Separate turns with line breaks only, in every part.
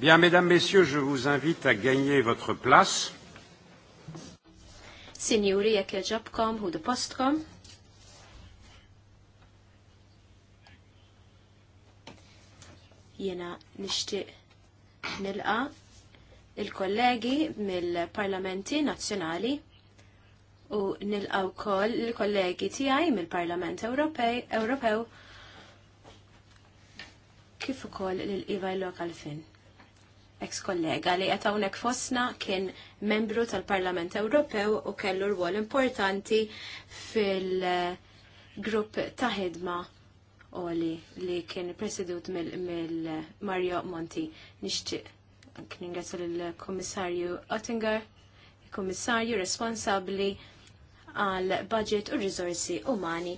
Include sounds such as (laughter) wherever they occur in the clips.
Bien, mesdames, messieurs, je vous invite à gagner votre place. Signori, jekk jaġabkom, hu postkom. Jena nishtiq nilqa il-kollegi mill-parlamenti nazzjonali u nilqa wkoll il-kollegi tiegħi mill-Parlament Ewropew kif ukoll lil Iva Lokalfin ex-kollega li qed hawnhekk fosna kien membru tal-Parlament Ewropew u kellu rwol importanti fil-grupp ta' ħidma oli li kien presidut mill-Mario mil Monti. Nixtieq Kien ningrazzja lill-Kummissarju Oettinger, il-Kummissarju responsabbli għal budget u risorsi umani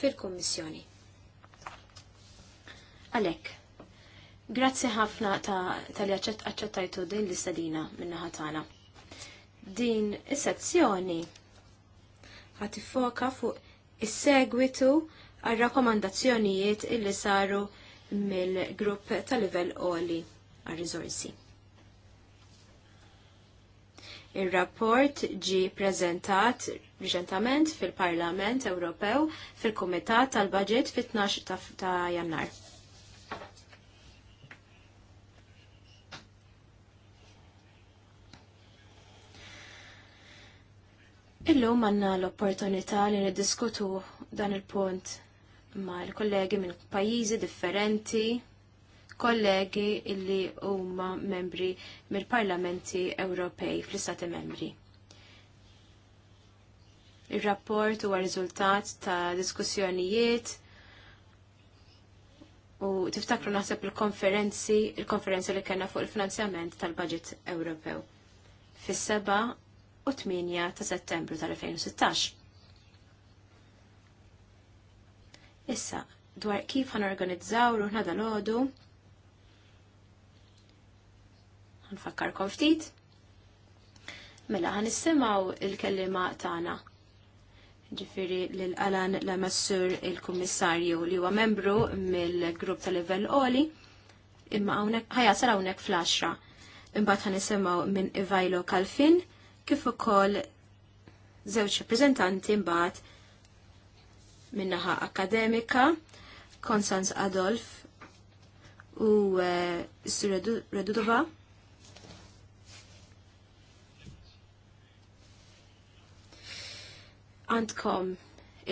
fil-Kummissjoni. Għalhekk, Grazzi ħafna tal-li accettajtu din l-istadina minna ħatana. Din is-sezzjoni ħati foka fuq is-segwitu għal rakkomandazzjonijiet illi saru mill-grupp tal-livell oli għal rizorsi Ir-rapport ġi prezentat riċentament fil-Parlament Ewropew fil-Kumitat tal-Budget fit-12 ta' Jannar. Illum għanna l-opportunità li niddiskutu dan il-punt ma' l-kollegi minn pajjiżi differenti, kollegi illi huma membri mill-Parlamenti Ewropej fl-Istati membri. Ir-rapport huwa riżultat ta' diskussjonijiet u tiftakru naħseb il-konferenzi, il-konferenza li kena fuq il-finanzjament tal-Budget Ewropew. Fis-seba' u 8 ta' settembru tal-2016. Issa, dwar kif ħan organizzaw ruħna dal-ħodu, fakkar ftit. Mela ħan nissimaw il-kellima tagħna. Ġifiri lil Alan la massur il-kummissarju li huwa membru mill-grupp tal-livell qoli imma hawnhekk ħajasal hawnhekk fl-10. Imbagħad ħan nisimgħu minn Ivajlo Kalfin kif ukoll żewġ rappreżentanti mbagħad min-naħa akademika Konstanz Adolf u uh, Redudova. Għandkom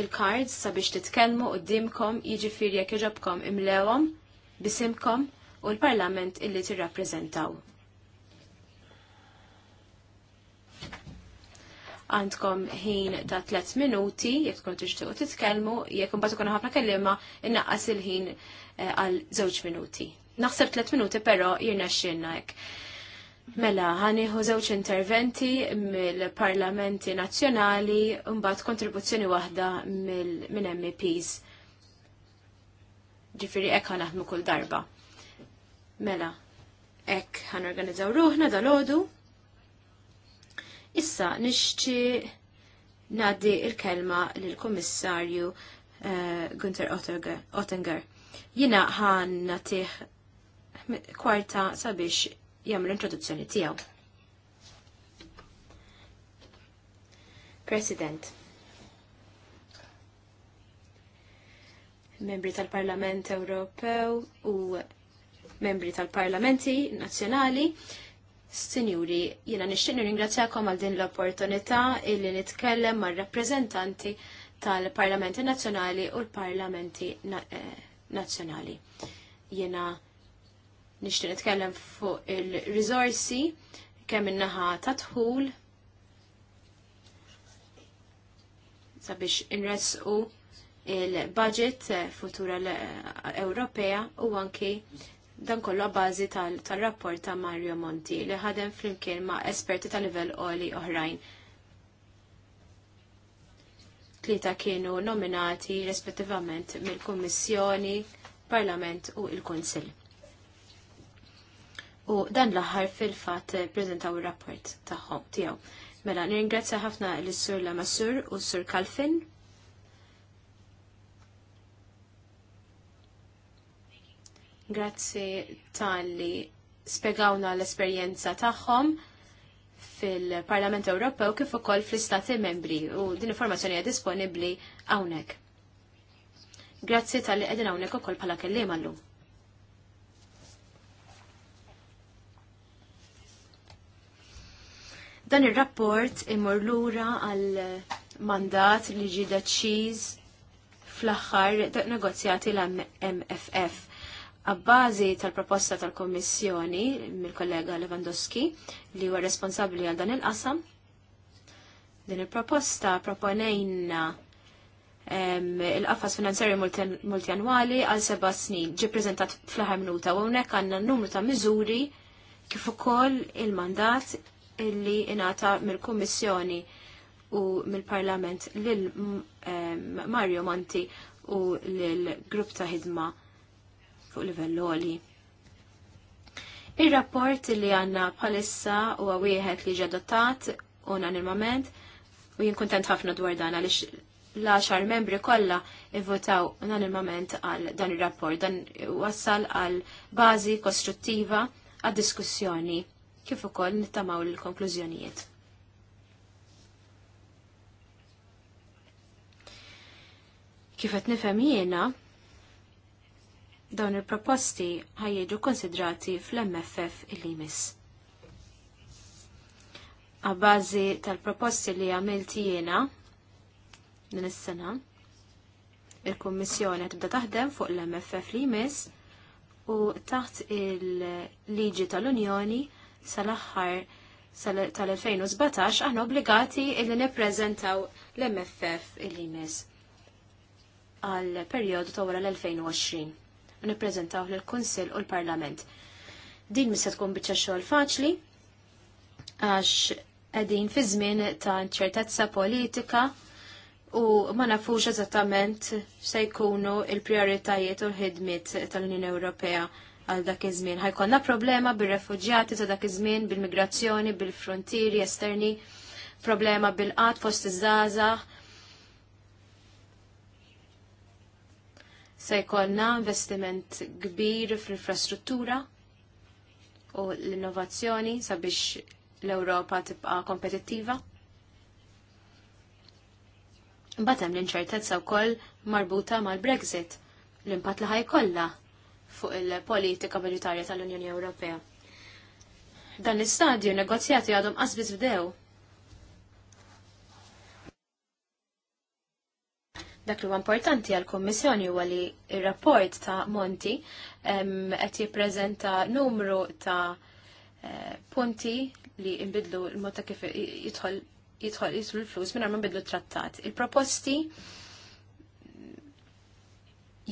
il-cards sabiex titkellmu qudiemkom jiġifieri jekk iġobkom imlewhom bisimkom u l-parlament illi tirrappreżentaw għandkom ħin ta' 3 minuti, jekk tkun tixtiequ titkellmu, jekk imbagħad ikun ħafna kelliema innaqqas il-ħin eh, għal żewġ minuti. Naħseb 3 minuti però jirnexxinna hekk. Mela, ħaniħu żewġ interventi mill-parlamenti nazzjonali mbagħad kontribuzzjoni waħda minn MEPs. Ġifiri, hekk ħanaħdmu kull darba. Mela, hekk ħanorganizzaw ruħna dal ħodu Issa nixċi ngħaddi il-kelma lill-Kummissarju uh, Gunther Ottinger. Jina ħan natih kwarta sabiex l introduzzjoni tiegħu. President. membri tal-Parlament Ewropew u membri tal-Parlamenti Nazzjonali, Sinjuri, jiena nixtieq nirringrazzjakom għal din l-opportunità illi nitkellem mar rappreżentanti tal-Parlamenti Nazzjonali u l-Parlamenti eh, Nazzjonali. Jiena nixtieq nitkellem fuq il-riżorsi kemm in-naħa ta' tħul sabiex inresqu il-budget futura eh, Ewropea u anki dan kollu bażi tal-rapport ta' Mario Monti li ħadem flimkien ma' esperti tal livell oli oħrajn. Tlieta kienu nominati rispettivament mill-Kummissjoni, Parlament u il-Kunsill. U dan l-aħħar fil fat prezentaw ir-rapport tagħhom tiegħu. Mela nirringrazzja ħafna lis sur Lamassur u s-Sur Kalfin Grazzi tal-li spiegawna l-esperjenza tagħhom fil-Parlament Ewropew kif ukoll fl-Istati membri u din informazzjoni hija disponibbli hawnhekk. Grazzi tal-li qegħdin hawnhekk ukoll bħala kelliem llum. Dan ir-rapport imur lura għal mandat li ġi deċiż fl-aħħar negozjati l-MFF Abbażi tal-proposta tal-Kommissjoni mill-kollega Lewandowski li huwa responsabbli għal dan il-qasam, din il-proposta proponejna il-qafas finanzjarju multjanwali għal seba snin ġi prezentat fl-ħar minuta u hawnhekk għandna numru ta' miżuri kif ukoll il-mandat illi ingħata mill-Kummissjoni u mill-Parlament lil Mario Monti u lil grupp ta' ħidma fuq livell oli. Ir-rapport li għanna bħalissa huwa wieħed li ġadottat unanimament u jien kuntent ħafna dwar dan għaliex l-10 membri kollha ivvotaw unanimament għal dan ir-rapport dan wassal għal bażi kostruttiva għad diskussjoni kif ukoll nittamaw l-konklużjonijiet. Kif qed nifhem jiena, dawn il-proposti ħajjeġu konsidrati fl-MFF il-limis. Għabbażi tal-proposti li għamilti jena din is-sena, il-Kummissjoni tibda taħdem fuq l-MFF li jmiss u taħt il-liġi tal-Unjoni sal-aħħar tal-2017 aħna obbligati illi nippreżentaw l-MFF il-limis għal periodu ta' wara l-2020 u nippreżentaw lil kunsill u l-Parlament. Din mista tkun biċċa xogħol faċli għax qegħdin fi żmien ta' inċertezza politika u ma nafux eżattament se jkunu il-prioritajiet u l-ħidmiet tal-Unjoni Ewropea għal dak iż-żmien. Ħajkonna problema bir-refuġjati ta' dak iż-żmien, bil-migrazzjoni, bil-frontieri esterni, problema bil-qat fost iż-żgħażagħ se jkollna investiment kbir fl-infrastruttura u l-innovazzjoni sabiex l-Ewropa tibqa' kompetittiva. Imbagħad hemm l-inċertezza wkoll marbuta mal-Brexit, l-impatt li ħajkollha fuq il-politika monetarja tal-Unjoni Ewropea. Dan l-istadju negozjati għadhom qasbis bdew Dak li huwa importanti għal kommissjoni huwa li r-rapport ta' Monti qed jippreżenta numru ta' eh, punti li nbidlu l-mod ta' kif jidħol jidħol l-flus minn ma nbidlu trattat. Il-proposti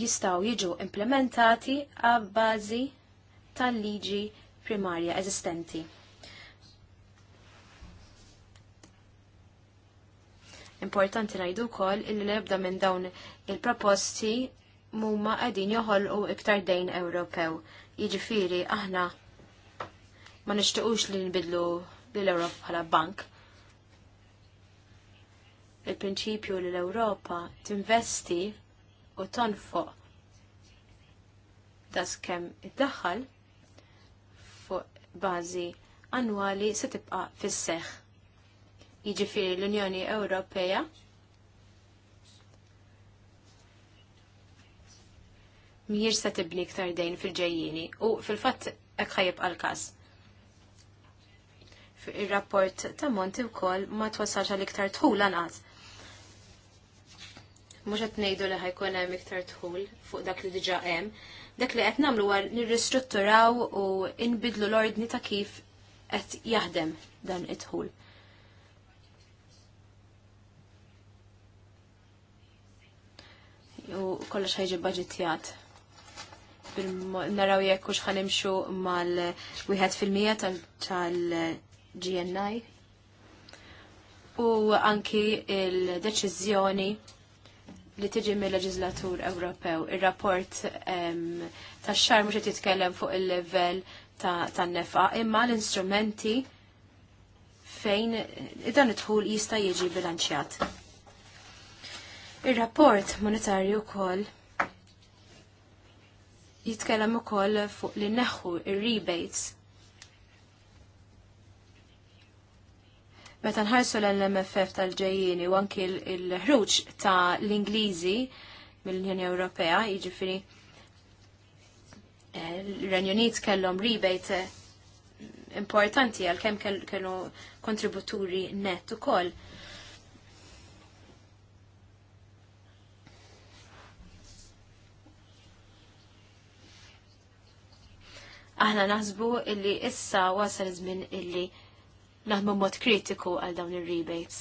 jistaw jiġu implementati għabbażi tal-liġi primarja eżistenti. Importanti ngħidu wkoll illi l-ebda minn dawn il-proposti mumma joħol u iktar dejn Ewropew. Jiġifieri aħna ma nixtiequx li nbidlu lill europa bħala bank. Il-prinċipju li l-Ewropa tinvesti u tonfoq das id-daħħal fuq bażi annwali se tibqa' fis-seħħ jiġifieri l-Unjoni Ewropea. Mhijiex se tibni iktar dejn fil-ġejjini u fil-fatt hekk ħajibqa' għal każ Ir-rapport ta' Monti wkoll ma twassalx għal iktar tħul anqas. Mhux qed ngħidu li ħajkun hemm iktar tħul fuq dak li diġà hemm, dak li qed nagħmlu huwa nirristrutturaw u inbidlu l-ordni ta' kif qed jaħdem dan it-tħul. u kollox ħajġi budgetjat. Naraw jekk hux xħanimxu mal-wieħed fil-mija tal-GNI u anki il-deċiżjoni li tiġi mill-Leġislatur Ewropew. Ir-rapport tax-xar mhux qed jitkellem fuq il-livell tan-nefqa, imma l-instrumenti fejn dan id-dħul jista' jiġi bilanċjat. Ir-rapport monetarju wkoll jitkellem ukoll fuq li neħħu ir-rebates. Meta nħarsu l-MFF tal-ġejjieni u anki l-ħruġ ta' l-Ingliżi mill-Unjoni Ewropea, jiġifieri eh, l-Renju Unit kellhom rebate eh, importanti għal kemm kellu kontributuri net ukoll. koll Aħna naħsbu illi issa wasal żmien illi naħmu mod kritiku għal dawn ir-rebates.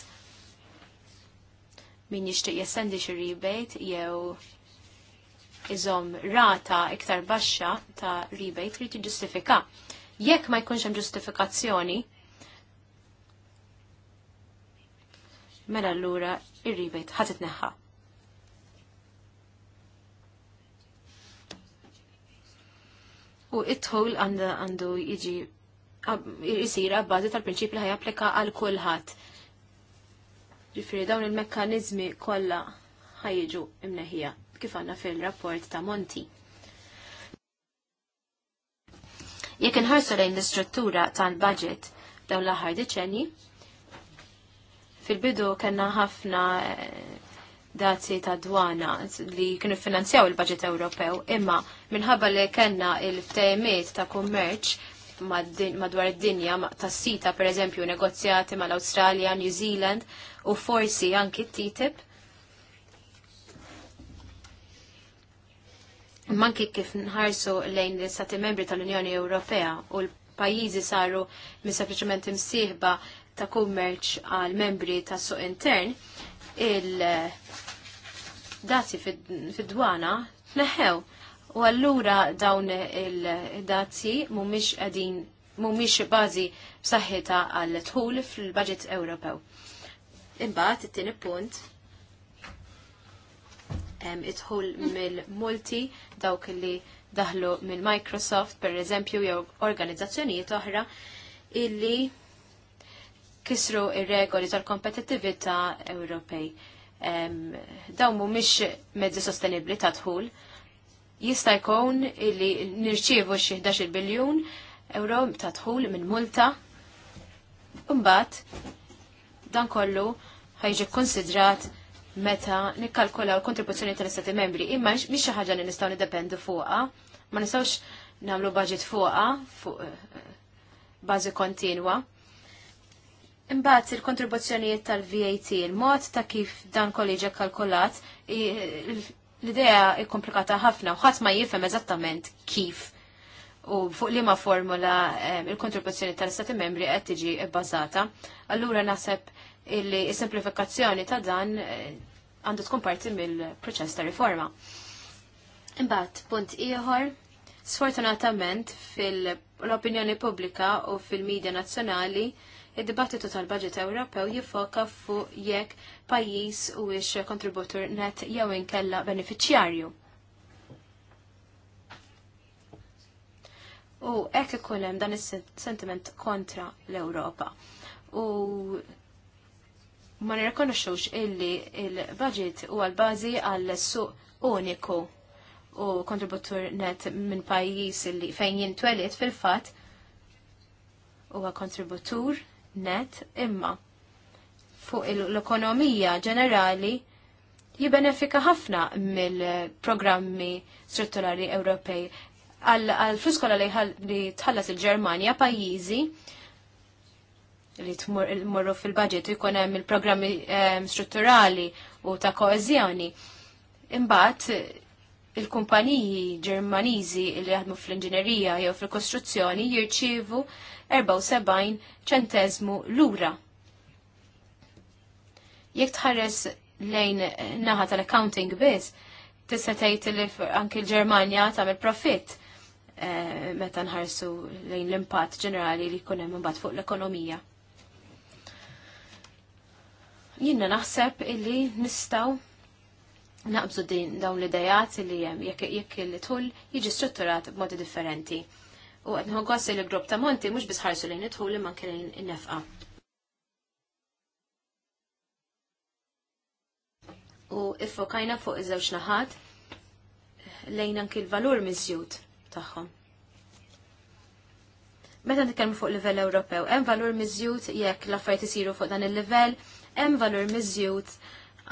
Min jixtieq jessendi xi rebate jew iżom rata iktar baxxa ta' rebate trid jiġġustifika. Jekk ma jkunx hemm ġustifikazzjoni, mela allura ir-rebate ħadd itneħħa. u it-tħol għandu jiġi jisir għabbażi tal-prinċip li ħajapplika għal kulħadd. Ġifieri dawn il-mekkaniżmi kollha ħajġu imneħija kif għandna fil-rapport ta' Monti. Jekk inħarsu lejn l-istruttura tal-budget dawn l-aħħar deċenji, fil-bidu kellna ħafna eh, dati ta' dwana li kienu finanzjaw il-budget Ewropew, imma minħabba li kena il-ftejmiet ta' kummerċ madwar id-dinja ta' sita per eżempju negozjati mal australia New Zealand u forsi anki TTIP. Manki kif nħarsu lejn l-istati membri tal-Unjoni Ewropea u l-pajizi saru mis sempliċement imsieħba ta' kummerċ għal membri ta' suq intern, il- dati fid-dwana tneħħew. U allura dawn il-dati mumiex qegħdin mhumiex bażi b'saħħitha għal tħul fil-budget Ewropew. Imbagħad it-tieni punt it-tħul mill-multi dawk li daħlu mill Microsoft per eżempju jew organizzazzjonijiet oħra illi kisru ir-regoli tal-kompetittività Ewropej dawn mhumiex mezzi sostenibbli ta' dħul. Jista' jkun li nirċievu xi 11 biljun euro ta' dħul minn multa Imbagħad dan kollu ħajġi konsidrat meta nikkalkulaw kontribuzzjoni tal-Istati membri, imma mhix xi ħaġa li nistgħu nidependu fuqha, ma nistgħux nagħmlu budget fuqha fuq eh, bażi kontinwa. Imbagħad il-kontribuzzjonijiet tal-VAT, il-mod ta' kif dan kolleġa kalkulat, l-idea komplikata ħafna u ħadd ma jifhem eżattament kif u fuq liema formula il-kontribuzzjoni tal-Stati membri qed tiġi bbażata. Allura naħseb illi s-simplifikazzjoni ta' dan eh, għandu tkun parti mill-proċess ta' riforma. Imbagħad punt ieħor, sfortunatament fil-opinjoni pubblika u fil-medja nazzjonali Id-dibattitu tal-budget Ewropew jiffoka fuq jekk pajjiż huwiex kontributur net jew inkella beneficjarju. U hekk ikun hemm dan is-sentiment kontra l-Ewropa. U ma nirrikonoxxux illi il-budget huwa l-bażi għall-suq uniku u kontributur net minn pajjiż li fejn jintwelit fil-fatt huwa kontributur net imma fuq l-ekonomija ġenerali jibenefika ħafna mill-programmi strutturali Ewropej. għal fluskola li tħallas il-Ġermanja pajjiżi li tmurru fil-budget jkun hemm il-programmi eh, strutturali u ta' koeżjoni. Imbagħad il-kumpaniji Ġermaniżi li jaħdmu fl-inġinerija jew fil-kostruzzjoni jirċievu 74 ċentezmu lura. Jekk tħares lejn naħa tal-accounting biss, tista' tgħid li anke l-Ġermanja tagħmel profitt eh, meta nħarsu lejn l-impatt ġenerali li jkun hemm imbagħad fuq l-ekonomija. Jiena naħseb illi nistgħu naqbżu din dawn l-idejat li jekk jekk il-tul jiġi strutturat b'modi differenti. U għed nħoggossi li grupp ta' monti mux bisħarsu lejn idħu li man kelin nefqa. U iffokajna fuq iż-żewġ naħat lejn anki l-valur miżjud tagħhom. Meta nitkellmu fuq livell Ewropew, hemm valur miżjud jekk l-affarijiet isiru fuq dan il-livell, hemm valur miżjud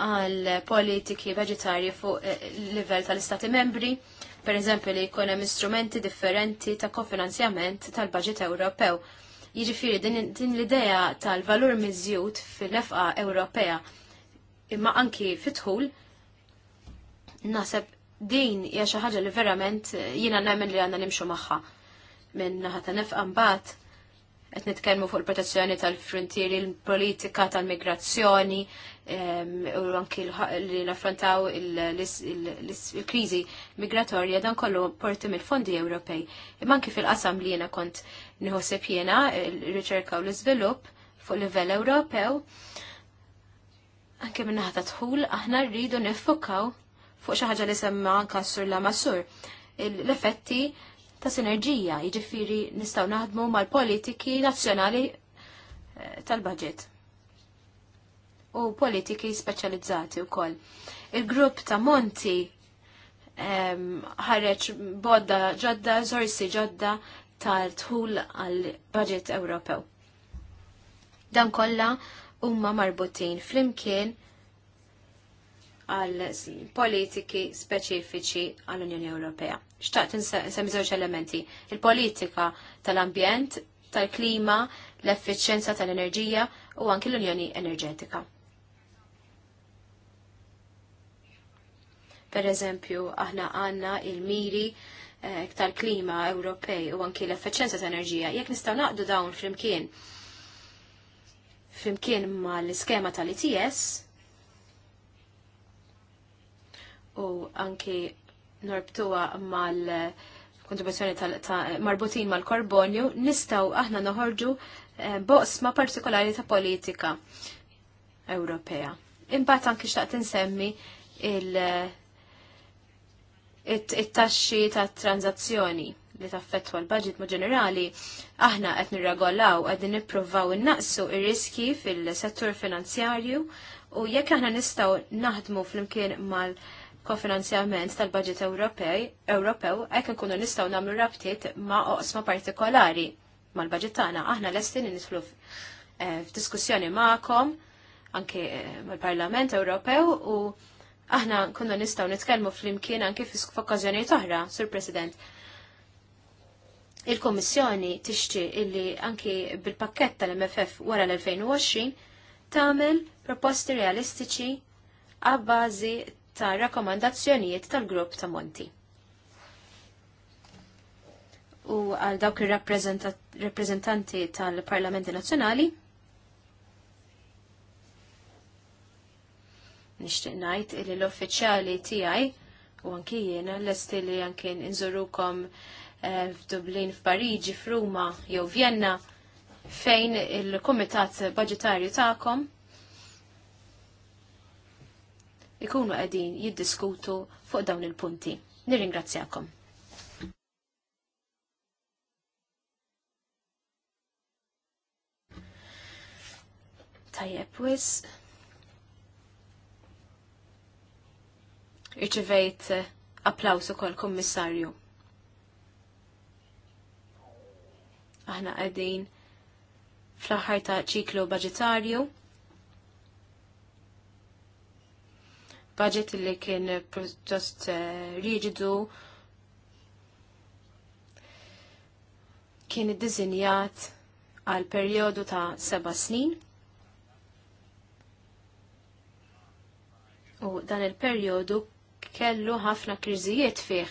għal politiki vegetarji fuq eh, livell tal-istati membri per eżempju li jkun hemm istrumenti differenti ta' kofinanzjament tal-Baġit Ewropew. Jiġifieri din, din l-idea tal-valur miżjud fil-lefqa Ewropea imma anki fitħul naseb din hija xi ħaġa li verament jiena nemmen li għandna nimxu magħha. Minn naħa ta' nefqa mbagħad qed nitkellmu fuq il-protezzjoni tal-frontieri, il-politika tal-migrazzjoni, u anki li naffrontaw il-krizi migratorja dan kollu porti mill-fondi Ewropej. Imma anki fil-qasam li jena kont nħosseb jena il-riċerka u l-izvilupp fuq livell Ewropew. Anke minna ta' tħul aħna rridu nifukaw fuq xi ħaġa li semma kassur la masur. L-effetti ta' sinerġija, jiġifieri nistgħu naħdmu mal-politiki nazzjonali eh, tal-budget u politiki speċjalizzati wkoll. Il-grupp ta' Monti ħareġ bodda ġodda, zorsi ġodda tal-tħul għal budget Ewropew. Dan kollha huma marbutin flimkien għal politiki speċifiċi għall-Unjoni Ewropea. Xtaqt nsemmi żewġ elementi. Il-politika tal-ambjent, tal-klima, l-effiċjenza tal-enerġija u anki l-Unjoni Enerġetika. Per eżempju, aħna għanna il-miri eh, tal-klima Ewropej u anki l-effiċenza ta' enerġija, jekk nistgħu naqdu dawn flimkien flimkien mal-iskema tal-ITS u anki norbtuha mal- kontribuzzjoni ta' marbutin mal-korbonju, nistaw aħna noħorġu eh, boqsma partikolari ta' politika Ewropea. Imbagħad anki xtaqt insemmi il- it-taxxi ta' tranzazzjoni li taffetwa l-budget mu ġenerali, aħna qed nirregolaw qed nippruvaw innaqsu ir-riski fil-settur finanzjarju u jekk aħna nistgħu naħdmu flimkien mal- kofinanzjament tal-budget Ewropej, Ewropew, hekk nkunu nistgħu nagħmlu rabtiet ma' oqsma partikolari mal-budget tagħna. Aħna lestin nidħlu eh, f'diskussjoni magħkom anke eh, mal-Parlament Ewropew u Aħna konna nistaw nitkellmu fl-imkien anke f'okkażjonijiet oħra, Sur President. Il-Kommissjoni tixti illi anki bil-pakket tal-MFF wara l-2020 tagħmel proposti realistiċi għabbażi ta' rakkomandazzjonijiet tal-grupp ta' Monti u għal dawk ir-rappreżentanti tal-Parlamenti Nazzjonali Nixtieq ngħid li l-uffiċjali tiegħi u anki jiena lesti li anki nżurukom eh, f'Dublin, f'Pariġi, f'Ruma jew Vjenna fejn il-Kumitat Budgetarju tagħkom ikunu qegħdin jiddiskutu fuq dawn il-punti. Nirringrazzjakom. Tajjeb, wis. irċivejt eh, applawsu kol kommissarju. Aħna għedin fl-aħħar ta' ċiklu budgetarju. Budget li kien ġost eh, rigidu kien id-dizinjat għal periodu ta' seba snin. U dan il-periodu kellu ħafna kriżijiet fih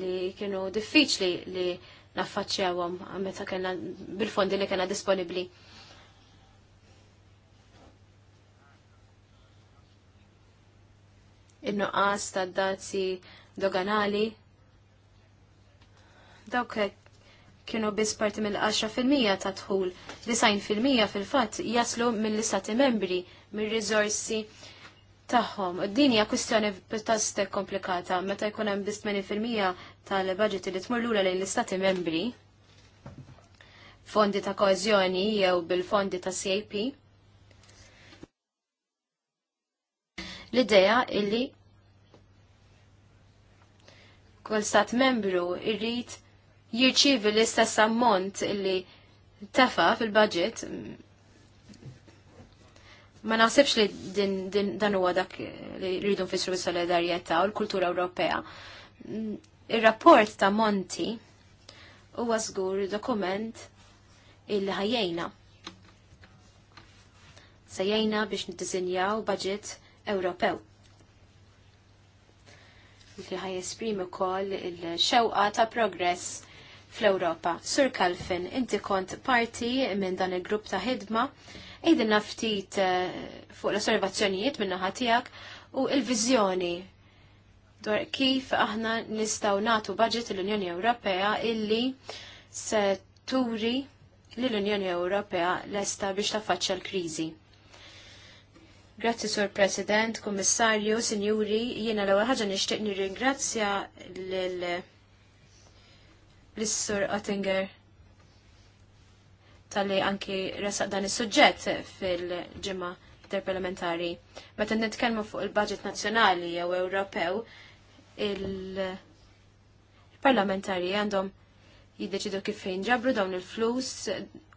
li kienu diffiċli li naffaċċewhom meta kellna bil-fondi li kellna disponibbli. In-nuqqas ta' dazzi doganali dawk kienu biss parti mill-10% ta' dħul, 90% fil-fatt jaslu mill-istati membri, mill-rizorsi Taħħom, Din hija kwistjoni pjuttost komplikata meta jkun hemm biss 80% tal-budget li tmur lura lejn l-istati membri fondi ta' koeżjoni jew bil-fondi ta' CAP. L-idea illi kull stat membru irrid jirċivi l-istess ammont illi tefa fil-budget ma naħsibx li din, din, dan huwa dak li rridu nfissru bis-solidarjetà u l-kultura Ewropea. Ir-rapport ta' Monti huwa żgur dokument il ħajjejna. Sejjejna biex niddisinjaw budget Ewropew li ħaj esprim ukoll il-xewqa ta' progress fl-Ewropa. Sur Kalfin, inti kont parti minn dan il-grupp ta' ħidma Ejdin naftit eh, fuq l-osservazzjonijiet minna ħatijak u il-vizjoni dwar kif aħna nistaw natu budget l-Unjoni Ewropea illi se turi l-Unjoni Ewropea lesta biex taffaċċa l-krizi. Grazzi, Sur President, Kommissarju, Sinjuri, jiena l-ewwel ħaġa nixtieq nirringrazzja l-Sur Ottinger tal-li anki resaq dan is-suġġett fil-ġimgħa interparlamentari. Meta nitkellmu fuq il-budget nazzjonali jew Ewropew, il-parlamentari għandhom jiddeċidu kif jinġabru dawn il-flus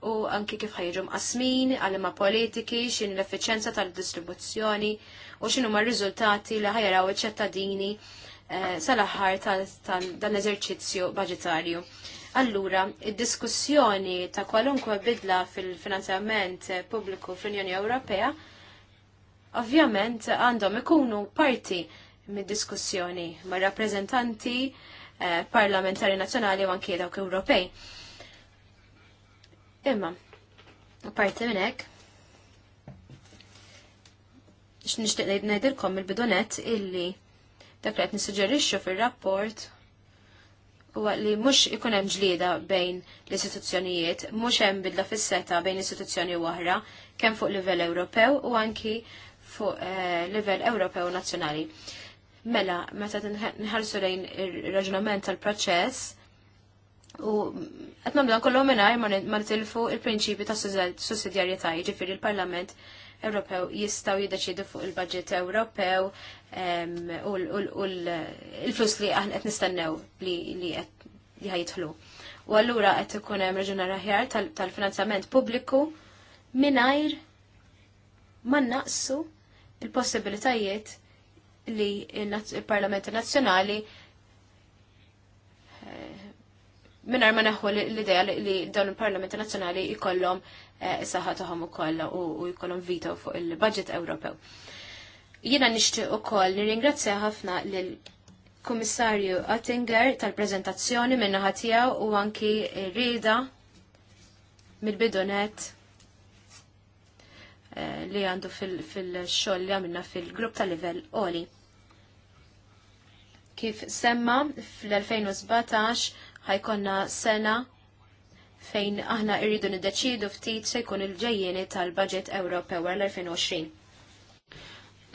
u anki kif ħajġu mqasmin għalma politiki, xin l efficienza tal-distribuzzjoni u xinu r riżultati li ħajraw iċ-ċittadini eh, sal-aħħar tal-dan eżerċizzju budgetarju. Allura, il diskussjoni ta' kwalunkwe bidla fil-finanzjament pubbliku fl-Unjoni Ewropea ovvjament għandhom ikunu parti mid-diskussjoni ma' rappreżentanti eh, parlamentari nazzjonali u anke dawk Ewropej. Imma, parti minn hekk, x'nixtieq ngħidilkom il-bidunet illi dak li qed nissuġġerixxu fir-rapport huwa li mhux ikun hemm ġlieda bejn l-istituzzjonijiet, mhux hemm bidla fis-seta bejn istituzzjoni oħra, kemm fuq livell Ewropew u anki fuq eh, livell Ewropew nazzjonali. Mela, meta nħarsu lejn ir-raġunament tal-proċess, U qed nagħmlu kollu mingħajr ma nitilfu il-prinċipi ta' sussidjarjetà, jiġifieri il-Parlament Ewropew jistgħu jiddeċidu fuq il-budget Ewropew, u l-flus li aħna qed nistennew li għet jħajtħlu. U allura qed ikun hemm raħjar aħjar tal finanzament pubbliku mingħajr ma naqsu il-possibilitajiet li il-Parlamenti Nazzjonali eh, minnar ma neħu l-ideja li dawn il-Parlamenti Nazzjonali jkollhom eh, is u tagħhom u jkollhom vito fuq il-budget Ewropew. Jiena nixtieq ukoll nirringrazzja ħafna lil Kummissarju Attinger tal-preżentazzjoni min-naħa tiegħu u anki rida mill-bidonet eh, li għandu fil-xoll li għamilna fil-grupp tal livell oli. Kif semma fl-2017 ħajkonna sena fejn aħna irridu niddeċidu ftit se jkun il-ġejjeni tal-budget Ewropew
għal 2020.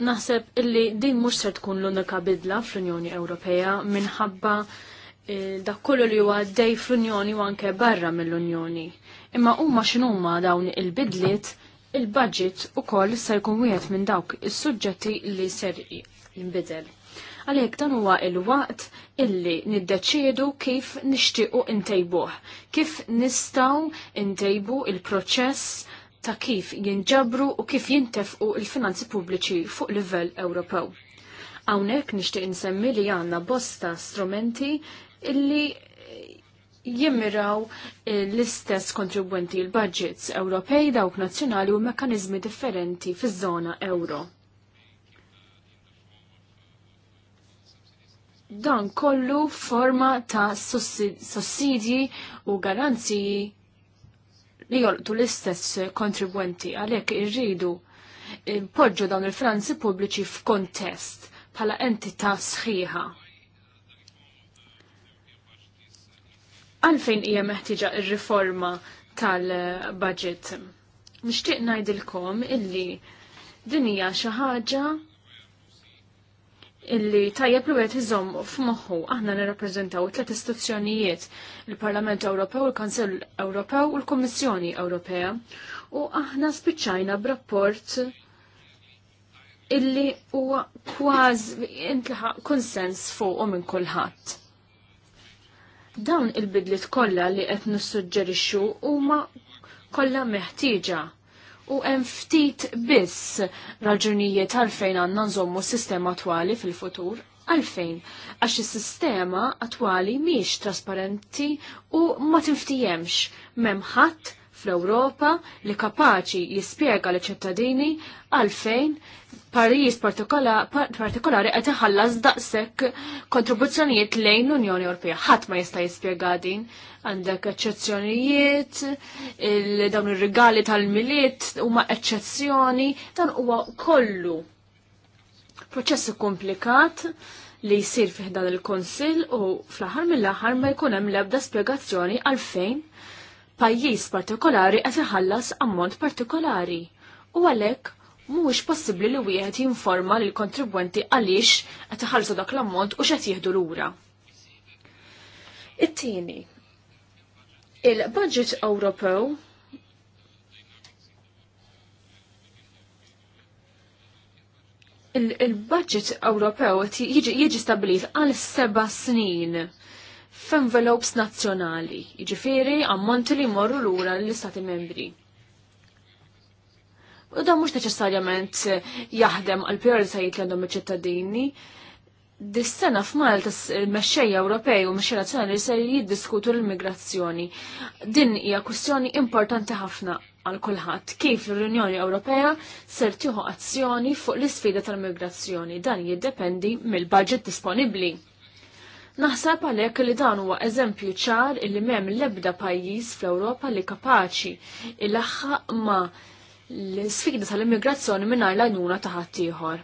Naħseb illi din mhux ser tkun l-unika bidla fl-Unjoni Ewropea minħabba eh, dak kollu li huwa dej fl-Unjoni u anke barra mill-Unjoni. Imma huma x'inhuma dawn il-bidliet il-budget ukoll ser jkun wieħed minn dawk is-suġġetti li ser jinbidel għalhekk dan huwa il-waqt illi niddeċiedu kif nixtiequ intejbuh, kif nistgħu intejbu il-proċess ta' kif jinġabru u kif jintefqu il-finanzi pubbliċi fuq livell Ewropew. Hawnhekk nixtieq insemmi li għandna bosta strumenti illi jimmiraw l-istess kontribwenti l-budgets Ewropej dawk nazzjonali u mekkanizmi differenti fiż-żona euro. Dan kollu forma ta' sussidji u garanziji li jolqtu l-istess kontribwenti għalhekk irridu poġġu dawn il-franzi pubbliċi f'kontest bħala entità sħiħa. Għalfejn hija meħtieġa ir riforma tal-budget. Nixtieq ngħidilkom illi din hija xi ħaġa illi tajjeb li għet iżom f'moħħu aħna nirrappreżentaw tliet istituzzjonijiet il-Parlament Ewropew, il-Kansell Ewropew u l-Kummissjoni Ewropea u aħna spiċċajna b'rapport illi huwa kważi intlaħaq konsens fuq u minn kulħadd. Dawn il-bidliet kollha li qed nissuġġerixxu huma kollha meħtieġa u hemm ftit biss raġunijiet għalfejn għandna nżommu s-sistema attwali fil-futur. Għalfejn, għax is-sistema attwali miex trasparenti u ma tinftijemx m'hemm ħadd fl-Ewropa li kapaċi jispjega li ċittadini għalfejn pajjiż partikolari qed iħallas daqshekk kontribuzzjonijiet lejn l-Unjoni Ewropea. Ħadd ma jista' jispjega din għandek eċċezzjonijiet, dawn ir-rigali tal-miliet huma eċċezzjoni, dan huwa kollu proċess komplikat li jisir fiħdan il-konsil u fl-ħar mill-ħar ma jkun hemm l-ebda spjegazzjoni għalfejn pajjiż partikolari qed iħallas ammont partikolari u għalhekk mhuwiex possibbli li wieħed jinforma lil kontribwenti għaliex qed iħallsu dak l-ammont u x'qed jieħdu lura. It-tieni. Il-budget Ewropew il-budget Ewropew jiġi stabbilit għal seba' snin f'envelopes nazzjonali, jiġifieri ammonti li morru lura l-istati membri. U dan mhux neċessarjament jaħdem għal prioritajiet li għandhom iċ-ċittadini. Dis-sena f'Malta il-mexxejja Ewropej u mexxejja nazzjonali se jiddiskutu l-immigrazzjoni. Din hija kwistjoni importanti ħafna għal kulħadd kif l-Unjoni Ewropea ser tieħu azzjoni fuq l-isfida tal immigrazzjoni dan jiddependi mill-budget disponibbli. Naħseb għalhekk li dan huwa eżempju ċar illi m'hemm l-ebda pajjiż fl-Ewropa li kapaċi ilaħħaq ma l-sfida tal-immigrazzjoni mingħajr l-għajnuna ta' ħaddieħor.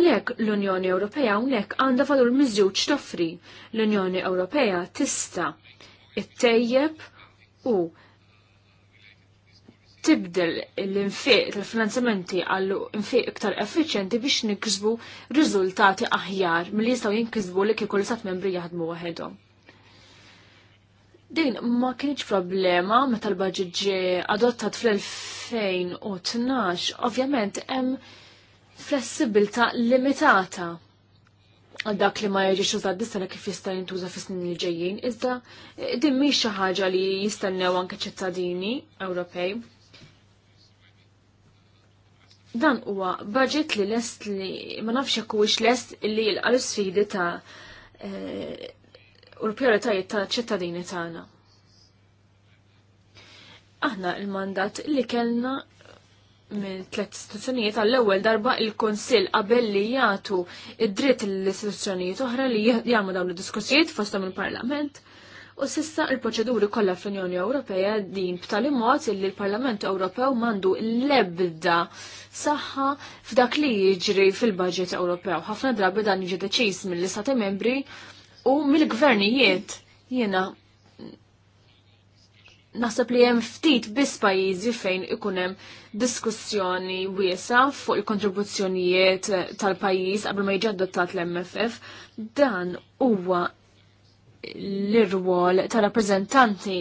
Għalhekk l-Unjoni Ewropea hawnhekk għandha valur miżjuġ toffri. L-Unjoni Ewropea tista' ittejjeb u tibdel l-infiq tal-finanzamenti għall infiq iktar effiċenti biex niksbu riżultati aħjar mill jistgħu jinkisbu li kieku sat membri jaħdmu waħedhom. Din ma kienx problema meta l-budget ġie adottat fl-2012, ovvjament hemm flessibilità limitata għal dak li ma jiġix użad dis kif jista' jintuża fis-snin li ġejjin, iżda din mhix xi ħaġa li jistennew anke ċittadini Ewropej Dan huwa budget li lest li ma nafx jekk huwiex lest li l-qal sfidi ta' u e, l-prioritajiet ta' ċittadini tagħna. Aħna il-mandat li kellna minn tliet istituzzjonijiet għall-ewwel darba il-Kunsill qabel li jagħtu id-dritt l-istituzzjonijiet oħra li jagħmlu dawn id-diskussijiet fosthom il-Parlament. il parlament U sissa il-proċeduri kollha fl-Unjoni Ewropea din b'tali mod li l-Parlament Ewropew mandu l-ebda saħħa f'dak li jiġri fil-budget Ewropew. Ħafna drabi dan jiġi deċiż mill-istati membri u mill-gvernijiet jiena naħseb li hemm ftit biss pajjiżi fejn ikun hemm diskussjoni wiesa fuq il-kontribuzzjonijiet tal-pajjiż qabel ma jiġi adottat l-MFF, dan huwa l-irwol ta' rappreżentanti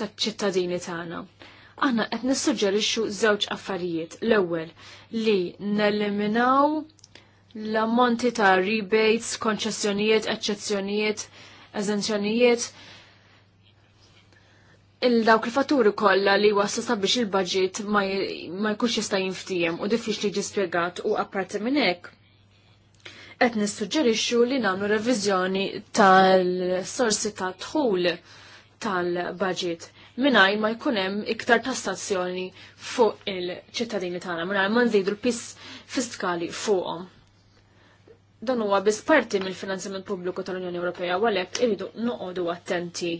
taċ ċittadini tagħna. Aħna qed nissuġġerixxu żewġ affarijiet. L-ewwel li neliminaw l-ammonti ta' rebates, konċessjonijiet, eċċezzjonijiet, eżenzjonijiet il-dawk il-fatturi kollha li waslu sabiex il-budget ma jkunx jista' jinftijem u diffiċli ġispjegat u apparti minn hekk qed nissuġġerixxu li nagħmlu reviżjoni tal-sorsi ta' dħul tal-budget mingħajr ma jkun hemm iktar tassazzjoni fuq il-ċittadini tagħna mingħajr ma nżidu l piss fiskali fuqhom. Dan huwa biss parti mill-finanzjament pubbliku tal-Unjoni Ewropea u għalhekk iridu noqogħdu attenti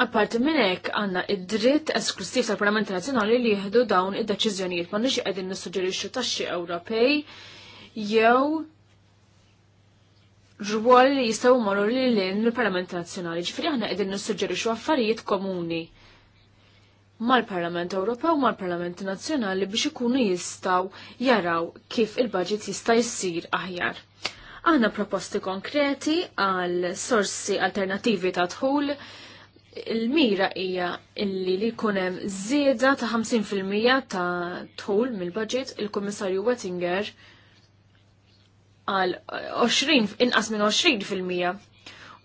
Apparti minn hekk għandna id-dritt esklusiv tal-Parlament Nazzjonali li jieħdu dawn id-deċiżjonijiet nix qegħdin nissuġġerixxu taxxi Ewropej jew rwol li jistgħu marru li lin mill-Parlament Nazzjonali. Ġifri aħna qegħdin nissuġġerixxu affarijiet komuni mal-Parlament Ewropew mal-Parlament Nazzjonali biex ikunu jistgħu jaraw kif il-budget jista' jsir aħjar. Aħna proposti konkreti għal sorsi alternativi ta' dħul il-mira hija illi li kunem zieda ta' 50% ta' tħul mill-budget il-Kummissarju Wettinger għal 20 inqas minn 20%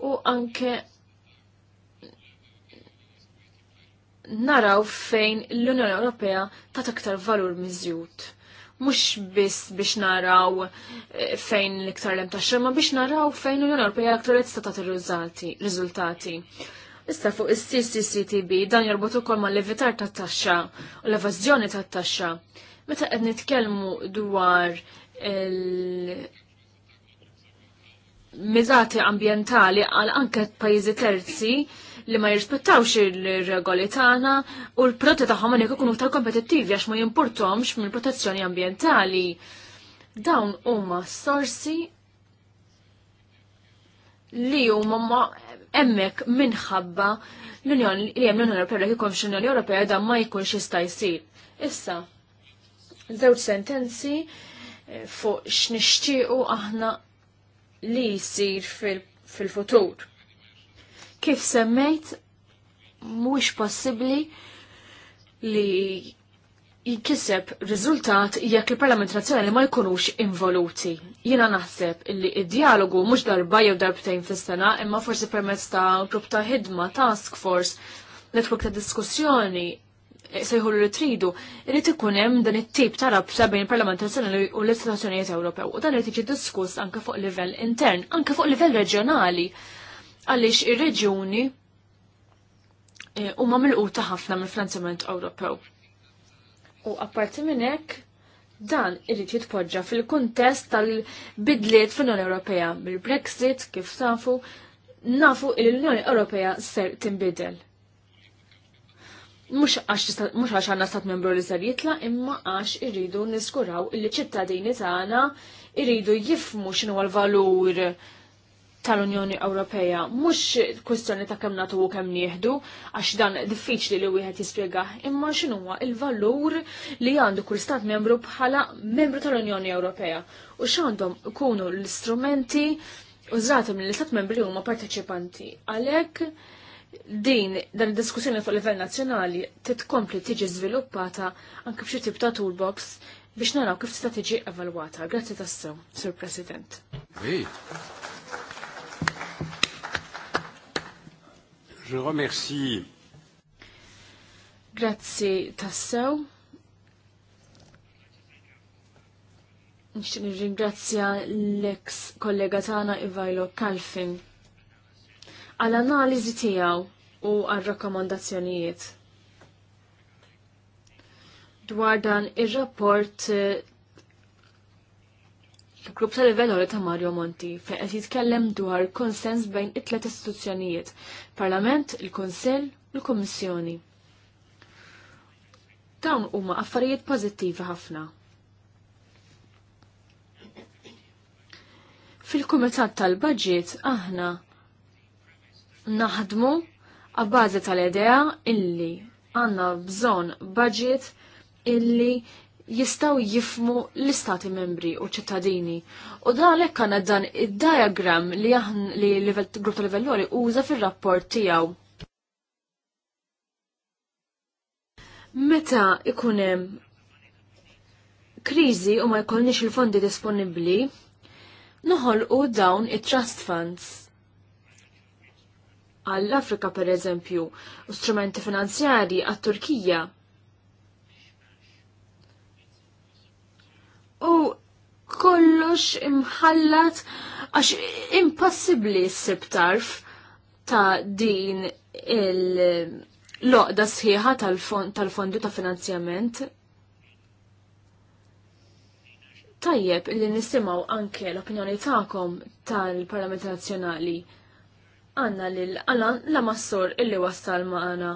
u anke naraw fejn l-Unjoni Ewropea ta' aktar valur miżjud mhux biss biex naraw eh, fejn l-iktar lem ta' xemma, biex naraw fejn l-Unjoni Ewropea l-aktar tista' tagħti riżultati. Issa fuq is CCTV dan jorbot ukoll mal-levitar tat-taxxa u l-evażjoni tat-taxxa. Meta qed nitkellmu dwar il miżati ambjentali għal anke pajjiżi terzi li ma jirrispettawx ir regoli tagħna u l-prodotti tagħhom għandek ikunu tal kompetittivi għax ma jimpurtomx mill protezzjoni ambjentali. Dawn huma sorsi li huma emmek minħabba l-Unjoni li hemm l-Unjoni Ewropea li kikom x'Unjoni Ewropea dan ma jkunx jista' jsir. Issa, żewġ sentenzi eh, fuq x'nixtiequ aħna li jsir fil-futur. Kif semmejt mhuwiex possibbli li jkiseb riżultat jekk il-Parlament Nazzjonali ma jkunux involuti. Jiena naħseb illi id-dialogu mhux darba jew darbtejn fis-sena imma forsi permezz ta' grupp ta' ħidma, task force, netwerk ta' diskussjoni eh, sejħu li tridu, irrid ikun hemm dan it-tip ta' rabta bejn il-Parlament Nazzjonali u l-istituzzjonijiet Ewropew u dan irid jiġi diskuss anke fuq livell intern, anke fuq livell reġjonali għaliex ir-reġjuni eh, huma milquta ħafna mill-Franzament Ewropew U apparti minn hekk, dan irid jitpoġġa fil-kuntest tal-bidliet fl-Unjoni Ewropea bil-Brexit kif tafu nafu il l-Unjoni Ewropea ser tinbidel. Mux għax għanna stat membru li ser jitla, imma għax irridu niskuraw il-ċittadini tagħna irridu jifmu x'inhu l-valur tal-Unjoni Ewropea mhux kwistjoni ta' kemm nagħtu u kemm nieħdu għax dan diffiċli li wieħed jispjega, imma x'inhuwa il-valur li għandu kull stat membru bħala membru tal-Unjoni Ewropea u x'għandhom ikunu l-istrumenti użati mill-istat membri huma parteċipanti. Għalhekk din dan id-diskussjoni fuq livell nazzjonali titkompli tiġi żviluppata anke b'xi tip ta' toolbox biex naraw kif tista' tiġi evalwata. Grazzi tassew, Sur President.
Je remercie.
Grazzi tassew. Nixtieq nirringrazzja l-eks kollega tagħna Ivajlo Kalfin għal analiżi tiegħu u għal rakkomandazzjonijiet dwar dan ir-rapport Grupp tal livell ta' Mario Monti fejn qed jitkellem dwar konsens bejn it-tlet istituzzjonijiet, Parlament, il-Kunsill u l-Kummissjoni. Dawn huma affarijiet pożittivi ħafna. Fil-Kumitat tal-Baġġiet aħna naħdmu għabbażi tal-idea illi għanna bżon budget illi jistaw jifmu l-istati membri u ċittadini. U dalek għana dan id-diagram li jahn li grupp tal-livellori uża fil-rapport tijaw. Meta ikunem krizi u ma jkollniex il-fondi disponibli, noħol u dawn it-trust funds għall-Afrika per eżempju, u strumenti finanzjari għat-Turkija u kollox imħallat għax impossibli ssib tarf ta' din il-loqda sħiħa tal-fondi ta' finanzjament. Tajjeb li nisimaw anke l-opinjoni ta'kom tal-Parlament Nazzjonali għanna l-għalan la massor illi wassal maħna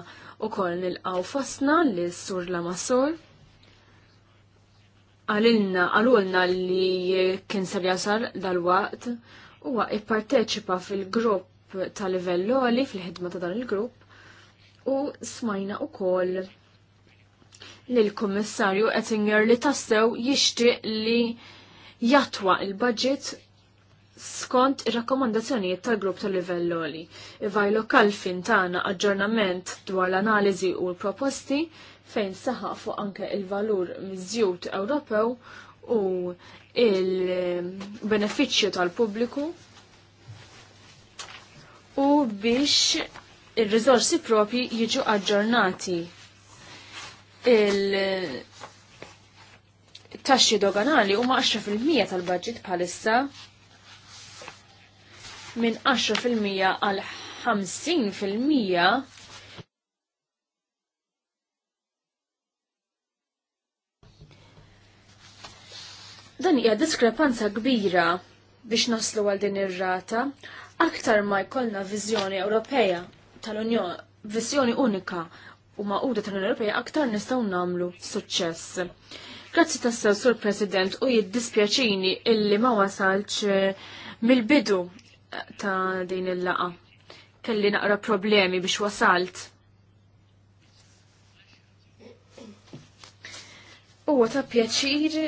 u koll nil-għaw fosna l-sur la massor għalilna għalulna li kien ser jasar dal-waqt huwa ipparteċipa fil-grupp ta' livello għali fil-ħidma ta' dan il-grupp u smajna koll li l kommissarju Ettinger li tassew jixtieq li jatwa il-budget skont ir-rakkomandazzjonijiet tal-grupp tal livell għali. Ivajlo kalfin tagħna aġġornament dwar l-analiżi u l-proposti fejn saħaq fuq anke il-valur miżjut Ewropew u il-benefiċċju tal-pubbliku u biex il-rizorsi propri jiġu aġġornati. Il-taxxi doganali huma 10% tal-budget bħalissa minn 10% għal 50% Dan hija diskrepanza kbira biex naslu għal din ir-rata aktar ma jkollna viżjoni Ewropea tal-Unjoni, viżjoni unika u maquda tal-Unjoni Ewropea aktar nistgħu nagħmlu suċċess. Grazzi tassew sur President u jiddispjaċini illi ma wasalx eh, mill-bidu eh, ta' din il-laqa. Kelli naqra problemi biex wasalt. Huwa ta' pjaċir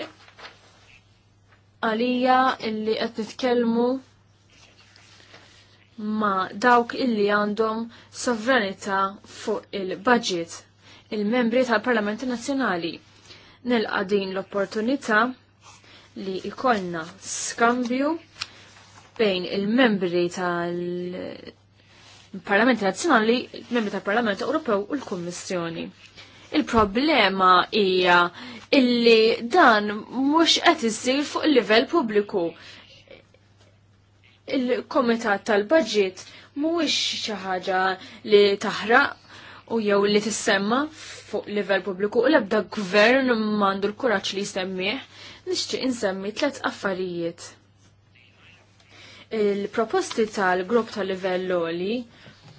għalija illi qed nitkellmu ma dawk illi għandhom sovranità fuq il-budget il-membri tal-Parlamenti Nazzjonali. Nilqa din l-opportunità li ikollna skambju bejn il-membri tal-Parlamenti Nazzjonali, il-membri tal-Parlament Ewropew u l-Kummissjoni. Il-problema hija illi dan mhux qed isir fuq livell pubbliku. Il-Komitat tal-Baġit mhuwiex xi ħaġa li taħraq u jew li tissemma fuq livell pubbliku u l-ebda gvern m'għandu l-kuraġġ li jsemmih, nixtieq insemmi tliet affarijiet. Il-proposti tal-grupp tal-livell loli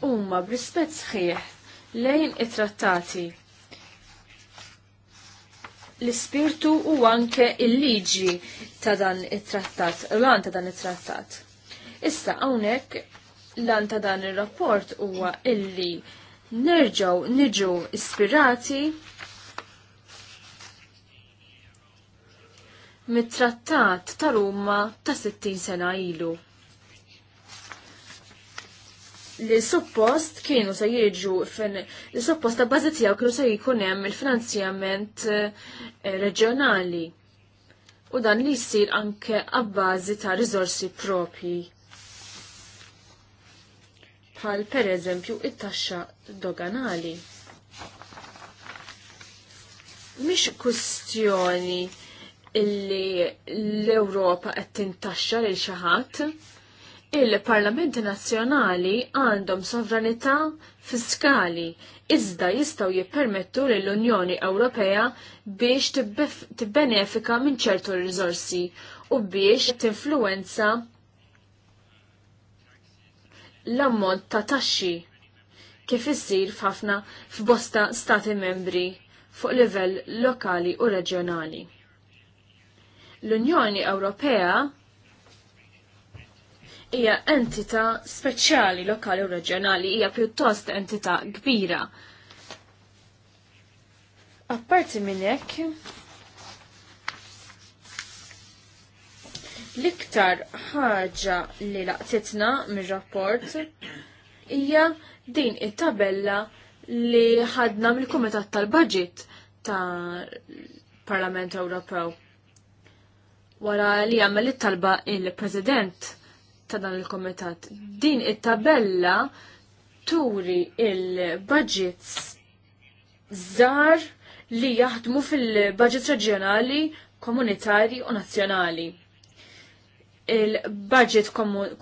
huma b'rispett sħiħ lejn it-trattati l-ispirtu u anke il-liġi ta' dan it-trattat, l-għan ta' dan it-trattat. Issa hawnhekk l-għan ta' dan ir-rapport u huwa illi nerġaw niġu ispirati mit-trattat ta' umma ta' 60 sena ilu li suppost kienu se fin li suppost ta' bażi tiegħu kienu se jkun hemm il-finanzjament eh, reġjonali. U dan li jsir anke għabbazi ta' propi. Pal per pereżempju it-taxxa doganali. Mhix kwistjoni illi l-Ewropa qed tintaxxa lil xi ħadd, il-Parlamenti Nazzjonali għandhom sovranità fiskali iżda jistgħu jippermettu lill unjoni Ewropea biex tibbenefika minn ċertu riżorsi u biex tinfluwenza l-ammont ta' taxxi kif issir f'ħafna f'bosta stati membri fuq livell lokali u reġjonali. L-Unjoni Ewropea hija entità speċjali lokali u reġjonali, hija pjuttost entità kbira. Apparti minn hekk, l-iktar ħaġa li laqtitna mir-rapport hija din it-tabella li ħadna mill-Kumitat tal-Budget ta' Parlament Ewropew. Wara li għamel it-talba il-President ta' dan il-komitat. Din it-tabella turi il-budgets zar li jaħdmu fil-budgets reġjonali, komunitari u nazzjonali. Il-budget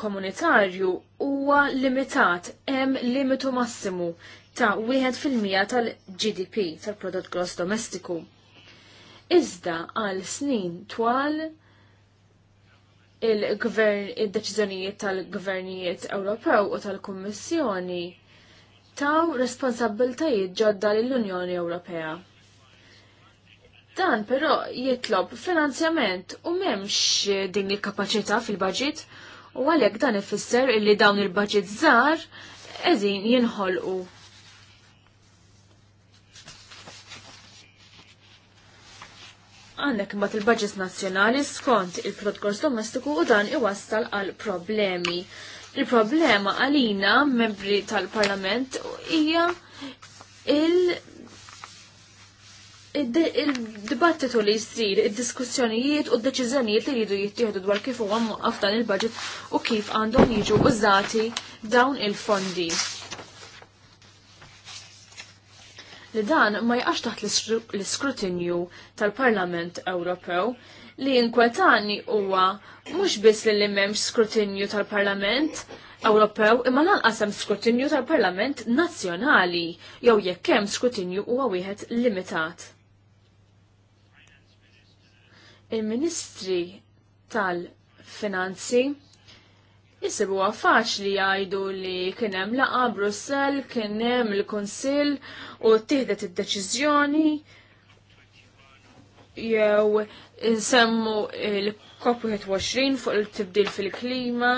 komunitarju huwa limitat, hemm limitu massimu ta' 1% tal-GDP, tal-prodott gross domestiku. Iżda għal snin twal il-gvern, id-deċiżjonijiet tal-gvernijiet Ewropew u tal-Kummissjoni taw responsabiltajiet ġodda lill-Unjoni Ewropea. Dan però jitlob finanzjament u memx din il-kapacità fil-budget u għalhekk dan ifisser illi dawn il-budget żgħar eżin jinħolqu għandek imbagħad il-budget nazzjonali skont il-prodott domestiku u dan iwassal għal problemi. Il-problema għalina membri tal-Parlament hija il- il-dibattitu li jisir, il-diskussjonijiet u d-deċizjonijiet li jridu jittieħdu dwar kif huwa għammu dan il-budget u kif għandhom jiġu użati dawn il-fondi. li dan ma jaqax taħt l-iskrutinju tal-Parlament Ewropew li inkwetani huwa mhux biss li m'hemmx skrutinju tal-Parlament Ewropew imma lanqas hemm skrutinju tal-Parlament Nazzjonali jew jekk hemm skrutinju huwa wieħed limitat. Il-Ministri tal-Finanzi għafax faċli jgħidu li kienem laqa Brussel, kienem il-Konsil u tiħdet id-deċizjoni jew insemmu l-COP21 fuq il-tibdil fil-klima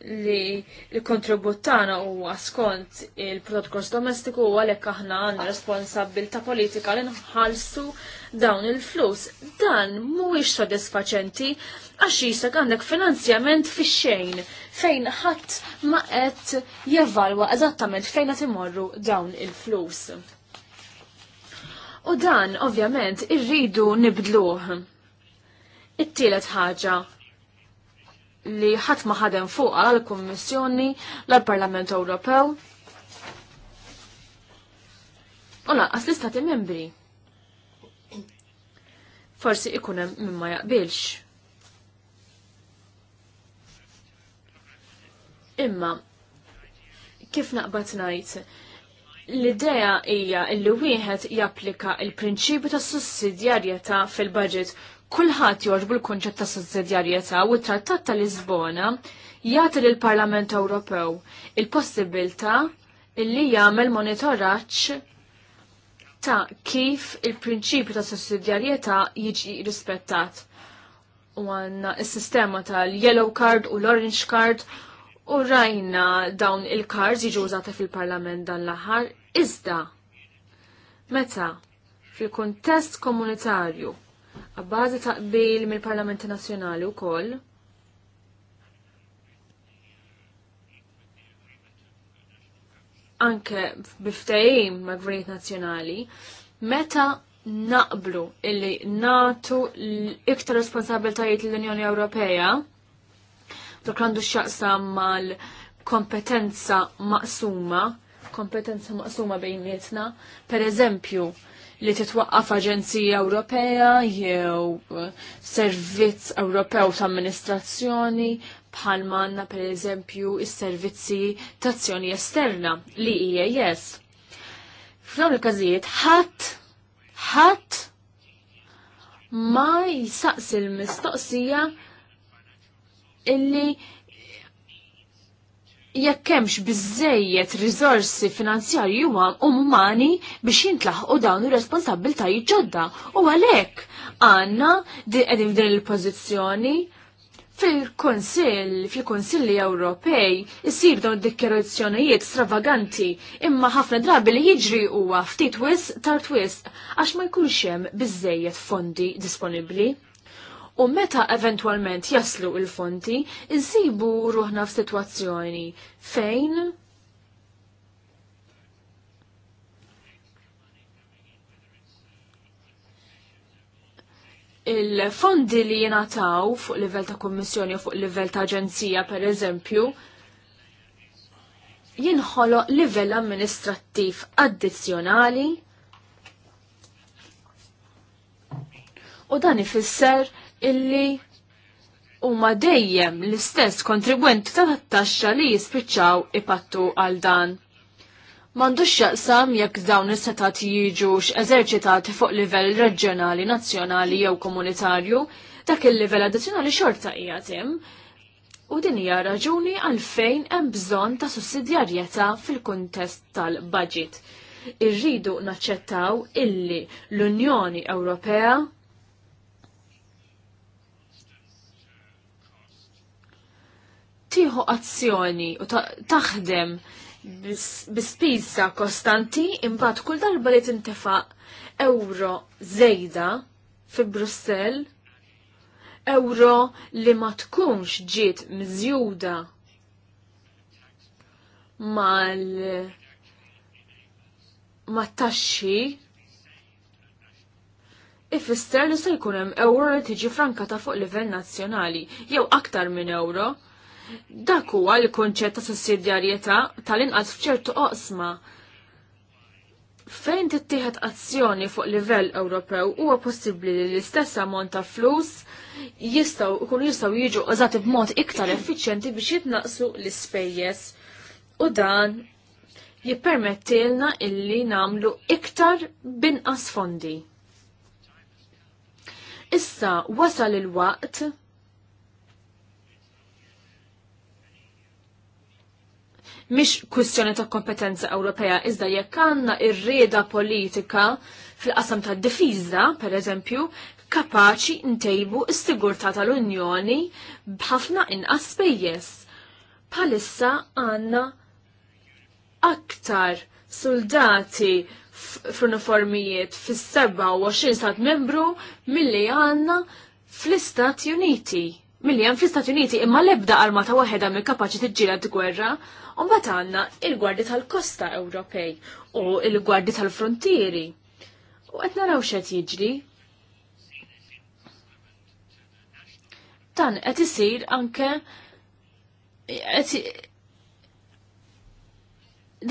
li l-kontribut tagħna huwa skont il-prodott domestiku u għalhekk aħna għandna responsabbilta politika li nħallsu dawn il-flus, dan mhuwiex sodisfaċenti għax jisak għandek finanzjament fi xejn fejn ħadd ma qed jevalwa eżattament fejn qed imorru dawn il-flus. U dan ovvjament irridu nibdluh. It-tielet ħaġa li ħadd ma ħadem fuqha l-Kummissjoni l-Parlament Ewropew u lanqas l-Istati Membri forsi ikunem hemm min ma jaqbilx. Imma kif naqbad ngħid l-idea hija li wieħed japplika il-prinċipju ta' sussidjarjetà fil-budget. Kulħadd jogħġbu l-kunċett ta' sussidjarjetà u t-Trattat ta' Lisbona jagħti lill-Parlament Ewropew il-possibilità illi jagħmel monitoraġġ ta' kif il-prinċipju ta' sussidjarjetà jiġi rispettat. U għanna il-sistema tal-yellow card u l-orange card u rajna dawn il-cards jiġu użata fil-parlament dan l-aħħar iżda. Meta fil-kontest komunitarju għabbażi ta' qbil mill-Parlamenti Nazzjonali u koll, anke biftajim ma' gvernijiet nazzjonali, meta naqblu illi natu iktar responsabiltajiet l-Unjoni Ewropea, dak għandu x'jaqsam mal-kompetenza maqsuma, kompetenza maqsuma bejnietna, per eżempju, li titwaqqaf Aġenzija Ewropea jew Servizz Ewropew ta' Amministrazzjoni bħal manna per eżempju is-servizzi tazzjoni esterna li hija e F'dawn il-każijiet ħadd ħadd ma jisaqsi l-mistoqsija illi jekk hemmx biżejjed riżorsi finanzjarji u umani biex jintlaħqu dawn ir-responsabbiltajiet ġodda u għalhekk għandna qegħdin f'din il-pożizzjoni Fil-Konsil, fil-Konsilli Ewropej, jisir dawn dikkerazzjonijiet stravaganti, imma ħafna drabi li jiġri huwa ftit wis tar twis għax ma jkunx hemm biżejjed fondi disponibbli. U meta eventwalment jaslu il-fondi, insibu ruħna f'sitwazzjoni fejn il-fondi li jenataw fuq livell ta' kommissjoni u fuq livell ta' aġenzija per eżempju jinħoloq livell amministrattiv addizzjonali u dan ifisser illi huma dejjem l-istess kontribwenti ta' taxxa li jispiċċaw ipattu għal dan. Mandux jaqsam jekk dawn is-setat jiġux eżerċitati fuq livell reġjonali, nazzjonali jew komunitarju, dak il-livell addizzjonali xorta hija tim. U din hija raġuni għalfejn hemm bżonn ta' sussidjarjetà fil-kuntest tal-budget. Irridu naċċettaw illi l-Unjoni Ewropea tieħu azzjoni u taħdem ta bispiża kostanti imbagħad kull darba li tintefa' euro żejda fi Brussell euro li ma tkunx ġiet mżjuda mal ma taxxi ifisser li se jkun hemm euro li tiġi franka ta' fuq livell nazzjonali jew aktar minn euro Dak huwa l-konċett ta' sussidjarjetà tal-inqas f'ċertu oqsma. Fejn tittieħed azzjoni fuq livell Ewropew huwa possibbli li l-istess ammont ta' flus jistgħu jkunu jistgħu jiġu użati b'mod iktar effiċjenti biex jitnaqsu l-ispejjeż u dan jippermettilna illi namlu iktar binqas fondi. Issa wasal il-waqt mhix kustjoni ta' kompetenza Ewropea iżda jekk għandna ir-rieda politika fil-qasam tad difiża, pereżempju, kapaċi ntejbu s sigurta tal-Unjoni b'ħafna inqas spejjeż. Palissa għandna aktar soldati f'uniformijiet fis-27 stat membru milli għandna fl-Istati Uniti milli hemm fl-Istati Uniti imma l-ebda armata waħedha mill kapaċi tiġġieled gwerra, u mbagħad għandna il-Gwardji tal-Kosta Ewropej u il-Gwardji tal-Frontieri. U qed naraw x'għed jiġri. Dan qed isir anke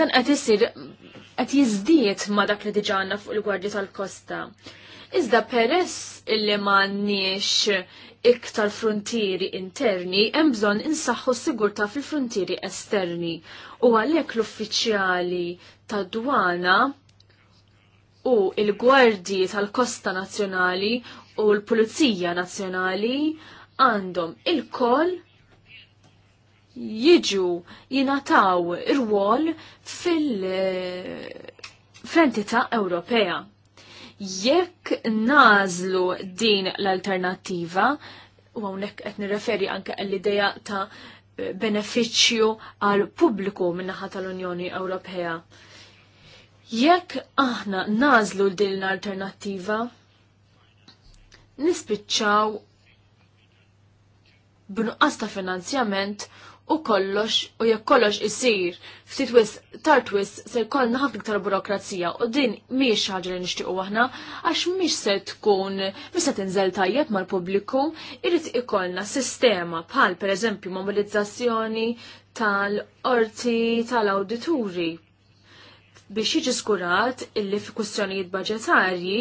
dan qed isir qed jiżdied ma' dak li diġà għandna fuq il gwardi tal-Kosta. Iżda peress illi m'għandniex iktar frontieri interni, hemm bżonn insaħħu s fil-frontieri esterni. U għalhekk l-uffiċjali tad dwana u il-gwardji tal-Kosta Nazzjonali u l-Pulizija Nazzjonali għandhom il-koll jiġu jinataw ir-wol fil-entità eh, Ewropea. Jekk nażlu din l-alternattiva, u hawnhekk qed nirreferi anke għall-idea ta' benefiċċju għal pubbliku min-naħa tal-Unjoni Ewropea. Jekk aħna nażlu din l-alternattiva, nispiċċaw b'nuqqas ta' finanzjament u kollox u jekk kollox isir ftit wis tard twist, se jkollna ħafna iktar burokrazija u din mhijiex ħaġa li nixtiequ aħna għax mhix se tkun mhix se tinżel tajjeb mal-pubbliku irid ikollna sistema bħal pereżempju mobilizzazzjoni tal-orti tal-awdituri biex jiġi skurat illi fi kwistjonijiet budġetarji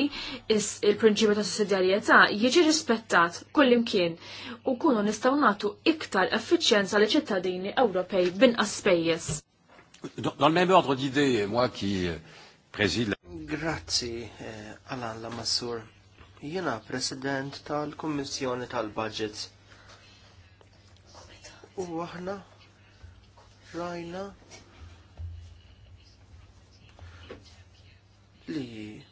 il-prinċipju ta' sussidjarjetà jiġi rispettat kullimkien u kunu nistgħu nagħtu iktar effiċjenza li ċittadini Ewropej binqas spejjeż.
Dans le même ordre d'idée, moi qui euh, préside
Grazzi, eh, Alan Lamassur. Jena president tal-Kommissjoni tal-Budgets. U aħna rajna li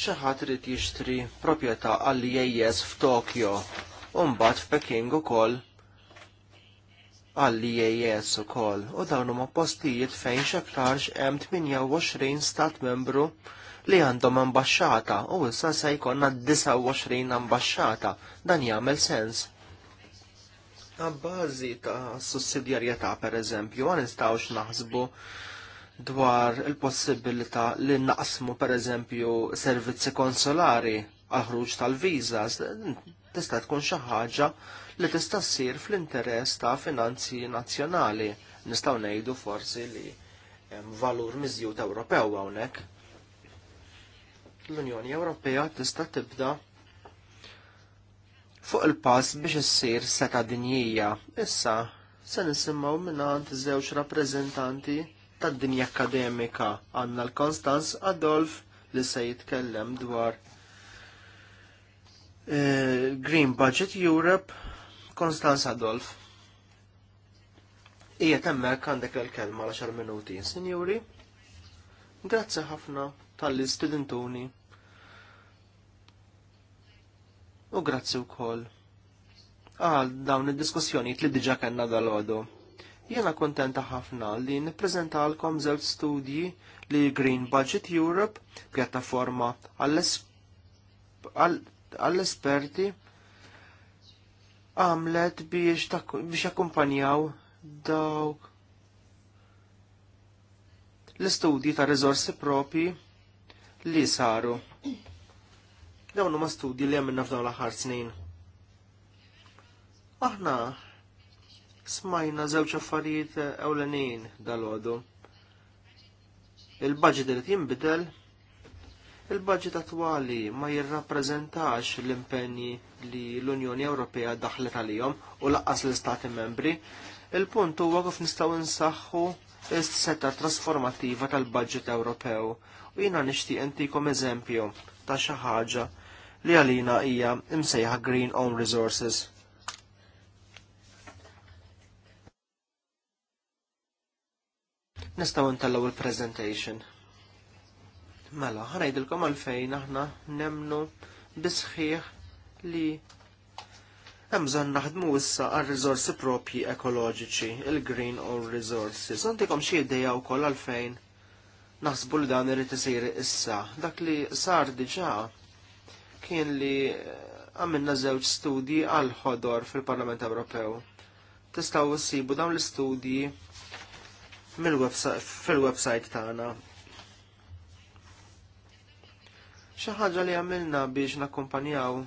xi ħadd irid jixtri proprjetà għall IAS e f'Tokyo u mbagħad f'Peking ukoll għall IAS e ukoll u dawn huma postijiet fejn xaktarx hemm 28 stat membru li għandhom ambasċata u issa se jkollna 29 ambasċata dan jagħmel sens. Għabbażi ta' sussidjarjetà pereżempju ma nistgħux naħsbu dwar il-possibilità li naqsmu per eżempju servizzi konsolari għal ħruġ tal-vizas, tista' tkun xi ħaġa li tista' ssir fl-interess ta' finanzi nazzjonali. Nistgħu ngħidu forsi li hemm valur miżjud Ewropew hawnhekk. L-Unjoni Ewropea tista' tibda fuq il-pass biex issir seta' dinjija. Issa se nisimgħu mingħand żewġ rappreżentanti tad-dinja akademika għandna l-Konstanz Adolf li se jitkellem dwar uh, Green Budget Europe Konstanz Adolf. Ija temmek għandek l-kelma għal 10 minuti, sinjuri. Grazzi ħafna tal istudentuni U grazzi u koll. Għal dawn id-diskussjoni li diġa kanna dal-għodu. Jena kontenta ħafna li niprezentalkom żewġ studji li Green Budget Europe, pjattaforma għall-esperti, għamlet biex akkumpanjaw dawk l-istudji ta' rizorsi propi li saru. Dawn huma studji li għamilna f'dawn l-aħħar snin. Aħna smajna żewġ affarijiet ewlenin dal ħodu Il-budget li jinbidel, il-budget attwali ma jirrappreżentax l-impenji li l-Unjoni Ewropea daħlet għalihom u laqqas l-Istati membri. Il-punt huwa kif nistgħu nsaħħu is-setta trasformattiva tal-budget Ewropew u jiena nixtieq intikom eżempju ta' xi ħaġa li għalina hija imsejħa Green Own Resources Nistaw intallaw il-presentation. Mela, ħanajdilkom għalfejn aħna nemnu bisħiħ li Hemżon naħdmu issa għar riżorsi propji ekoloġiċi, il-green or resources. Għandikom xi ideja wkoll għalfejn naħsbu li dan irid isir issa. Dak li sar diġa kien li għamilna żewġ studji għal ħodor fil-Parlament Ewropew. Tistgħu ssibu dawn l-istudji fil-website tagħna. Xi ħaġa li għamilna biex nakkumpanjaw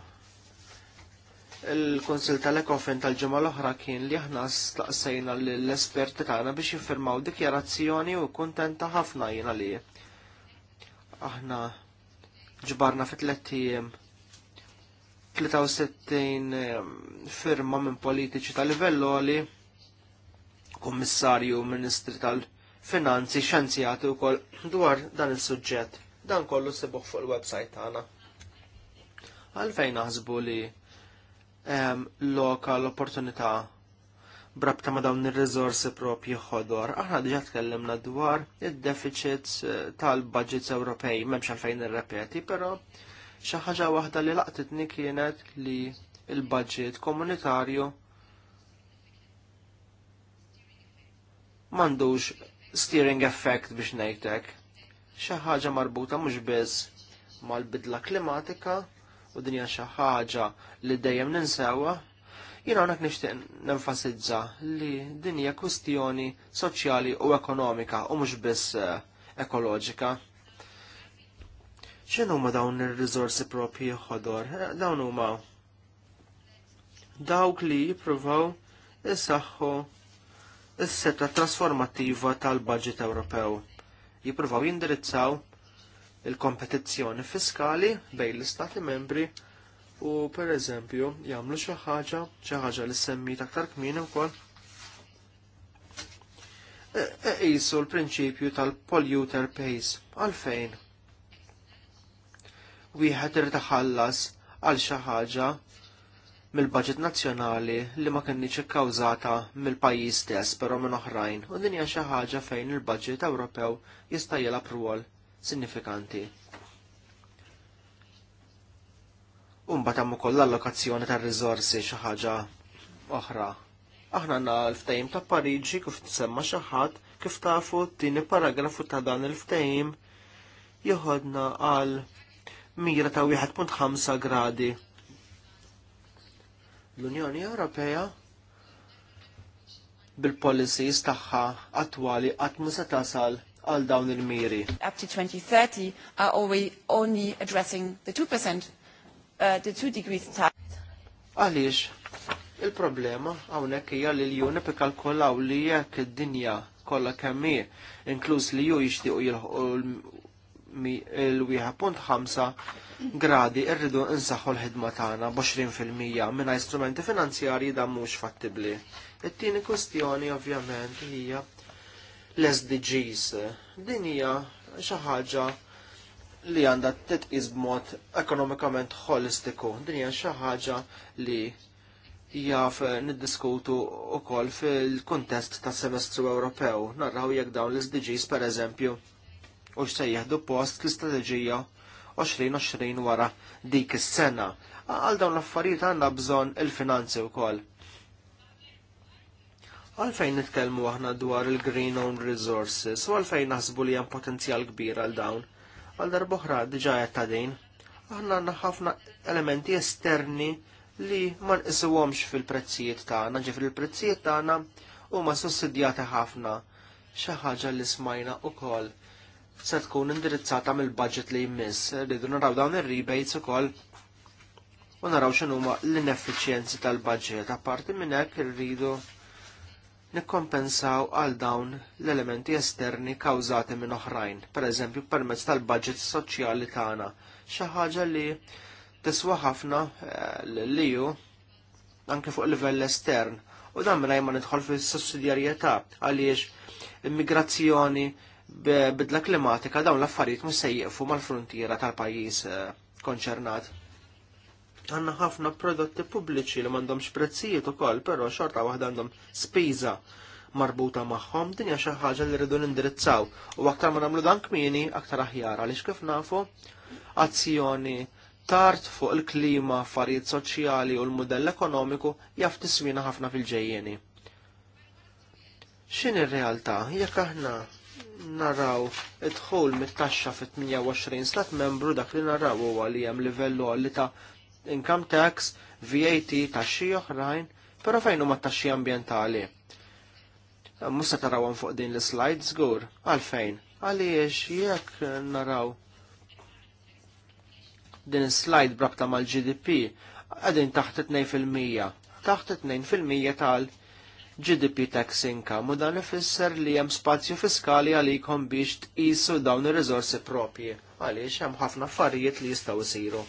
il-Konsil tal-Ekofin tal-ġimgħa l-oħra kien li aħna staqsejna l-esperti tagħna biex jiffirmaw dikjarazzjoni u kuntenta ħafna jiena li aħna ġbarna fit tliet ijiem 63 ehm, firma minn politiċi tal-livell li Kommissarju Ministri tal-Finanzi xenzjati u kol dwar dan il-sujġet. Dan kollu sibuħ fuq il-websajt tagħna. Għalfejn naħsbu li um, lokal opportunità brabta ma dawn ir-riżorsi propji ħodor. Aħna diġà tkellimna dwar id-deficits eh, tal-budgets Ewropej, memx għalfejn irrepeti, però xi ħaġa waħda li laqtitni kienet li il-budget komunitarju mandux steering effect biex nejtek. Xi ħaġa marbuta mhux biss mal-bidla klimatika u dinja xi ħaġa li dejjem ninsewa, Jina hawnhekk nixtieq nenfasizza li din hija kwistjoni soċjali u ekonomika u mhux biss eh, ekoloġika. X'inhu huma dawn ir-riżorsi propi ħodor? Eh, dawn huma dawk li jippruvaw saħħu is setta trasformattiva tal-budget Ewropew. Jippruvaw jindirizzaw il-kompetizzjoni fiskali bejn l-istati membri u per eżempju jagħmlu xi ħaġa xi ħaġa li semmi aktar kmin ukoll. Qisu e, e, l-prinċipju tal-polluter pays għalfejn. Wieħed irtaħallas għal xi ħaġa mill-budget nazzjonali li ma kenniċ ikkawżata mill-pajjiż stess però minn oħrajn u din hija xi ħaġa fejn il-budget Ewropew jista' jilgħab rwol sinifikanti. Umbat hemm ukoll l-allokazzjoni tar-riżorsi xi ħaġa oħra. Aħna għandna l-ftehim ta' Pariġi kif tsemma xi ħadd kif tafu t-tieni paragrafu ta' dan il-ftehim joħodna għal mira ta' 1.5 gradi L-Unjoni Ewropea bil-policies tagħha attwali qatt ma se tasal għal dawn il-miri. Up to
2030 are always only addressing the 2%, uh, the 2 degrees
target. Għaliex, il-problema hawnhekk hija li l-UNEP ikkalkolaw li jekk id-dinja kollha kemm hi, inkluż li ju jixtiequ jilħu l-1.5 gradi irridu nsaħħu l-ħidma tagħna b'20% mingħajr strumenti finanzjarji da mhux fattibbli. It-tieni kwestjoni ovvjament hija l-SDGs. Din hija xi ħaġa li għandha titqis b'mod ekonomikament holistiku. Din hija xi ħaġa li jaf niddiskutu wkoll fil-kuntest tas semestru Ewropew. Narraw jekk dawn l-SDGs pereżempju u x'se jieħdu post l-istrateġija 2020 wara dik is-sena. Għal dawn l-affarijiet għandna bżonn il-finanzi wkoll. Għalfejn nitkellmu aħna dwar il-Green Own Resources u għalfejn naħsbu li hemm potenzjal kbir għal dawn. Għal darboħra diġa qed ta' din, aħna għandna ħafna elementi esterni li ma nqisuhomx fil-prezzijiet tagħna, ġifri il-prezzijiet tagħna huma sussidjati ħafna xi ħaġa li smajna wkoll se tkun indirizzata mill-budget li jmiss. Rridu naraw dawn ir-rebates ukoll u naraw x'inhuma l-ineffiċjenzi tal-budget. Apparti minn hekk irridu nikkompensaw għal dawn l-elementi esterni kawżati minn oħrajn, pereżempju permezz tal-budget soċjali tagħna, xi ħaġa li tiswa ħafna l-liju eh, anke fuq livell estern u dan minn ma nidħol fis sussidjarjetà għaliex immigrazzjoni bidla klimatika dawn l-affarijiet mhux se jieqfu mal-frontiera tal-pajjiż eh, konċernat. Għanna ħafna prodotti pubbliċi li m'għandhomx prezzijiet ukoll, però xorta waħda għandhom spiża marbuta magħhom din hija xi ħaġa li rridu nindirizzaw u aktar ma nagħmlu dan kmieni aktar aħjar għaliex kif nafu azzjoni tard fuq il-klima, affarijiet soċjali u l-modell ekonomiku jaf tiswina ħafna fil-ġejjeni. X'in ir-realtà jekk aħna naraw idħol mit-taxxa fit-28 stat membru dak li naraw huwa li hemm għalli ta' income tax, VAT, taxxi oħrajn, però fejn huma taxxi ambjentali. Musa tarawhom fuq din l-slides żgur, għalfejn, għaliex jekk naraw din slide brabta mal-GDP għadin taħt 2% taħt 2% tal GDP tax income u dan ifisser li hemm spazju fiskali għalikom biex tqisu dawn ir-riżorsi propji għaliex hemm ħafna affarijiet li jistgħu jsiru.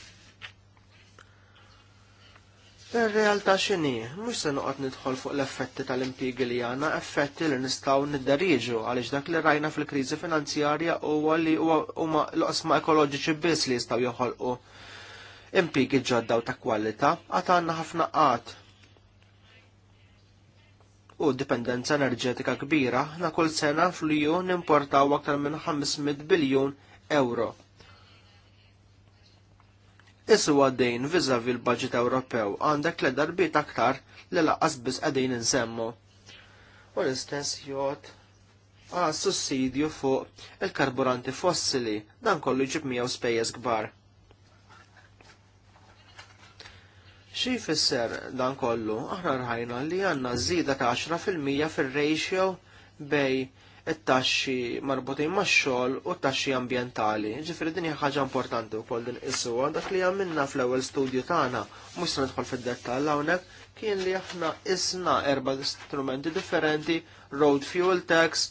Ir-realtà x'inhi, mhux se noqgħod nidħol fuq l-effetti tal-impjiegi li għandna, effetti li nistgħu nidderieġu għaliex dak li rajna fil-kriżi finanzjarja huwa li huma l-qosma ekoloġiċi biss li jistgħu joħolqu impjiegi ġodda u ta' kwalità, għad għandna ħafna qatt u dipendenza enerġetika kbira, na kull sena fl-ju nimportaw aktar minn 500 biljun euro. Isu għaddejn vizavi l-budget Ewropew għandek l darbiet aktar li laqqas biss għaddejn insemmu. U l-istess jgħod għas sussidju fuq il-karburanti fossili, dan kollu jġib miegħu spejjeż kbar. Xi jfisser dan kollu, aħna rħajna li għandna zida ta' 10% fir-ratio bej it-taxxi marbutin max-xogħol u t-taxxi ambjentali. Ġifri din hija ħaġa importanti wkoll din issu dak li għamilna fl-ewwel studju tagħna mhux se nidħol fid-dettall hawnhekk kien li aħna isna erba' strumenti differenti road fuel tax,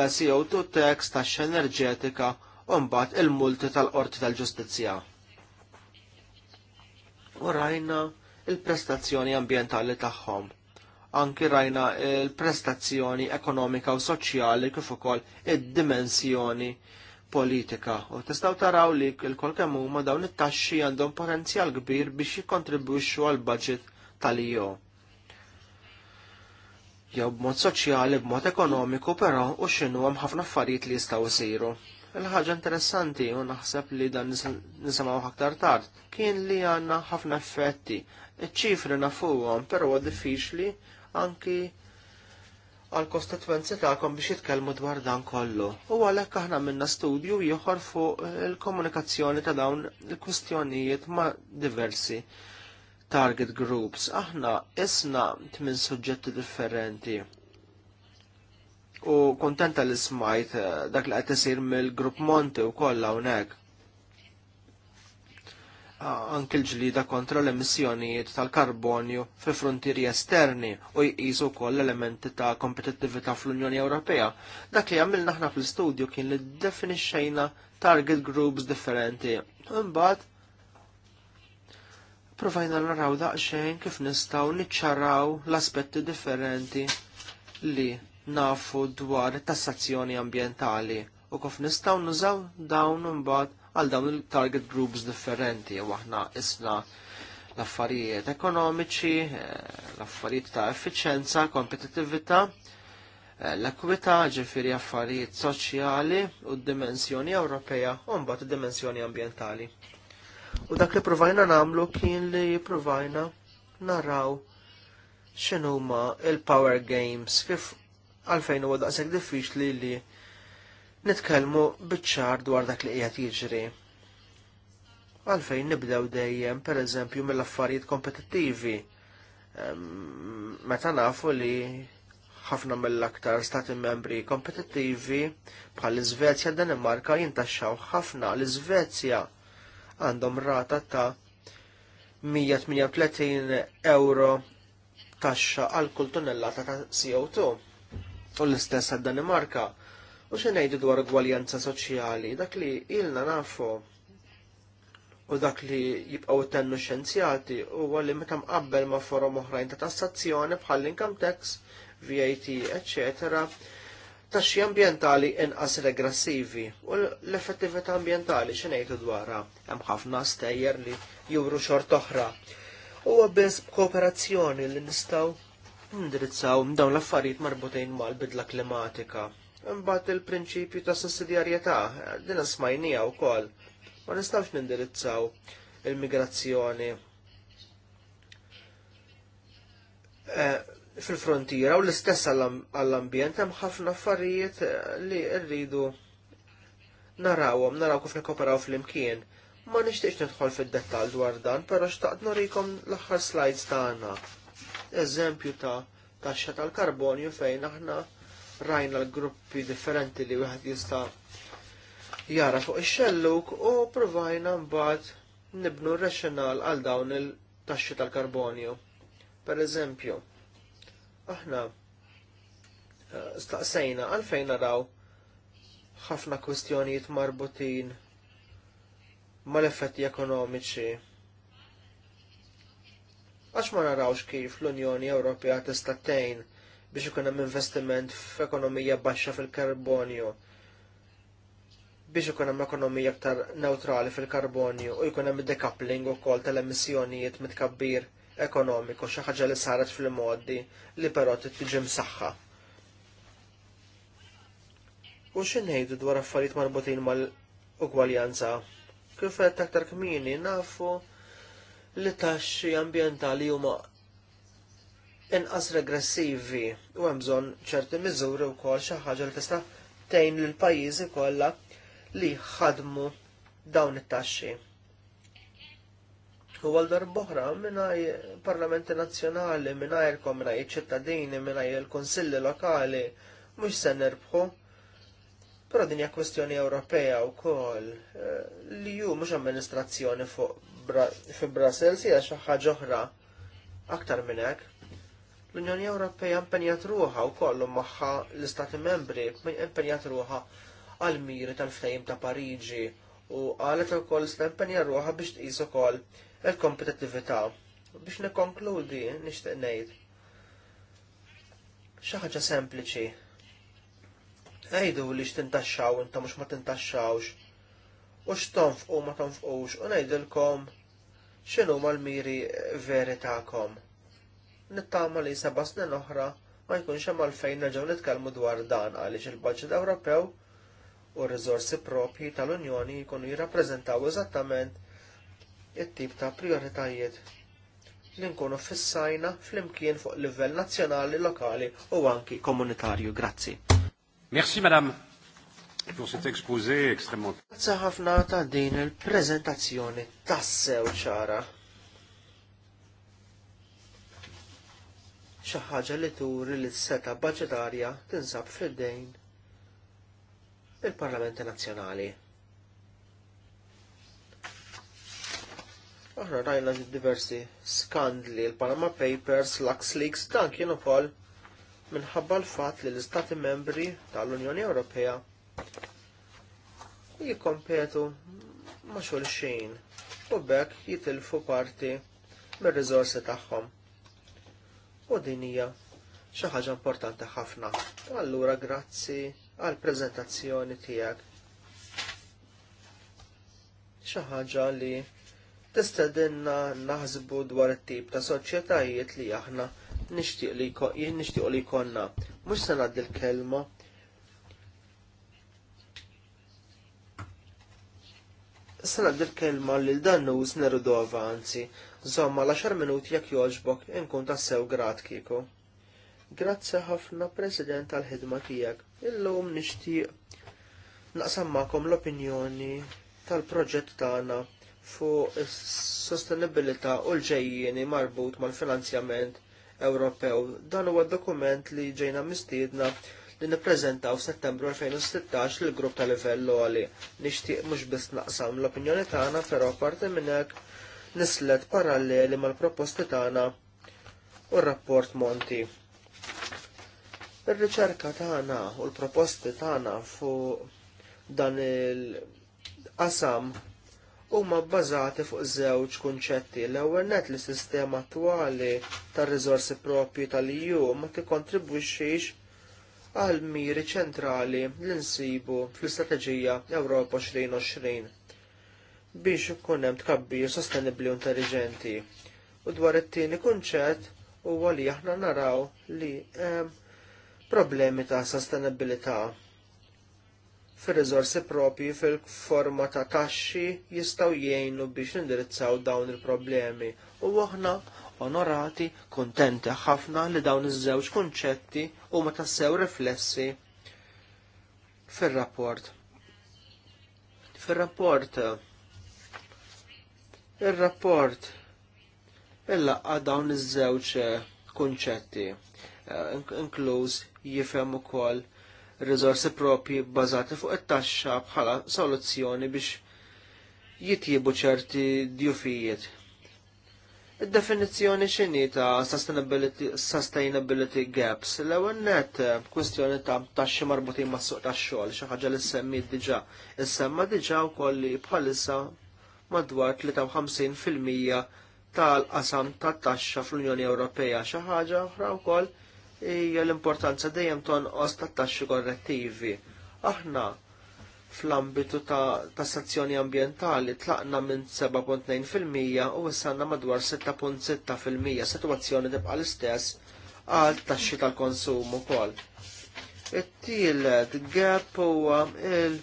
eh, CO2 tax, taxxa enerġetika u mbagħad il-multi tal-qorti tal-ġustizzja u rajna il-prestazzjoni ambientali tagħhom. Anki rajna il-prestazzjoni ekonomika u soċjali kif ukoll id-dimensjoni politika. U tistgħu taraw li kull kemm huma dawn it-taxxi għandhom potenzjal kbir biex jikkontribwixxu għal budget tal-IO. Jew b'mod soċjali, b'mod ekonomiku, però u x'inhu hemm ħafna affarijiet li jistgħu jsiru. Il-ħagġa interessanti u naħseb li dan nisimaw aktar tard kien li għanna ħafna effetti. Iċ-ċifri nafuhom, però diffiċli anki għal kostatwenzi tagħkom biex jitkellmu dwar dan kollu. U għalhekk aħna minna studju ieħor fuq il-komunikazzjoni ta' dawn il-kwistjonijiet ma' diversi target groups. Aħna isna tmien suġġetti differenti U kontenta li smajt eh, dak li qed isir mill-Grupp Monti u kolla hawnhekk. Anke l-ġlida kontra l-emissjonijiet tal-karbonju fi frontieri esterni u jqisu wkoll elementi ta' kompetittività fl-Unjoni Ewropea. Dak li għamilna aħna fl-istudju kien li definixxejna target groups differenti. Imbagħad provajna naraw daqsxejn kif nistaw niċċaraw l-aspetti differenti li nafu dwar tassazzjoni ambientali u kif nistgħu nużaw dawn imbagħad għal dawn il-target groups differenti u aħna isna l-affarijiet ekonomiċi, eh, l-affarijiet ta' effiċenza, kompetittività, eh, l-ekwità, ġifiri affarijiet soċjali u d-dimensjoni Ewropea u mbagħad id-dimensjoni ambientali. U dak li provajna namlu kien li provajna naraw x'inhuma il-power games kif għalfejn huwa daqshekk diffiċli li nitkellmu biċ-ċar dwar dak li qiegħed jiġri. Għalfejn nibdew dejjem pereżempju mill-affarijiet kompetittivi. Meta nafu li ħafna mill-aktar stati membri kompetittivi bħal l svezja Danimarka jintaxxaw ħafna l-Iżvezja għandhom rata ta' 138 euro taxxa għal kull tonnellata ta' CO2. U l-istess għad Danimarka. U xenajdu dwar gwaljanza soċjali, dak li ilna nafu u dak li jibqaw tennu xenzjati u għalli meta mqabbel ma' forum oħrajn ta' tassazzjoni bħal income tax, VAT, etc. Taxxi ambientali inqas regressivi u l-effettività ambientali xinejtu dwarha hemm ħafna stejjer li juru xort oħra. Huwa biss kooperazzjoni li nistgħu indirizzaw dawn l-affarijiet marbutejn mal-bidla klimatika. Imbagħad il-prinċipju ta' sussidjarjetà, din smajnija wkoll. Ma nistgħux nindirizzaw il-migrazzjoni eh, fil-frontiera u l-istess għall-ambjent hemm ħafna affarijiet eh, li rridu narawhom, naraw kif nikoperaw fl-imkien. Ma nixtieqx nidħol fid-dettall dwar dan, però xtaqt norikom l-aħħar slides tagħna eżempju ta' taxxa tal-karbonju fejn aħna rajna l-gruppi differenti li wieħed jista' jara fuq ix-xelluk u provajna mbagħad nibnu r-raxxinal għal dawn il-taxxi tal-karbonju. Per eżempju, aħna eh, staqsejna għalfejn naraw ħafna kwistjonijiet marbutin mal-effetti ekonomiċi Għax ma narawx kif l-Unjoni Ewropea tista' tgħin biex ikun hemm investiment f'ekonomija baxxa fil-karbonju biex ikun hemm ekonomija aktar neutrali fil-karbonju u jkun hemm decoupling ukoll tal-emissjonijiet mitkabbir ekonomiku xi ħaġa li saret fil-modi li però tittiġi msaħħa. U xi ngħidu dwar affarijiet marbutin mal-ugwaljanza? Kif qed aktar kmini nafu li taxxi ambjentali huma inqas regressivi u hemm bżonn ċerti miżuri wkoll xi ħaġa li tista' tgħin lill pajjiżi kollha li ħadmu dawn it-taxxi. U għal darboħra minnaj parlamenti nazzjonali, mingħajr komra ċittadini, mingħajr il kunsilli lokali, mhux se nirbħu. din dinja kwestjoni Ewropea wkoll eh, li hu mhux amministrazzjoni fuq fi Brussels hija xi ħaġa oħra aktar minn hekk. L-Unjoni Ewropea impenjat ruħa kollu magħha l-Istati Membri impenjat ruħa għal miri tal-ftehim ta' Pariġi u qalet ukoll sta' impenja ruħa biex tqis ukoll il-kompetittività. Biex nikkonkludi nixtieq ngħid. Xi ħaġa sempliċi. Ejdu li x'tintaxxaw inta mhux ma tintaxxawx u x'tonfqu ma tonfqux u ngħidilkom xinu mal-miri veri ta'kom. Nittama li seba snin oħra ma jkunx hemm għalfejn neġgħu nitkellmu dwar dan għaliex il-budget Ewropew u r-riżorsi propji tal-Unjoni jkunu jirrappreżentaw eżattament it-tip ta' prioritajiet li nkunu fissajna fl-imkien fuq livell nazzjonali, lokali u anki komunitarju. Grazzi. Merci, madame pour cet exposé extrêmement. Grazie ħafna ta' din il-prezentazzjoni tassew ċara. Xi ħaġa li turi li s-seta budgetarja tinsab fid-dejn il-Parlamenti Nazzjonali. Aħna rajna diversi skandli, il-Panama Papers, LuxLeaks, dan kien ukoll minħabba l-fatt li l-Istati membri tal-Unjoni Ewropea jikkompetu ma' xulxin u bekk jitilfu parti mir-riżorsi tagħhom. U din hija xi ħaġa importanti ħafna. Allura grazzi għall preżentazzjoni tiegħek. Xi ħaġa li tistedinna naħsbu dwar it-tip ta' soċjetajiet li aħna nixtieq li jkollna Mhux se ngħaddi l-kelma Sena dil-kelma li l-dannuż nerudu avanzi. zomma l minuti jekk joġbok inkun tassew grat kiko. Grazzi ħafna President tal-ħidma tiegħek. Illum nixtieq naqsammakom l-opinjoni tal-proġett tagħna fuq is-sostenibilità u l-ġejjieni marbut mal-finanzjament Ewropew. Dan huwa dokument li ġejna mistiedna li nippreżentaw f'Settembru 2016 l grupp ta' livell għali. Nixtieq mhux biss naqsam l-opinjoni tagħna però parti minn hekk nislet paralleli mal-proposti tagħna u r-rapport Monti. Ir-riċerka tagħna u l-proposti tagħna fuq dan il-qasam huma bbażati fuq żewġ kunċetti. L-ewwel net li sistema attwali tar-riżorsi propji tal-EU ma tikkontribwixxix għal miri ċentrali li nsibu fl-Istrateġija Ewropa 2020 biex ikun hemm tkabbir sostenibbli u intelligenti. U dwar it-tieni kunċett huwa li aħna naraw li hemm problemi ta' sostenibilità fir-riżorsi propji fil-forma ta' taxxi jistgħu jgħinu biex nindirizzaw dawn il-problemi u aħna onorati, kontenti ħafna li dawn iż-żewġ kunċetti huma tassew riflessi fir-rapport. Fir-rapport ir-rapport illaqqa dawn iż-żewġ kunċetti eh, inkluż jifhem ukoll riżorsi propji bbażati fuq it-taxxa bħala soluzzjoni biex jitjibu ċerti djufijiet Id-definizzjoni xini ta' sustainability, sustainability gaps, l ewwel net eh, kwestjoni ta' taxxi marbutin ma' suq ta' xogħol, xi ħaġa li semmi diġà. semma diġà wkoll li bħalissa madwar 53% tal-qasam ta' taxxa fl-Unjoni Ewropea xi ħaġa oħra wkoll hija l-importanza dejjem tonqos ta' taxxi korrettivi. Aħna fl-ambitu ta', ta sanzjoni ambientali tlaqna minn 7.2% u wissanna madwar 6.6% situazzjoni tibqa l-istess għal taxxi tal-konsum ukoll. It-tielet gap huwa il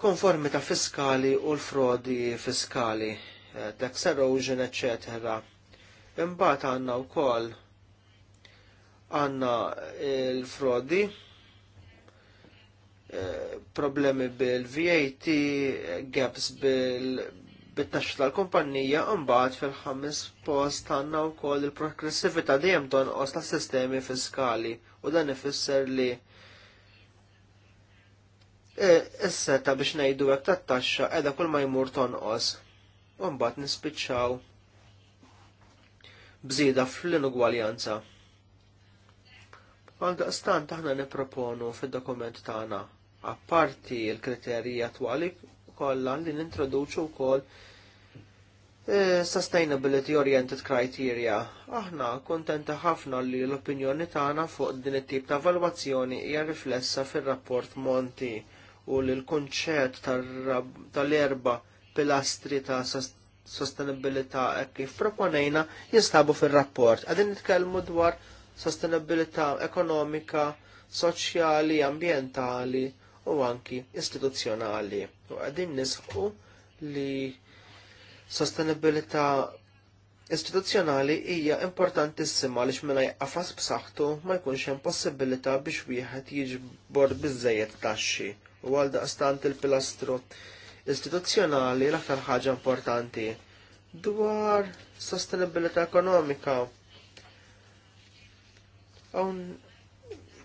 konformità fiskali u l-frodi fiskali, eh, tax erosion, etc. Imbagħad għandna wkoll għandna l-frodi problemi bil-VAT, gaps bil-taxxa tal-kumpanija, mbagħad fil-ħames post għandna wkoll il-progressività dejjem tonqos tas sistemi fiskali u dan ifisser li e, is-seta biex ngħidu hekk tat-taxxa qiegħda kull ma jmur tonqos. U mbagħad nispiċċaw bżida fl-inugwaljanza. Għaldaqstant aħna nipproponu fid-dokument tagħna apparti l-kriterji attwali kollha li nintroduċu wkoll eh, sustainability oriented criteria. Aħna kontenta ħafna li l-opinjoni tagħna fuq din it-tip ta' valwazzjoni hija riflessa fir-rapport Monti u li l-kunċett tal-erba pilastri ta' sostenibilità kif proponejna jinstabu fir-rapport. Għadin nitkellmu dwar sostenibilità ekonomika, soċjali, ambjentali u anki istituzzjonali. U għadin nisħu li sostenibilità istituzzjonali hija importantissima li xmina jqafas b'saħħtu ma jkunx hemm possibilità biex wieħed jiġbor biżejjed taxxi u għal daqstant il-pilastru istituzzjonali l-aktar ħaġa importanti dwar sostenibilità ekonomika. Hawn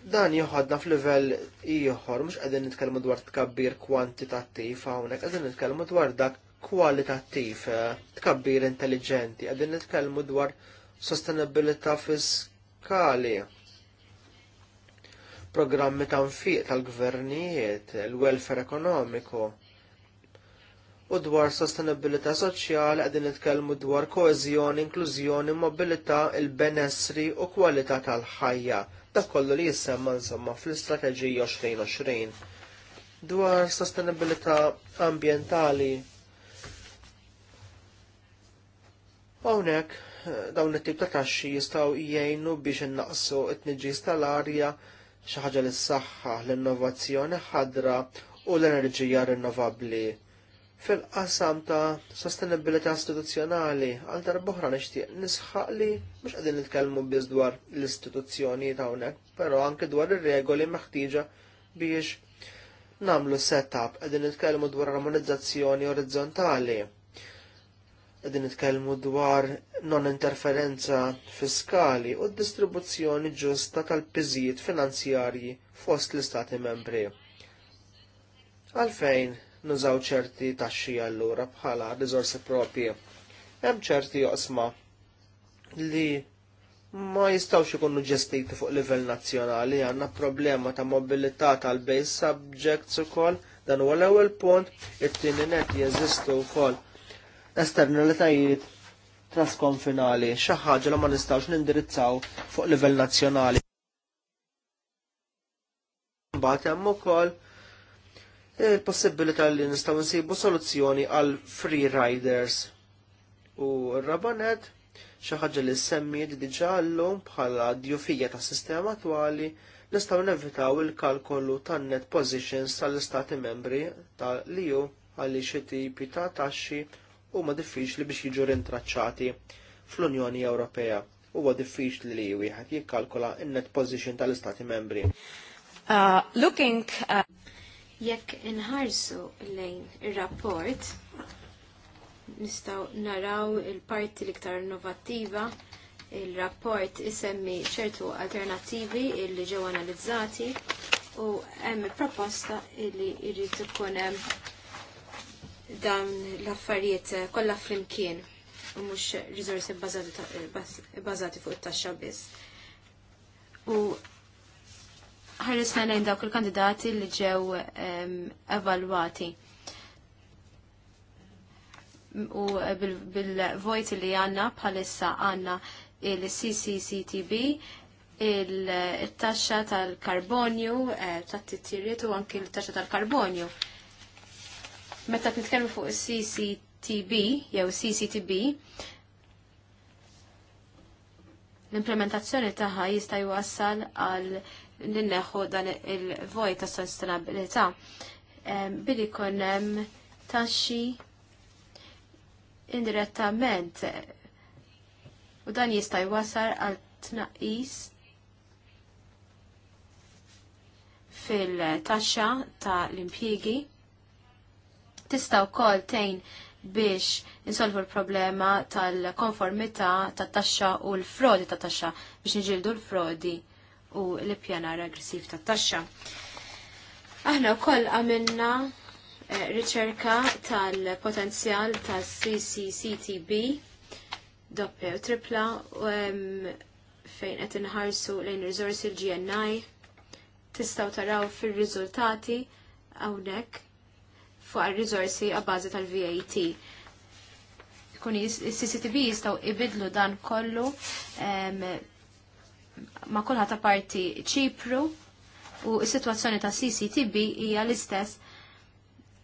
dan joħodna f'livell ieħor mhux qegħdin nitkellmu dwar tkabbir kwantitattiv hawnhekk, qegħdin nitkellmu dwar dak kwalitattiv, eh, tkabbir intelligenti, qegħdin nitkellmu dwar sostenibilità fiskali. Programmi ta' nfiq tal-gvernijiet, il-welfare ekonomiku. U dwar sostenibilità soċjali qegħdin nitkellmu dwar koeżjoni, inklużjoni, mobilità, il-benessri u kwalità tal-ħajja dak kollu li jissemma insomma fl-istrateġija 2020 dwar sostenibilità ambientali. Hawnhekk eh, dawn it-tip ta' taxxi jistgħu jgħinu biex innaqsu t-tniġġis tal-arja xi ħaġa lis-saħħa, l-innovazzjoni ħadra u l-enerġija rinnovabbli. Fil-qasam ta' sostenibilità istituzzjonali, għal darboħra nixtieq nisħaq li mhux qegħdin nitkellmu biss dwar l-istituzzjoni ta' hawnhekk, però anke dwar ir-regoli meħtieġa biex nagħmlu setup qegħdin nitkellmu dwar armonizzazzjoni orizzontali. Qegħdin nitkellmu dwar non-interferenza fiskali u d-distribuzzjoni ġusta tal-piżijiet finanzjarji fost l-Istati membri. Għalfejn, nużaw ċerti taxxi allura bħala riżorsi propri. Hemm ċerti joqsma li ma jistawx ikunu ġestiti fuq livell nazzjonali, għandna problema ta' mobilità tal-base subjects ukoll, dan huwa l-ewwel punt, it-tieni net jeżistu wkoll esternalitajiet trasconfinali, xi ħaġa li ma nistgħux nindirizzaw fuq livell nazzjonali. Mbagħad hemm ukoll il-possibilità li nistgħu nsibu soluzzjoni għal free riders. U r-rabanet xi ħaġa li semmiet diġà llum bħala djufija ta' sistema attuali, nistgħu nevitaw il-kalkolu tan net positions tal-istati membri li ju għalli xi tipi ta' taxxi huma diffiċli biex jiġu rintraċċati fl-Unjoni Ewropea. Huwa diffiċli li wieħed jikkalkola n-net position tal-Istati membri.
Uh, looking at... Uh, Jekk inħarsu lejn ir-rapport, nistaw naraw il-parti l-iktar innovattiva, il-rapport isemmi ċertu alternativi li ġew analizzati u hemm proposta li jrid ikun hemm dawn l-affarijiet kollha flimkien u mhux riżorsi bbażati fuq it-taxxa biss. U ħarisna lejn dawk il-kandidati li ġew ehm, evalwati. U eh, bil-vojt li għanna bħalissa għanna il-CCCTB, il-taxxa tal-karbonju, eh, tat tittirietu u anki il-taxxa tal-karbonju. Meta nitkellmu fuq il-CCTB, jew CCTB, l-implementazzjoni taħħa jista' jwassal għal ninneħu dan il-voj ta' sostenabilità. Billi konnem taxxi indirettament u dan jista' jwasar għal tnaqqis fil-taxxa ta' l-impjiegi. Tista' wkoll tejn biex insolvu l-problema tal-konformità ta' taxxa u l-frodi ta' taxxa biex niġildu l-frodi u l-ippjanar aggressiv ta' taxxa. Aħna wkoll għamilna eh, riċerka tal-potenzjal tas-CCCTB doppja u tripla fejn qed inħarsu lejn riżorsi l-GNI tistgħu taraw fir-riżultati hawnhekk fuq ir-riżorsi għabbażi tal-VAT. Kun is cctb jistgħu ibidlu dan kollu ma' ta' parti ċipru u s-sitwazzjoni ta' CCTB hija l-istess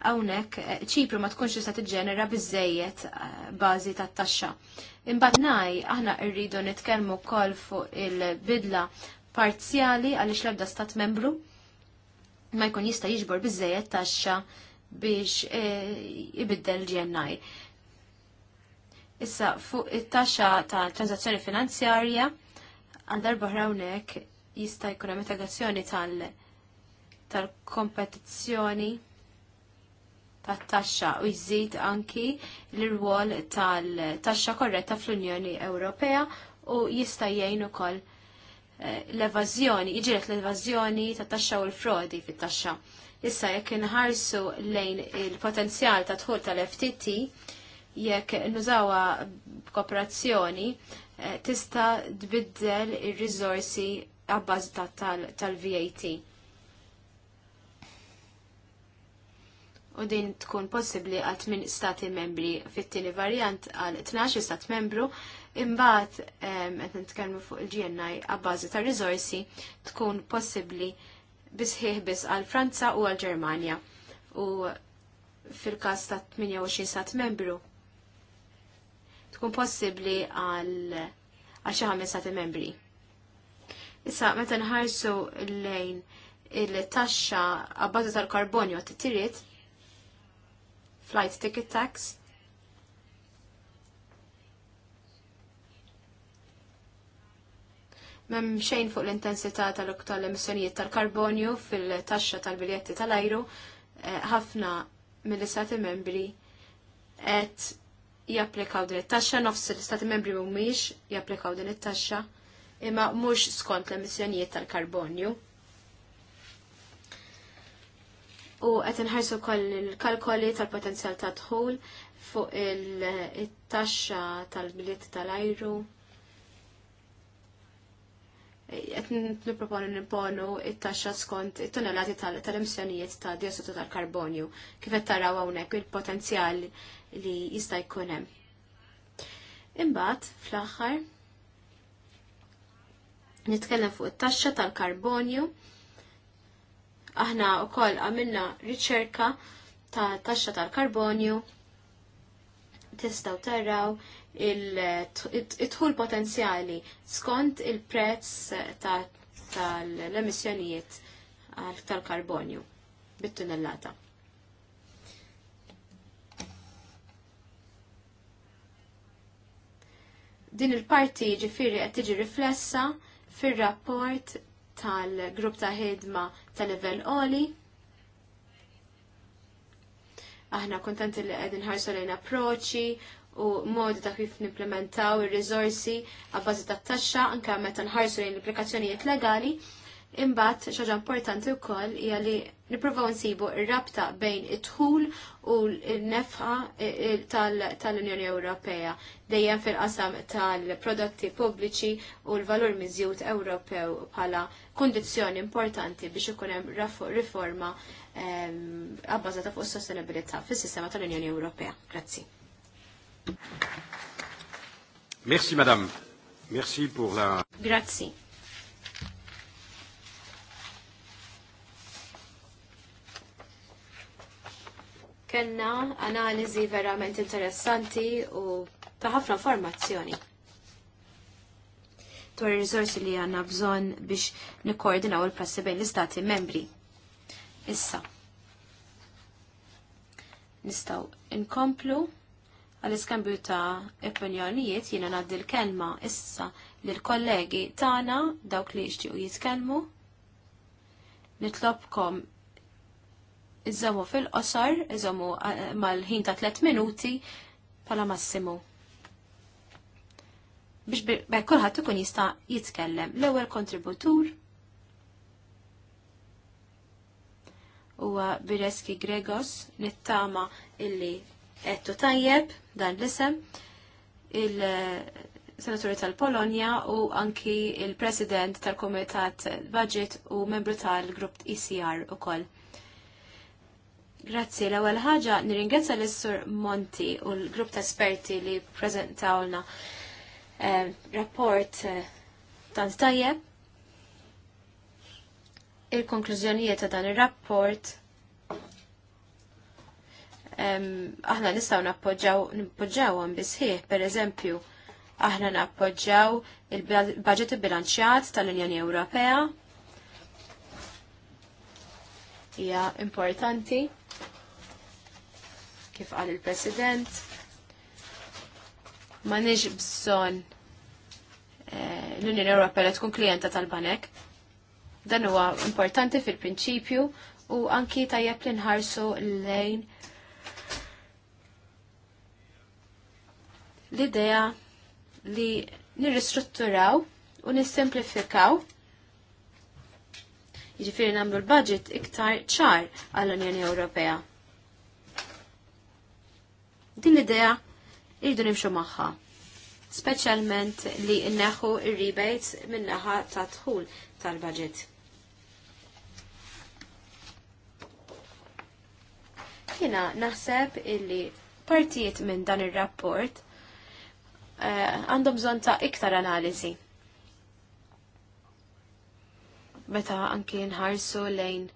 hawnhekk eh, ċipru ma tkunx tista' tiġġenera biżejjed eh, bażi tat-taxxa. Imbagħad ngħid aħna rridu nitkellmu wkoll fuq il-bidla parzjali għaliex l-ebda stat membru ma jkun jista' jiġbor biżejjed taxxa biex jibiddel eh, ġennaj. Issa fuq it-taxxa ta' transazzjoni finanzjarja għandar hawnhekk jista' jkun hemm integrazzjoni tal-kompetizzjoni tat-taxxa u jżid anki l-rwol tal-taxxa korretta fl-Unjoni Ewropea u jista' jgħin ukoll eh, l-evażjoni, jiġilet l-evażjoni tat-taxxa u l-frodi fit-taxxa. Issa jekk inħarsu lejn il-potenzjal ta' dħul tal-FTT, jekk nużawa kooperazzjoni, Eh, tista tbiddel ir-riżorsi għabbażi tal-VAT. U din tkun possibbli għal 8 stati membri fit-tieni varjant għal 12 stat membru imbagħad qed nitkellmu fuq il-GNI għabbażi ta' riżorsi tkun possibbli bisħieħ biss għal Franza u għal Ġermanja. U fil-każ ta' 28 stat membru tkun possibbli għal xi ħames sati membri. Issa meta nħarsu lejn il-taxxa għabbażu tal-karbonju għat tiriet flight ticket tax, Mem xejn fuq l-intensità tal-emissjonijiet tal-karbonju fil-taxxa tal-biljetti tal-ajru, eh, ħafna mill-istati membri qed japplikaw din it-taxxa, nofs l-istati membri mhumiex japplikaw din it-taxxa, imma mhux skont l-emissjonijiet tal-karbonju. U qed inħarsu wkoll il-kalkoli tal-potenzjal ta' dħul fuq il-taxxa tal-biljet tal-ajru. Qed nipproponu nimponu it-taxxa skont it tunelati tal-emissjonijiet ta' diossidu tal-karbonju. Kif qed taraw hawnhekk il-potenzjal li jista' jkun hemm. Imbagħad fl-aħħar nitkellem fuq it-taxxa tal-karbonju. Aħna wkoll għamilna riċerka ta' taxxa tal-karbonju. Tistgħu taraw il-tħul potenzjali skont il-prezz tal-emissjonijiet tal-karbonju bit-tunnellata. Din il-parti ġifiri qed tiġi riflessa fir-rapport tal-grupp ta' ħidma tal-level oli. Aħna kontenti li qegħdin ħarsu lejn approċċi u modi ta' kif nimplementaw ir rizorsi għabbażi tat-taxxa anke meta nħarsu lejn l-applikazzjonijiet legali Imbagħad xaġa importanti wkoll hija li niprofaw nsibu r-rabta bejn it-tħul u l-nefqa eh, eh, tal-Unjoni Ewropea dejjem fil-qasam tal-prodotti pubbliċi u l-valur miżjut Ewropew bħala kondizjoni importanti biex ikun hemm riforma ehm, abbażata fuq is-sostenibilità fis-sistema tal-Unjoni Ewropea. Grazzi. Merci madame. Merci pour la Grazie. Kenna analiżi verament interessanti u ta' ħafna informazzjoni Twar il-rizorsi li għanna bżon biex nikkoordinaw il-prassi bejn l-istati membri. Issa. Nistaw inkomplu għal-iskambju ta' opinjonijiet jina naddil l-kelma issa l-kollegi tana dawk li jixtiequ jitkellmu. Nitlobkom iżommu fil-qosor, iżommu eh, mal-ħin ta' 3 minuti pala massimu. Biex bekk kulħadd ikun jista' jitkellem l-ewwel kontributur huwa Bireski Gregos nittama illi qed tajjeb dan l-isem il-Senaturi tal-Polonja u anki il-President tal-Komitat Budget u membru tal-Grupp ECR u koll. Grazzi, l-ewwel ħaġa nirringrazzja l-Sur Monti u l-grupp ta' esperti li preżentawlna eh, rapport eh, tant tajjeb. Il-konklużjonijiet ta' dan ir-rapport aħna nistgħu nappoġġaw bi sħiħ, pereżempju, aħna nappoġġaw il-budget bilanċjat tal-Unjoni Ewropea. Hija importanti kif qal il-President. Ma nix bżon eh, l-Unjoni Ewropea tkun klijenta tal-banek. Dan huwa importanti fil-prinċipju u anki tajjeb li nħarsu lejn l-idea li nirristrutturaw u nissimplifikaw jiġifieri nagħmlu l-budget iktar ċar għall-Unjoni Ewropea. Din l-idea irridu nimxu magħha. Speċjalment li nneħħu il rebates min-naħa ta' dħul tal-budget. Jiena naħseb illi partijiet minn dan ir-rapport eh, għandhom uh, bżonn ta' iktar analizi. Meta anki nħarsu lejn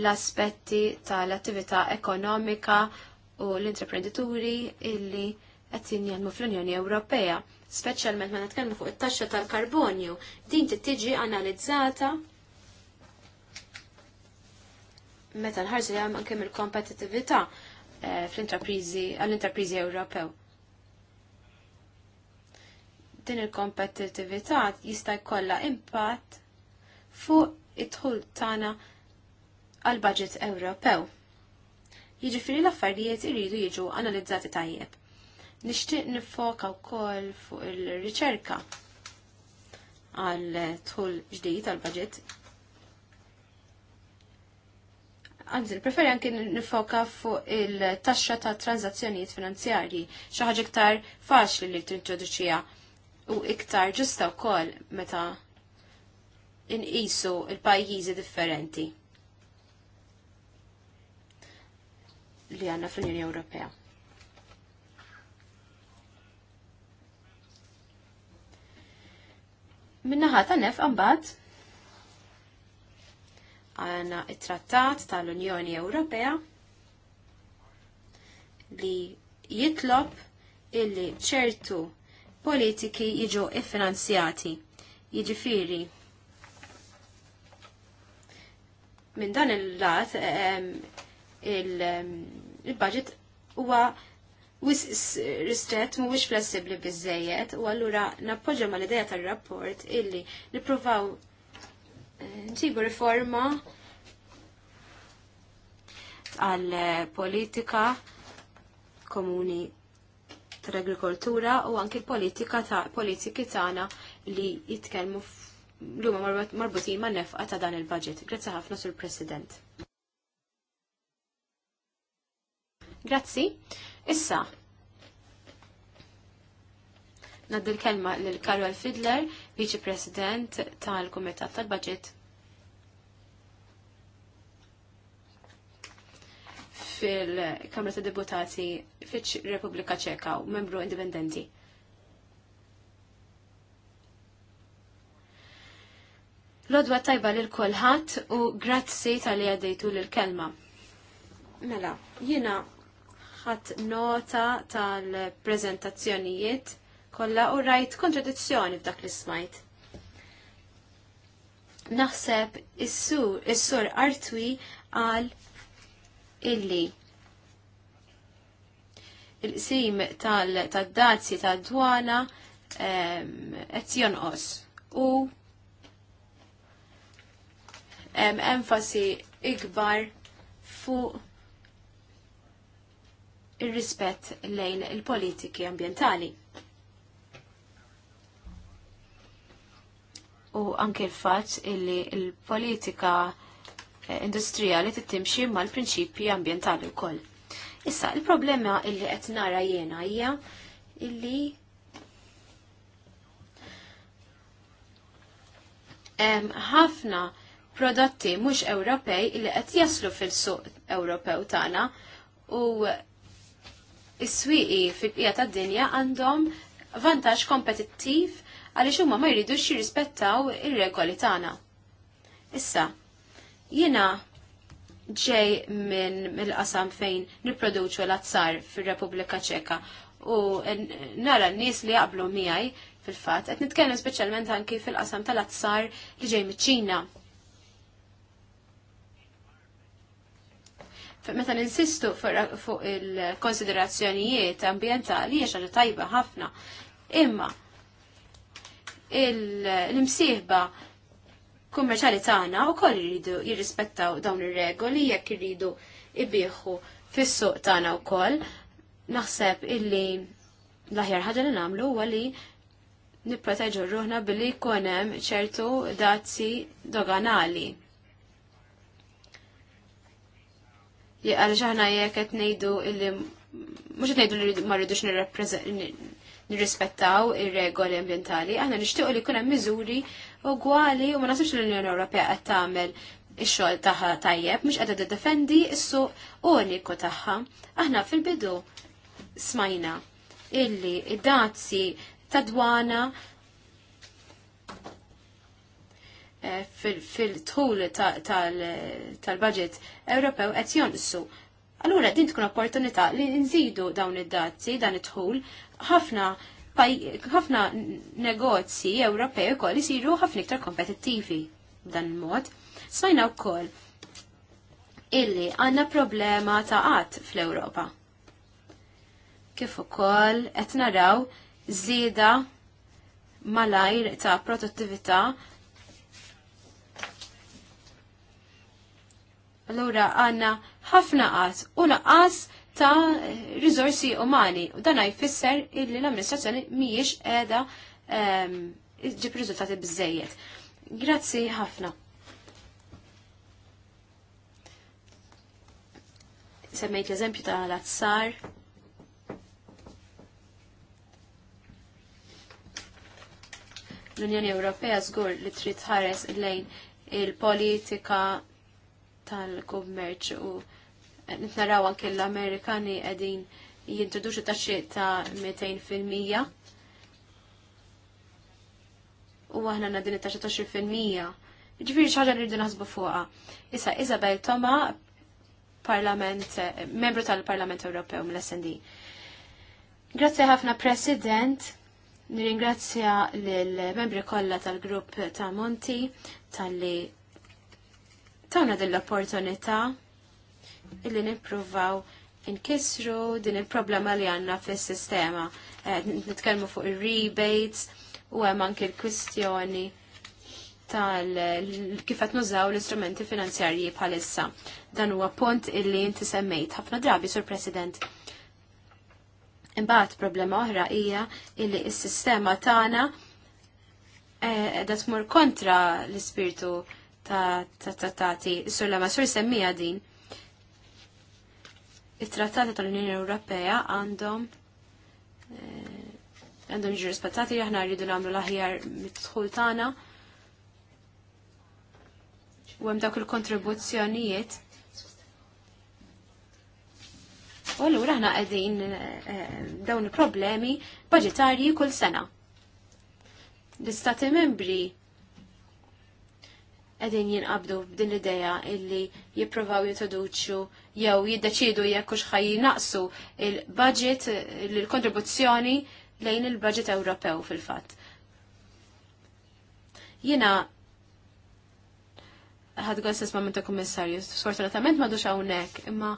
l-aspetti tal-attività ekonomika u l-intreprenditori illi qed jinjelmu fl-Unjoni Ewropea, speċjalment ma nitkellmu fuq it-taxxa tal-karbonju. Din tittiġi analizzata meta nħarsu jgħam anke mill-kompetitività eh, fl-intraprizi għall-intraprizi Ewropew. Din il-kompetitività jista' jkollha impatt fuq it dħul tagħna għall-budget Ewropew. Jiġifieri l-affarijiet iridu jiġu analizzati tajjeb. Nixtieq nifoka wkoll fuq il-riċerka għal tħul ġdid għal budget Għanzi, preferi anki nifoka fuq il-taxxa ta' tranzazzjonijiet finanzjarji, xi ħaġa iktar faċli li tintroduċija u iktar ġusta wkoll meta inqisu il-pajjiżi differenti. li għanna fl-Unjoni Ewropea. Minnaħa ta' nef għambad għanna it-trattat tal-Unjoni Ewropea li jitlob illi ċertu politiki jiġu iffinanzjati. Jiġifiri, minn dan il-lat il-, -lat, il il-budget huwa wis ristret mhuwiex flessibbli biżejjed u allura nappoġġa mal-idea tar-rapport illi nippruvaw eh, nġibu riforma għal politika komuni tal-agrikoltura u anki politika ta' politiki tagħna li jitkellmu l-huma marbutin ma' nefqa ta' dan il-budget. Grazzi ħafna sur President. Grazzi. Issa, Naddi l-kelma l-Karol Fidler, Vice President tal-Kumitat tal-Budget. fil-Kamra ta' Deputati fiċ Republika Ċeka u membru indipendenti. Lodwa tajba lil kulħadd u grazzi tal-li għaddejtu l-kelma. Mela, jiena ħadd nota tal-preżentazzjonijiet kollha u rajt kontradizzjoni f'dak li smajt. Naħseb is-sur is-sur Artwi għal illi il-qsim tal-dazzi tal-dwana qed jonqos u enfasi ikbar fuq il rispett lejn il-politiki ambientali. U anke l-fatt illi il-politika eh, industrijali tittimxi mal-prinċipji ambientali wkoll. Issa, il-problema illi qed nara jiena hija illi ħafna prodotti mhux Ewropej li qed jaslu fil-suq Ewropew tagħna u is-swieqi fil-bqija tad-dinja għandhom vantaġġ kompetittiv għaliex huma ma jridux jirrispettaw ir-regoli tagħna. Issa, jiena ġej minn mill-qasam fejn nipproduċu l-azzar fir-Repubblika Ċeka u nara n-nies li jaqblu miegħi fil-fatt qed nitkellem speċjalment anki fil-qasam tal-azzar li ġej miċ-Ċina meta ninsistu fuq il-konsiderazzjonijiet ambientali hija xaġa tajba ħafna. Imma l-imsieħba kummerċali tagħna wkoll iridu jirrispettaw dawn ir-regoli jekk iridu ibieħu fis-suq tagħna wkoll. Naħseb illi l-aħjar ħaġa li nagħmlu huwa li nipproteġu ruħna billi jkun hemm ċertu dazzi doganali. għal ġaħna jek qed ngħidu illi mhux qed ngħidu li ma rridux nirrispettaw ir-regoli ambjentali, aħna nixtiequ li jkun hemm miżuri għali u ma nasibx l-Unjoni Ewropea qed tagħmel ix-xogħol tagħha tajjeb mhux qed tiddefendi s u uniku tagħha. Aħna fil-bidu smajna illi id-dazzi ta' dwana Eh, fil-tħul tal-budget Ewropew qed jonqsu. Allura din tkun opportunità li nżidu dawn id-dazzi, dan it-tħul, ħafna ħafna negozji Ewropej ukoll isiru ħafna iktar kompetittivi b'dan il-mod. Smajna wkoll illi għandna problema ta' qatt fl-Ewropa. Kif ukoll qed naraw żieda malajr ta' produttività Allura għanna ħafna qas u laqas ta' rizorsi umani u dan jfisser illi l-amministrazzjoni mhijiex qiegħda ehm, ġib riżultati biżejjed. Grazzi ħafna. Semmejt l-eżempju ta' l-azzar. L-Unjoni Ewropea żgur li trid ħares lejn il-politika tal-kummerċ u nitnaraw anke l-Amerikani qegħdin jintroduċu taxxi ta' 200%. U aħna U għahna it-taxxa ta' 20%. mija xi ħaġa nridu naħsbu fuqha. Issa Isabel Toma, parlament, membru tal-Parlament Ewropew mill-SND. Grazzi ħafna President, nirringrazzja lill membri kollha tal-grupp ta' Monti tal-li tawna din l-opportunità illi nippruvaw inkisru din il-problema li għanna fis sistema eh, Nitkellmu fuq il-rebates u hemm anki l-kwistjoni tal kif qed nużaw l-istrumenti finanzjarji bħalissa. Dan huwa punt illi inti semmejt ħafna drabi sur President. Imbagħad problema oħra hija illi s-sistema tagħna qiegħda eh, tmur kontra l-ispirtu tat trattati. Sur la masur semmija din. Il-trattati tal-Unjoni Ewropea għandhom eh, għandhom ġi rispettati li aħna rridu nagħmlu l-aħjar mit-dħul tagħna. U hemm dawk il-kontribuzzjonijiet U allura aħna qegħdin eh, dawn il-problemi budgetarji kull sena. L-istati membri għedin jinqabdu b'din l-ideja illi jipprovaw jintroduċu jew jiddeċidu jekk hux naqsu il-budget il-kontribuzzjoni lejn il-budget Ewropew fil-fatt. Jiena ħad għas nisma minn ta' kummissarju, sfortunatament ma duċa hawnhekk, imma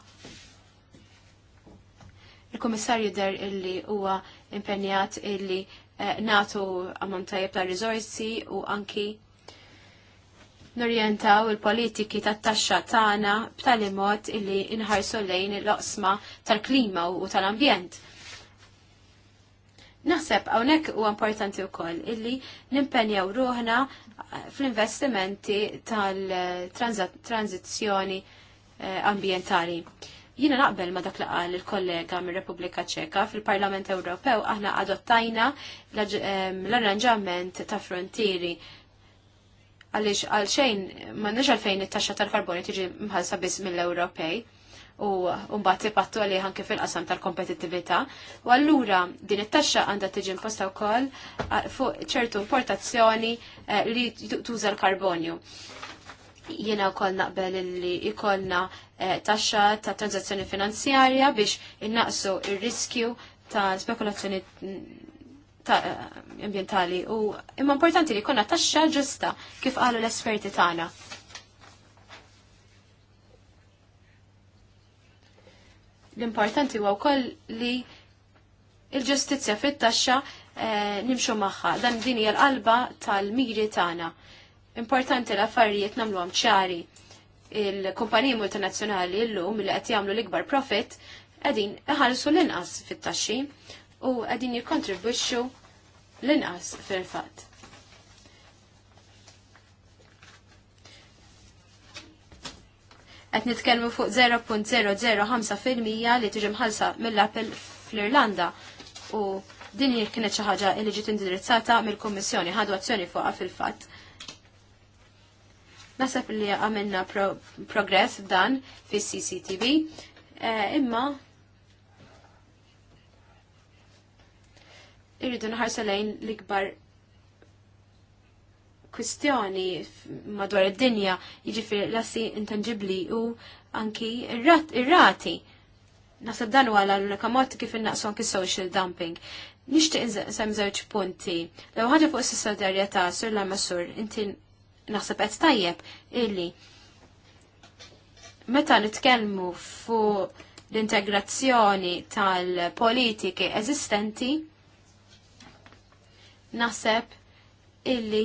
il-kummissarju der illi huwa impenjat illi eh, natu għamantajib tajjeb ta' rizorsi u anki norjentaw il-politiki tat-taxxa tagħna b'tali mod illi inħarsu lejn il-loqsma tal-klima u tal-ambjent. Naħseb hawnhekk huwa importanti wkoll illi nimpenjaw ruħna fl-investimenti tal-tranzizzjoni eh, ambjentali. Jina naqbel ma dak laqal il-kollega mir repubblika Ċeka fil-Parlament Ewropew aħna adottajna eh, l-arranġament ta' frontieri għaliex għalxejn m'għandniex għalfejn it-taxxa tal-karbonju tiġi mħalsa biss mill-Ewropej u mbagħad tipattu għalih anke fil-qasam tal-kompetittività. U allura din it-taxxa għandha tiġi imposta wkoll fuq ċertu importazzjoni eh, li tuża l-karbonju. Jiena wkoll naqbel li jkollna eh, taxxa ta' tranzazzjoni finanzjarja biex innaqsu ir-riskju ta' spekulazzjoni ambientali u imma importanti li konna taxxa ġusta kif qalu l-esperti tagħna. L-importanti huwa wkoll li l ġustizzja fit-taxxa eh, nimxu magħha dan din hija l-qalba tal-miri tagħna. Importanti l-affarijiet nagħmluhom ċari il-kumpaniji multinazzjonali llum li qed jagħmlu l-ikbar profit qegħdin iħallsu l-inqas fit-taxxi u għadin jikontribwixxu l-inqas fil-fatt. Qed nitkellmu fuq 0.005% li tiġi ħalsa mill-Apple fl-Irlanda u din kienet xi ħaġa li ġiet indirizzata mill-Kummissjoni ħadu azzjoni fuqha fil-fatt. Nasab li għamilna progress dan fis-CCTV, eh, imma irridu nħarsa lejn l-ikbar kwistjoni madwar id-dinja jiġifieri lassi intangibli u anki ir-rati. Nasab dan huwa l-unika mod kif innaqsu anki social dumping. Nixtieq sem żewġ punti. Lew ħaġa fuq is-solidarjetà sur la masur inti naħseb qed tajjeb illi meta nitkellmu fuq l-integrazzjoni tal-politiki eżistenti, naħseb illi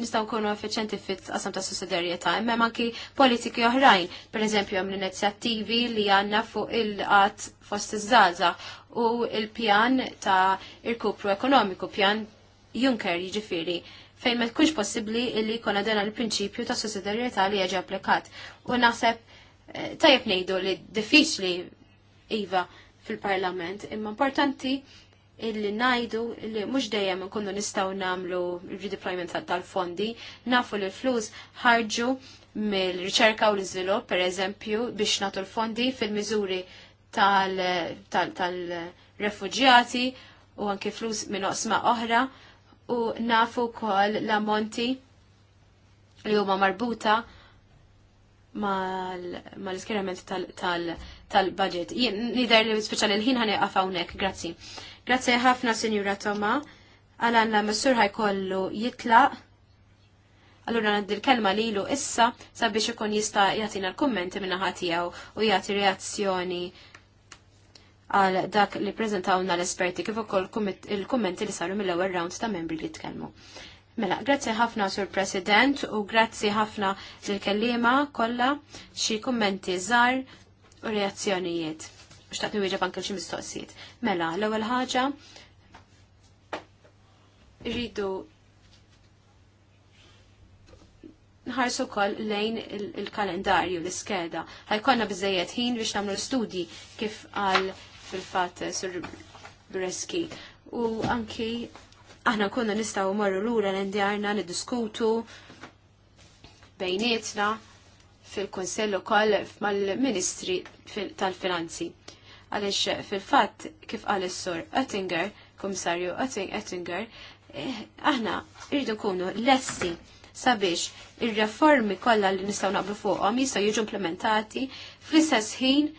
nistaw nkunu effiċenti fit qasam ta' sussidjarjetà, imma anki politiki oħrajn, pereżempju hemm l-inizjattivi li għandna fuq il-qatt fost iż-żgħażagħ u l-pjan ta' irkupru ekonomiku, pjan Juncker jiġifieri fejn ma tkunx possibbli illi jkollna dan il-prinċipju ta' sussidjarjetà li jiġi applikat. U naħseb eh, tajjeb ngħidu li diffiċli iva fil-Parlament, imma importanti illi najdu illi mhux dejjem nkunu nistgħu nagħmlu redeployment tal-fondi, nafu li l-flus ħarġu mill-riċerka u l-iżvilupp, pereżempju, biex nagħtu l-fondi fil-miżuri tal-refuġjati u anki flus minn oqsma oħra u nafu kol l-ammonti li huma marbuta mal-iskerament tal-budget. Jien nider li speċjali l-ħin ħani għafawnek, grazzi. Grazzi ħafna, Sinjura Toma, għal-għanna messur ħajkollu jitlaq. Allura għandi l-kelma li lu issa sabiex ikun jista jatina l-kommenti minna ħatijaw u jati reazzjoni għal dak li prezentawna l-esperti kif ukoll il-kommenti li saru mill-ewwel round ta' membri li tkellmu. Mela, grazzi ħafna sur President u grazzi ħafna lil kellima kollha xi kummenti żgħar u reazzjonijiet xtaqt nwieġa banka xi mistoqsijiet. Mela, l-ewwel ħaġa rridu nħarsu kol lejn il-kalendarju, il l-iskeda. Ħajkonna bizzejiet ħin biex namlu studji kif għal fil-fat sur Breski. U anki aħna konna nistaw morru l-ura l-indjarna niddiskutu bejnietna fil konsello kol mal-ministri tal-finanzi għaliex fil-fatt kif qal sur Oettinger, Kummissarju Oettinger, eh, aħna rridu kunu lessi sabiex ir-reformi kollha li nistgħu naqblu fuqhom jistgħu jiġu implementati fl-istess ħin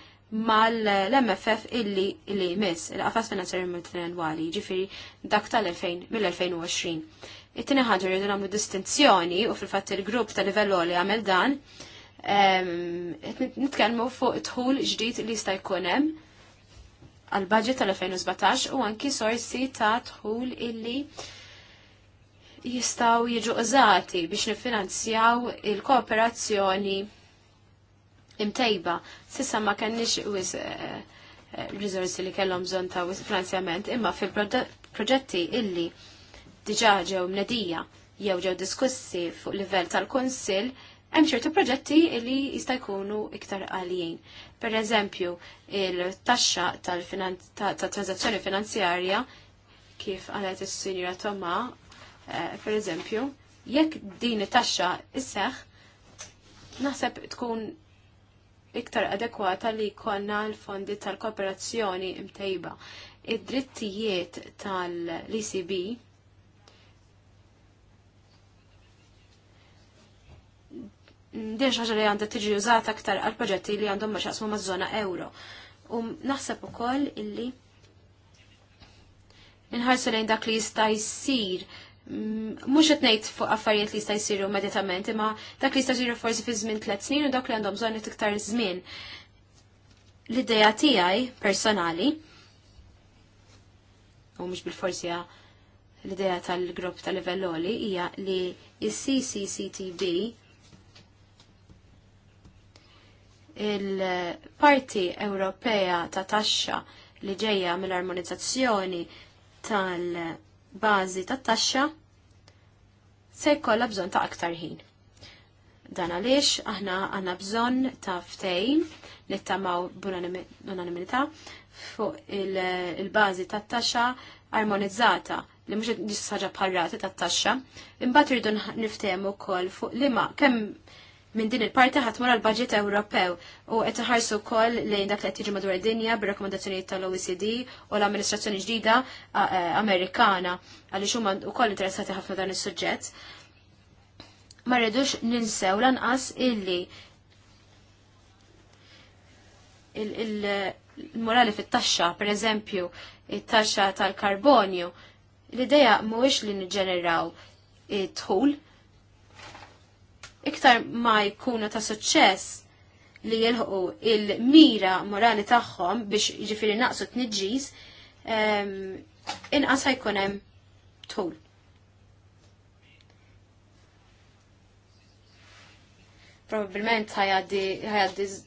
mal-MFF illi illi mis, il-qafas finanzjarju multinwali, ġifiri dak tal mill-2020. It-tieni rridu nagħmlu distinzjoni u fil-fatt il-grupp ta' livell li għamel dan nitkellmu fuq tħul ġdid li jista' jkun hemm għal budget tal-2017 u anki sorsi ta' tħul illi jistaw jiġu użati biex nifinanzjaw il-kooperazzjoni imtejba. Sissa ma kenniex wis eh, eh, risorsi li kellhom bżonn ta' wis finanzjament imma fil-proġetti illi diġa ġew mnedija jew ġew diskussi fuq livell tal-Kunsill hemm ċertu proġetti li jista' jkunu iktar għalijin. Per eżempju, il-taxxa tal-transazzjoni ta finanzjarja kif għalet is-sinjura Toma, uh, per eżempju, jekk din it-taxxa isseħ, naħseb tkun iktar adekwata li jkollna l-fondi tal-kooperazzjoni imtejba. Id-drittijiet tal-ECB din xaġa li għandha tiġi użata aktar għal proġetti li għandhom maċaqsmu maż-żona euro. U naħseb ukoll illi inħarsu lejn dak li jista' jsir mhux qed ngħid fuq affarijiet li jista' jsiru immedjatament, imma dak li jista' jsiru forsi fi żmien tliet snin u dak li għandhom bżonn iktar żmien. L-idea tiegħi personali u mhux bil-forsi l-idea tal-grupp tal-livell hija li s-CCCTB il-parti Ewropea ta' taxxa li ġejja mill-armonizzazzjoni tal-bażi ta' taxxa se jkollha bżonn ta' aktar ħin. Dan għaliex aħna għandna bżonn ta' ftejn nittamaw b'unanimità fuq il-bażi ta' taxxa armonizzata li mhux ħaġa bħal rati ta' taxxa, imbagħad irridu niftehmu wkoll fuq liema kemm minn din il-parti ħatmur għal budget Ewropew u qed iħarsu wkoll lejn dak li qed jiġi madwar id-dinja bir-rakkomandazzjonijiet tal-OECD u l-amministrazzjoni ġdida e, Amerikana għaliex huma wkoll interessati ħafna dan is-suġġett. Ma rridux ninsew lanqas illi il-morali fit-taxxa, per eżempju, it-taxxa tal-karbonju, l-ideja mhuwiex li niġġeneraw it-tħul, iktar ma jkunu ta' suċċess li jilħu il-mira morali tagħhom biex jiġifieri naqsu t-nġis, inqas ħajkun hemm tul. Probabilment ħajaddi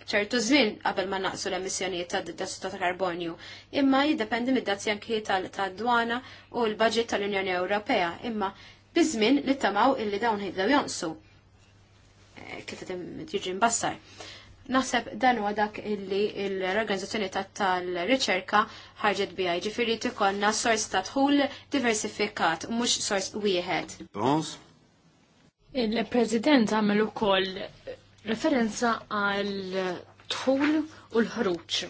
ċertu żmien qabel ma naqsu l-emissjonijiet ta' dassu ta' karbonju, imma jiddependi mid-dazzi anki tad-dwana u l-budget tal-Unjoni Ewropea, imma bizmin li tamaw illi dawn jibdew jonqsu kif jiġi mbassar. Naħseb dan huwa dak illi l-organizzazzjoni tal-riċerka ħarġet biha, ġifieri tikonna sors ta' dħul diversifikat,
mhux sors wieħed. Il-President għamel ukoll referenza għal dħul u l-ħruġ.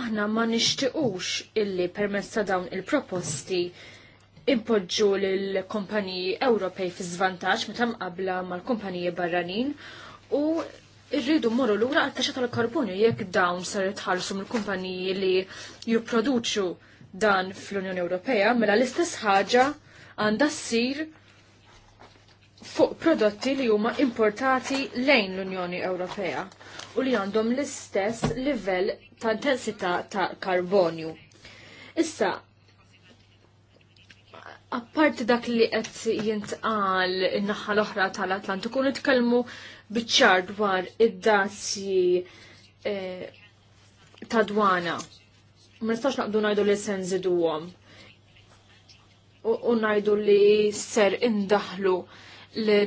Aħna ma nixtiequx illi permezz ta' dawn il-proposti il proposti impoġġu l-kumpaniji Ewropej fi żvantaġġ meta mqabla mal-kumpaniji barranin u rridu morru lura għal taxxa tal-karbonju jekk dawn ser itħallsu mill-kumpaniji li jipproduċu dan fl-Unjoni Ewropea mela l-istess ħaġa għandha ssir fuq prodotti li huma importati lejn l-Unjoni Ewropea u li għandhom l-istess livell ta' intensità ta' karbonju. Issa, Apparti dak li qed jintqal in-naħa l-oħra tal-Atlantiku nitkellmu biċ-ċar dwar id-dazzi eh, ta' dwana. Ma nistax naqdu ngħidu li se nżiduhom. U ngħidu li ser indaħlu li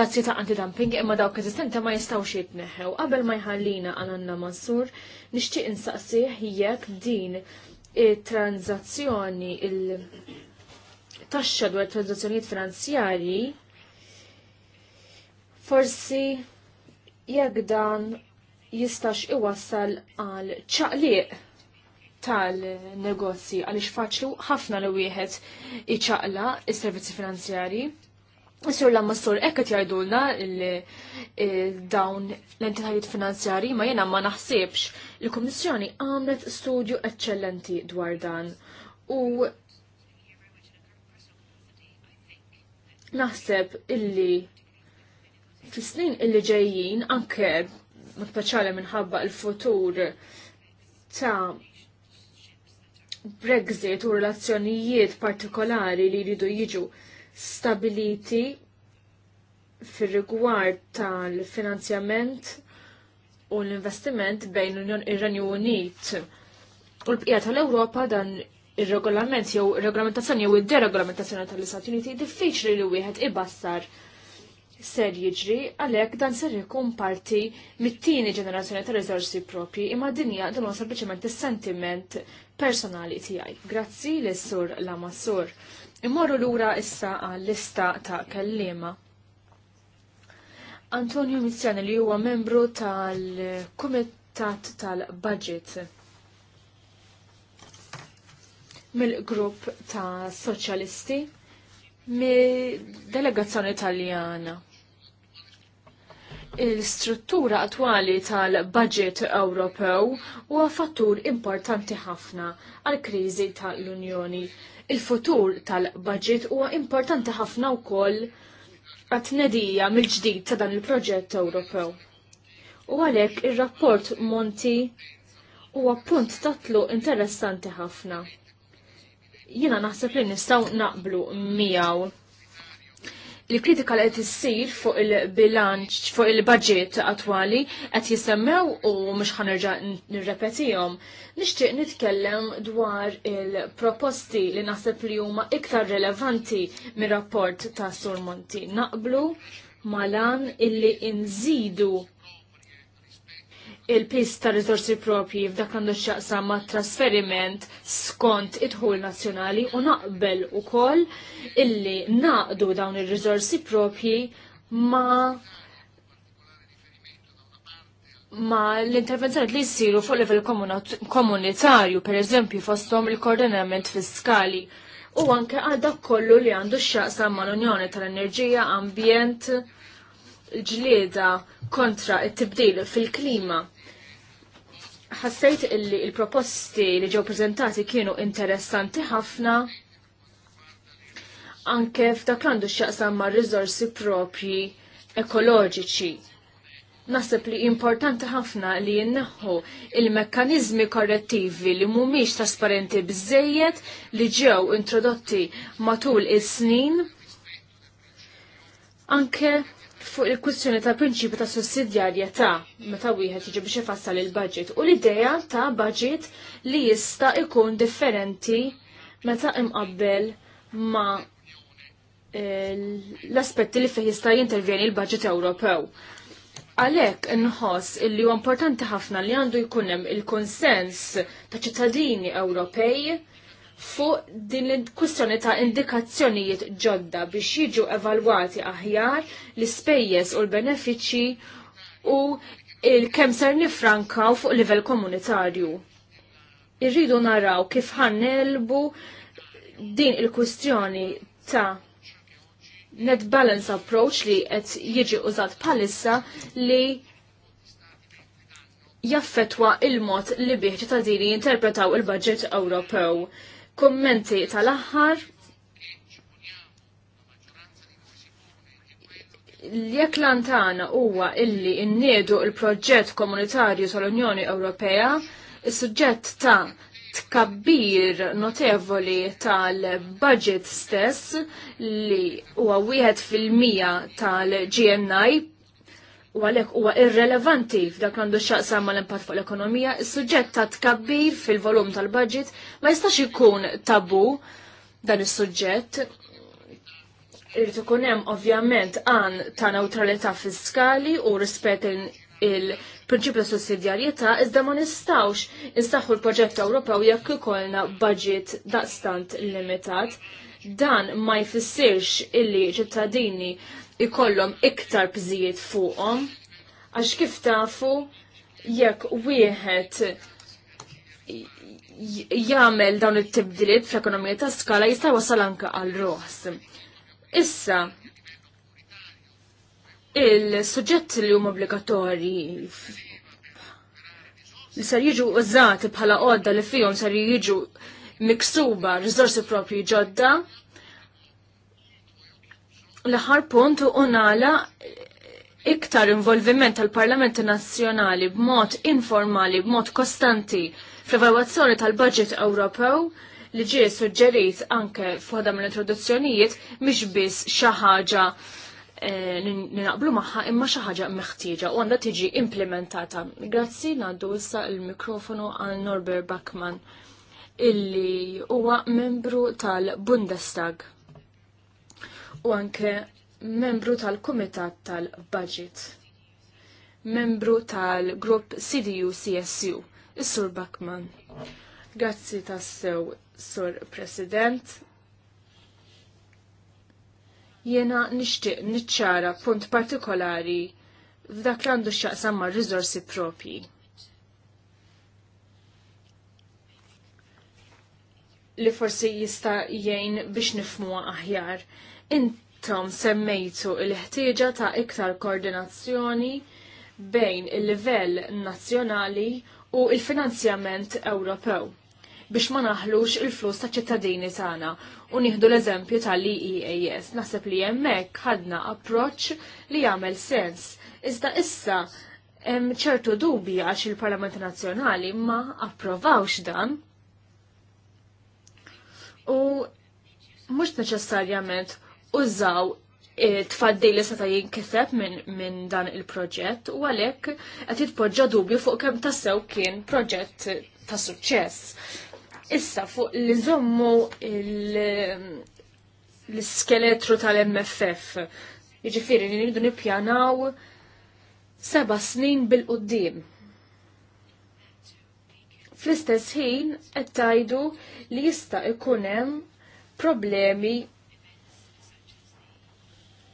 dazzi ta' antidumping imma dawk eżistenti ma jistgħux jitneħħew. Qabel ma jħallina għal Anna Mansur, nixtieq insaqsih jekk din il-transazzjoni, il-taxxa dwar transazzjonijiet finanzjari, forsi jekk dan jistax iwassal għal ċaqliq tal-negozji għaliex faċlu ħafna li wieħed iċaqla is-servizzi finanzjari. Sur la mastur ekkat jajdulna eh, dawn l-entitajiet finanzjari ma jena ma naħsibx Il-Kummissjoni għamlet studju eccellenti dwar dan u naħseb illi fis-snin illi ġejjin anke speċjali minħabba il-futur ta' Brexit u relazzjonijiet partikolari li jridu jiġu stabiliti fir rigward tal-finanzjament u l-investiment bejn ir-Renju Unit u l-bqija tal-Ewropa dan ir-regolament jew regolamentazzjoni jew id-deregolamentazzjoni tal-Istati Uniti diffiċli li wieħed ibassar ser jiġri għalhekk dan ser ikun parti mit-tieni ġenerazzjoni ta' riżorsi propri imma dinja dan huwa sempliċement is-sentiment personali tiegħi. Grazzi lis sur Lamassur. Immorru lura issa għal lista ta' kellima. Antonio Mizzjani li huwa membru tal-Kumitat tal-Budget mill-grupp ta' Soċjalisti mid-delegazzjoni Taljana. Il-struttura attwali tal-budget Ewropew huwa fattur importanti ħafna għal kriżi tal-Unjoni. Il-futur tal-budget huwa importanti ħafna wkoll għatnedija mill-ġdid ta' dan il-proġett Ewropew. U għalhekk ir-rapport Monti huwa punt tatlu interessanti ħafna. Jiena naħseb li nistgħu naqblu miegħu. Il-kritika li qed issir fuq il-bilanċ, fuq il-budget attwali qed jisemmew u mhux ħanerġa' nirrepetihom. Nixtieq nitkellem dwar il-proposti li naħseb li huma iktar relevanti mir-rapport ta' Sur Monti. Naqblu malan illi inżidu il pist ta' rizorsi propji f'dak għandu xaqsa ma' trasferiment skont idħul nazjonali u naqbel u koll illi naqdu dawn il-rizorsi propji ma' ma l-intervenzjoni li jsiru fuq level komunitarju, per eżempju, fostom il-koordinament fiskali. U anke għadda kollu li għandu x'jaqsam mal-Unjoni tal-Enerġija, Ambjent, ġlieda kontra it-tibdil fil-klima ħassejt illi il-proposti li ġew prezentati kienu interessanti ħafna anke f'dak għandu x'jaqsam mar riżorsi propri ekoloġiċi. Naseb li importanti ħafna li jinneħħu il-mekkanizmi korrettivi li mhumiex trasparenti biżejjed li ġew introdotti matul is-snin anke fuq il-kwistjoni ta' prinċipju ta' sussidjarjetà meta wieħed jiġi biex ifassal il-budget u l-idea ta' budget li jista' ikun differenti meta imqabbel ma' l-aspetti li fih jista' jintervjeni l-budget Ewropew. Għalhekk inħoss illi huwa importanti ħafna li għandu jkun hemm il-konsens ta' ċittadini Ewropej fuq din il-kwistjoni ta' indikazzjonijiet ġodda biex jiġu evalwati aħjar l-ispejjeż u l-benefiċċji u il-kem ser nifrankaw fuq livell komunitarju. Irridu naraw kif ħannelbu din il-kwistjoni ta' net balance approach li qed jiġi użat bħalissa li jaffetwa il-mod li bieħ ta' dini jinterpretaw il-budget Ewropew. Kommenti tal-aħħar jekk lantana huwa illi innedu l proġett komunitarju tal-Unjoni Ewropea, is-suġġett ta' tkabbir notevoli tal-budget stess li huwa wieħed fil-mija tal-GNI u għalek huwa irrelevanti f'dak għandu xaqsam mal impatt fuq l-ekonomija, is-suġġett ta' tkabbir fil-volum tal-budget ma jistax ikun tabu dan is-suġġett. Irrid ikun hemm ovvjament għan ta' neutralità fiskali u rispett il-prinċipju sussidjarjetà iżda ma nistawx instaħħu l-proġett Ewropew jekk ikollna budget daqstant limitat. Dan ma jfissirx illi ċittadini ikollhom iktar bżijiet fuqhom għax kif tafu jekk wieħed jagħmel dawn it-tibdiliet fl-ekonomija ta' skala jista' wasal anke għal roħs. Issa il-suġġetti li huma obbligatorji li ser jiġu użati bħala għodda li fihom ser jiġu miksuba riżorsi propri ġodda L-aħħar punt u nala iktar involviment tal-Parlamenti Nazzjonali b'mod informali, b'mod kostanti fl tal-budget Ewropew li ġie suġġerit anke f'għadha mill-introduzzjonijiet mhix biss xi ħaġa li eh, naqblu magħha imma xi ħaġa meħtieġa u għandha tiġi implementata. Grazzi ngħaddu issa l mikrofonu għal Norbert Bachmann illi huwa membru tal-Bundestag u anke membru tal-Kumitat tal-Budget, membru tal-Grupp CDU-CSU, is-Sur Bakman. Grazzi tassew, Sur President. Jena nixtieq niċċara punt partikolari f'dak li għandu x'jaqsam ma' riżorsi propji. Li forsi jista' jgħin biex nifmuha aħjar. Intom semmejtu il-ħtieġa ta' iktar koordinazzjoni bejn il-livell nazzjonali u il-finanzjament Ewropew biex ma naħlux il-flus ta' ċittadini tagħna u nieħdu l-eżempju tal-EEAS. Naħseb li hemmhekk ħadna approċċ li jagħmel sens. Iżda issa hemm ċertu dubi għax il-Parlament Nazzjonali ma approvawx dan. U mhux neċessarjament użaw e, tfaddi li seta jinkiseb minn dan il-proġett u għalek qed jitpoġġa dubju fuq kem tassew kien proġett ta' suċċess. Issa fuq li zommu l-skeletru tal-MFF, jġifiri li nippjanaw nipjanaw seba snin bil-qoddim. Fl-istess ħin qed tgħidu li jista' ikun hemm problemi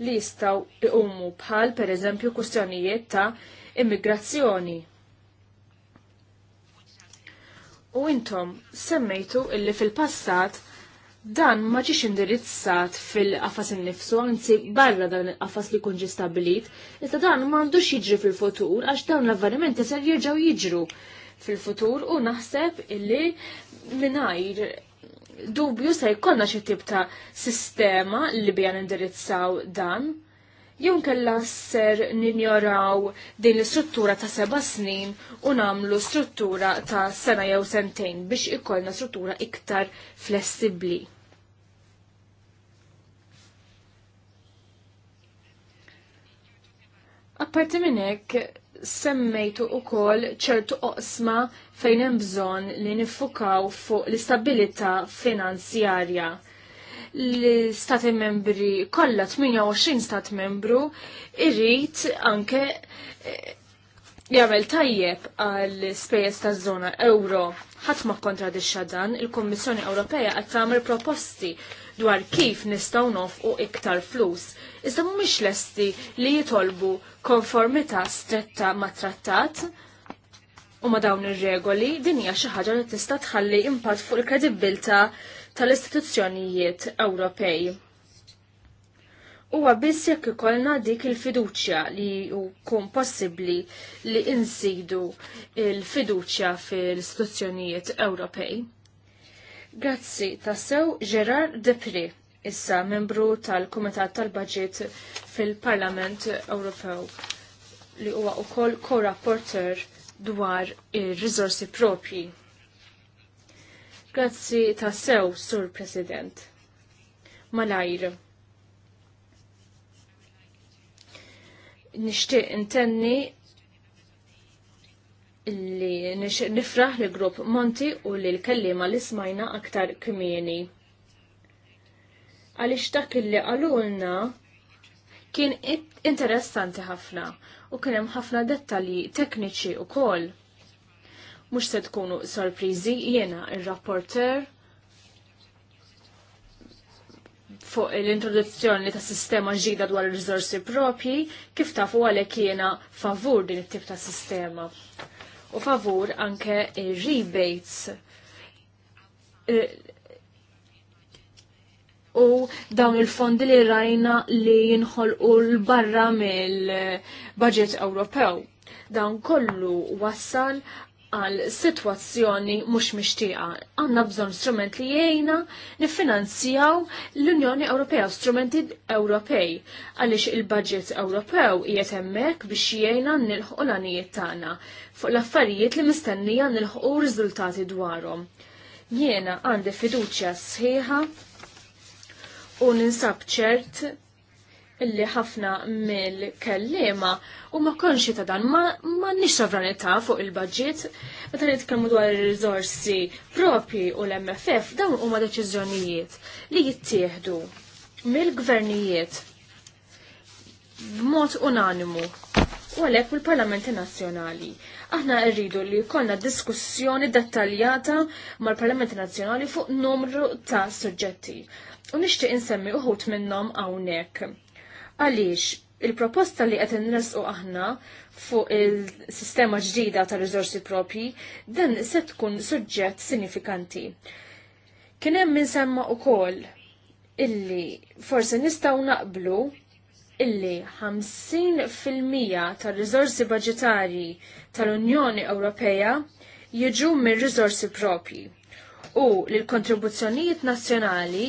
li jistaw iqumu bħal per eżempju kustjonijiet ta' immigrazzjoni. U intom semmejtu illi fil-passat dan ma ġiex indirizzat fil-qafas innifsu, anzi barra dan il-qafas li kunġi stabilit, iżda dan m'għandux jiġri fil-futur għax dawn l-avvenimenti ser jirġgħu jiġru fil-futur u naħseb illi minajr dubju se jkollna xi tip ta' sistema li bija nindirizzaw dan. Jew kella ser ninjoraw din l-struttura ta' seba snin u namlu struttura ta' sena jew sentejn biex ikollna struttura iktar flessibbli. Apparti minn hekk, semmejtu u kol ċertu oqsma fejn hemm bżonn li nifukaw fuq l-istabilità finanzjarja. L-Stati membri kollha 28 stat membru irrid anke jagħmel tajjeb għal spejjeż taż-żona euro ħadd ma kontradixxa dan, il-Kummissjoni Ewropea qed tagħmel proposti dwar kif nistgħu nofqu iktar flus. Iżda mhumiex lesti li jitolbu konformità stretta ma' trattat u ma' dawn ir-regoli din hija xi ħaġa li tista' tħalli impatt fuq il kredibilta tal-istituzzjonijiet Ewropej huwa biss jekk ikollna dik il-fiduċja li jkun possibbli li insidu il-fiduċja fil-istituzzjonijiet Ewropej. Grazzi tassew Gerard Depri, issa membru tal-Kumitat tal-Baġit fil-Parlament Ewropew li huwa wkoll co-rapporter dwar ir-riżorsi propji. Grazzi tassew, Sur President. Malajr. nixtieq intenni li nifraħ li grupp Monti u li l-kellima li smajna aktar kmieni. Għalix dak li għalulna kien interessanti ħafna u kien hemm ħafna dettalji tekniċi u kol. Mux se tkunu sorprizi jiena il-rapporter fuq l-introduzzjoni ta' sistema ġida dwar il-rizorsi propji, kif tafu għalhekk jiena favur din it-tip ta' sistema. U favur anke rebates. E, u dawn il-fondi li rajna li jinħolqu l-barra mill-budget Ewropew. Dan kollu wassal għal situazzjoni mhux mixtieqa. Għandna bżonn strument li jgħinna niffinanzjaw l-Unjoni Ewropea u strumenti Ewropej għaliex il-budget Ewropew qiegħed hemmhekk biex jgħinna nilħu l-għanijiet tagħna fuq l-affarijiet li mistennija nilħu riżultati dwarhom. Jiena għandi fiduċja sħiħa u ninsab ċert illi ħafna mill-kellima u ma konxi ta' dan ma, ma nix sovranità fuq il-budget meta nitkellmu dwar ir rizorsi propri u l-MFF dawn huma deċiżjonijiet li jittieħdu mill-gvernijiet b'mod unanimu u għalhekk mill-Parlamenti Nazzjonali. Aħna rridu li jkollna diskussjoni dettaljata mal-Parlamenti Nazzjonali fuq numru ta' suġġetti u nixtieq insemmi uħut minnhom hawnhekk. Għaliex il-proposta li qed inresqu aħna fuq il-sistema ġdida ta' riżorsi propi, dan se tkun suġġett sinifikanti. Kien hemm insemma wkoll illi forsi nistgħu naqblu illi 50% tal-rizorsi budgetari tal-Unjoni Ewropea jiġu minn rizorsi propi u l kontribuzzjonijiet nazzjonali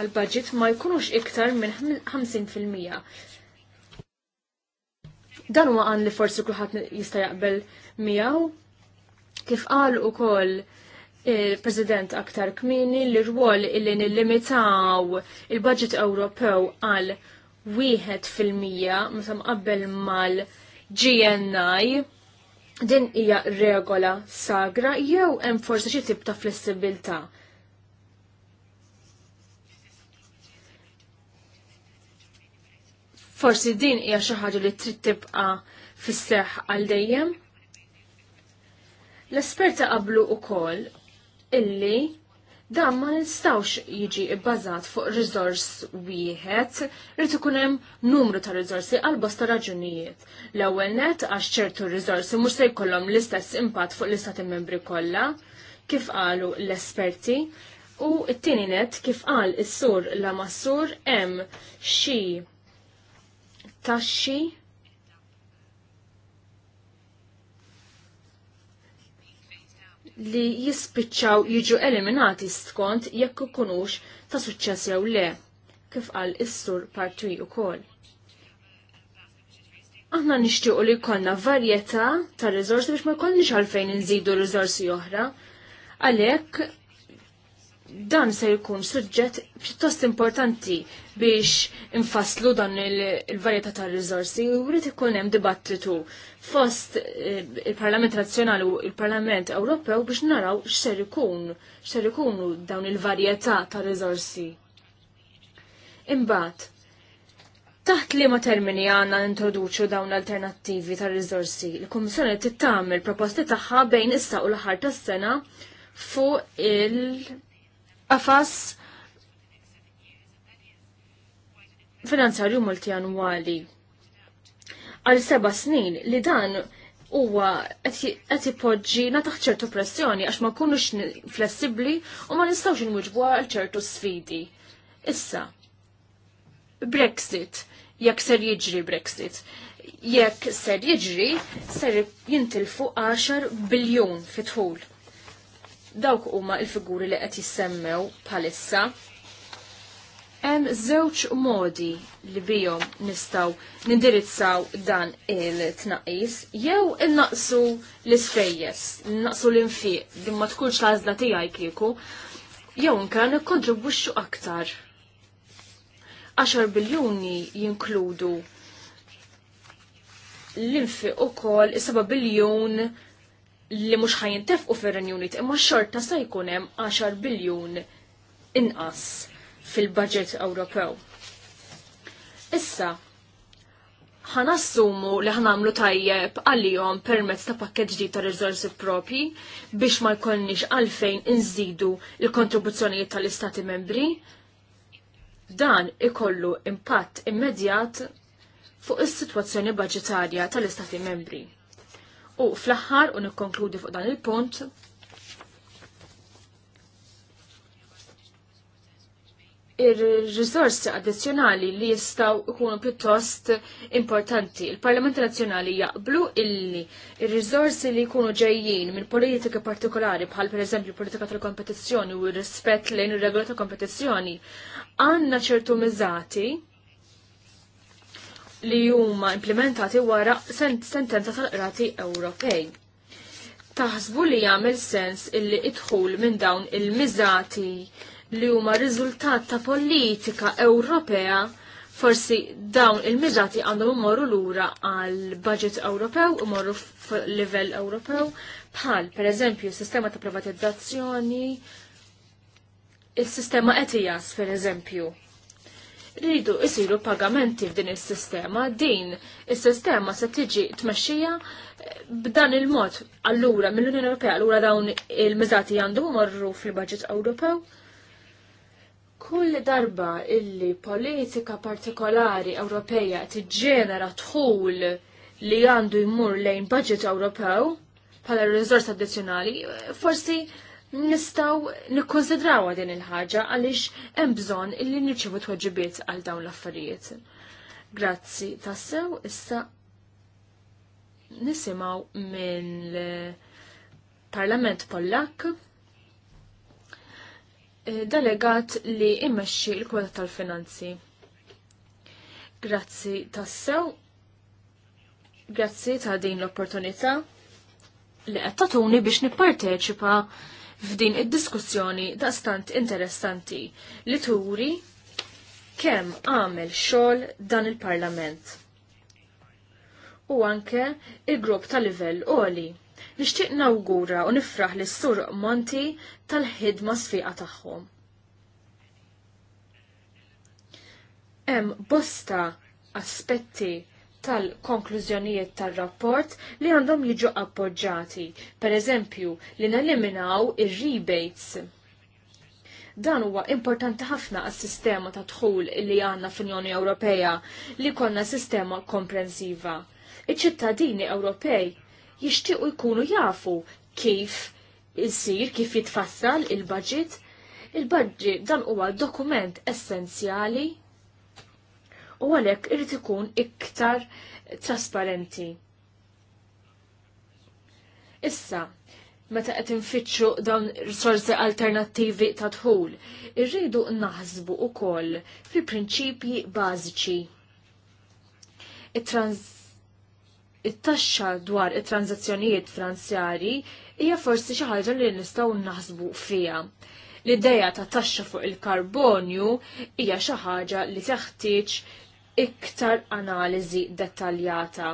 għal-budget ma jkunux iktar minn 50%. Dan huwa għan li forsi kulħadd jista' jaqbel miegħu. Kif qal ukoll il-President aktar kmini li rwol illi nillimitaw il-budget Ewropew għal wieħed fil-mija meta mal-GNI din hija regola sagra jew hemm forsi xi tip ta' flessibilità Forsi din hija xi ħaġa li trid tibqa' fis-seħħ għal dejjem. L-esperti qablu wkoll illi dan ma nistawx jiġi bbażat fuq rizors wieħed, irid ikun hemm numru ta' rizorsi għal bosta raġunijiet. L-ewwel net għax ċertu riżorsi mhux se jkollhom l-istess impatt fuq l-istati membri kollha, kif qalu l-esperti, u t-tieni net kif qal is-sur la massur hemm xi taxxi li jispiċċaw jiġu eliminati skont jekk ikunux ta' suċċess jew le, kif qal is-sur partwi ukoll. Aħna nixtiequ li jkollna varjetà ta' riżorsi biex ma jkollniex għalfejn inżidu riżorsi oħra, għalhekk dan se jkun suġġett pjuttost importanti biex infasslu dan il-varjetà tal rizorsi u rrid ikun hemm dibattitu fost eh, il-Parlament Nazzjonali u il-Parlament Ewropew biex naraw x'ser ikun x'ser ikunu dawn il-varjetà tal rizorsi Imbagħad Taħt li ma termini għanna introduċu dawn alternattivi tal-rizorsi, il-Kommissjoni tittamil proposti tagħha bejn issa u l-ħar tas-sena fuq il- qafas finanzarju annuali għal seba snin li dan huwa qed ipoġġi nataħ ċertu pressjoni għax ma nkunux flessibbli u ma nistgħux inwiġbu għal ċertu sfidi. Issa, Brexit, jekk ser jiġri Brexit, jekk ser jiġri ser jintilfu 10 biljun fitħul. Dawk huma il-figuri li qed jissemmew bħalissa. Hemm żewġ modi li bihom nistgħu nindirizzaw dan il-tnaqqis, jew innaqsu l-isfejjes, innaqsu l-infiq, din ma tkunx l-għażla tiegħi kieku, jew anke nikkontribwixxu aktar 10 biljuni jinkludu l-infiq ukoll kol 7 biljun li mhux ħajintefqu fir-Renju Unit imma xorta se jkun hemm 10 biljun inqas fil-budget Ewropew. Issa, ħanassumu li ħnamlu tajjeb għal-jom permezz ta' pakket ġdid ta' rizorsi propi biex ma jkollniex għalfejn inżidu il-kontribuzzjonijiet tal-Istati membri. Dan ikollu impatt immedjat fuq is-sitwazzjoni budġetarja tal-Istati membri. U fl-aħħar u nikkonkludi fuq dan il-punt. Ir-risorsi addizzjonali li jistaw ikunu pjuttost importanti. Il-Parlament Nazzjonali jaqblu illi ir-risorsi li jkunu ġejjin minn politika partikolari bħal pereżempju politika tal-kompetizzjoni u r-rispett lejn ir-regola ta' kompetizzjoni għandna ċertu miżati li huma implementati wara sentenza tal-qrati Ewropej. Taħsbu li jagħmel sens illi idħul minn dawn il-miżati li huma riżultat ta' politika Ewropea forsi dawn il-miżati għandhom imorru lura għal budget Ewropew, imorru f'livell Ewropew, bħal pereżempju sistema ta' privatizzazzjoni, il-sistema ETIAS pereżempju rridu jisiru pagamenti f'din is-sistema, din is-sistema se tiġi tmexxija eh, b'dan il-mod allura mill-Unjoni Ewropea allura dawn il-miżati għandu morru fil-budget Ewropew. Kull darba illi politika partikolari Ewropeja tiġġenera tħul li għandu jmur lejn budget Ewropew bħala riżors addizzjonali, forsi nistaw nikkonsidrawa din il-ħaġa għaliex hemm bżonn illi nirċivu tħoġibiet għal dawn l-affarijiet. Grazzi tassew issa nisimaw minn Parlament Pollak eh, delegat li immexxi l-Kwota tal-Finanzi. Grazzi tassew, grazzi ta' din l-opportunità li qed tatuni biex nipparteċipa f'din id-diskussjoni ta' stant interessanti li turi kemm għamel xogħol dan il-Parlament. U anke il-grupp ta' livell oli. Nixtieq nawgura u nifraħ lis sur Monti tal-ħidma sfiqa tagħhom. Hemm bosta aspetti tal-konklużjonijiet tal-rapport li għandhom jiġu appoġġati, per eżempju li neliminaw ir-rebates. Dan huwa importanti ħafna għas sistema ta' dħul li għanna fl-Unjoni Ewropea li konna sistema komprensiva. Iċ-ċittadini Ewropej jixtiequ jkunu jafu kif jisir, kif jitfassal il-budget. Il-budget dan huwa dokument essenzjali u għalhekk irid ikun iktar trasparenti. Issa, meta qed infittxu dawn risorsi alternattivi ta' dħul, irridu naħsbu ukoll fi prinċipji bażiċi. It-taxxa dwar it-tranzazzjonijiet finanzjarji hija forsi xi ħaġa li nistgħu naħsbu fiha. L-idea ta' taxxa fuq il-karbonju hija xi ħaġa li teħtieġ iktar analiżi dettaljata.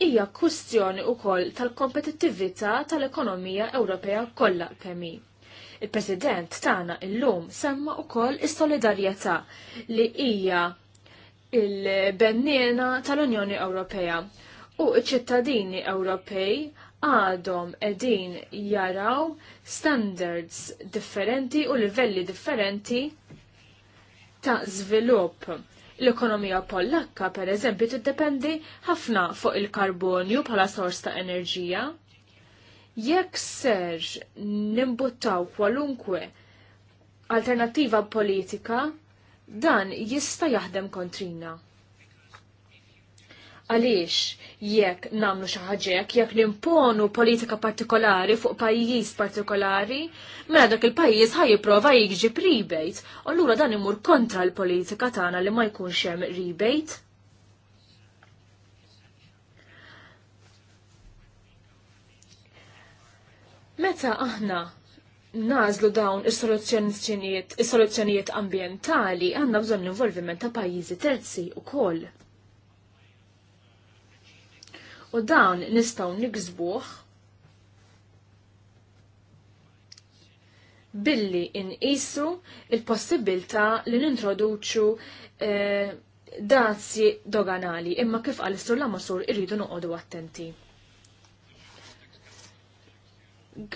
Hija kwistjoni wkoll tal-kompetittività tal-ekonomija Ewropea kollha kemm Il-President tagħna illum semma wkoll is-solidarjetà li hija il-benniena tal-Unjoni Ewropea u ċ-ċittadini Ewropej għadhom edin jaraw standards differenti u livelli differenti ta' żvilupp. L-ekonomija pollakka, per eżempju, tiddependi ħafna fuq il-karbonju bħala sors ta' enerġija. Jekk serġ nimbuttaw kwalunkwe alternativa politika, dan jista' jaħdem kontrina. Għaliex jekk namlu xi jekk nimponu politika partikolari fuq pajjiż partikolari, mela dak il-pajjiż ħaj jipprova jiġi rebate, u allura dan imur kontra l-politika tagħna li ma jkunx hemm rebate. Meta aħna nażlu dawn is-soluzzjonijiet is-soluzzjonijiet ambjentali għandna bżonn l-involviment ta' pajjiżi terzi wkoll u dawn nistgħu nikzbuħ billi inqisu il possibilta li nintroduċu eh, dazzi doganali imma kif għal sur la masur irridu noqogħdu attenti.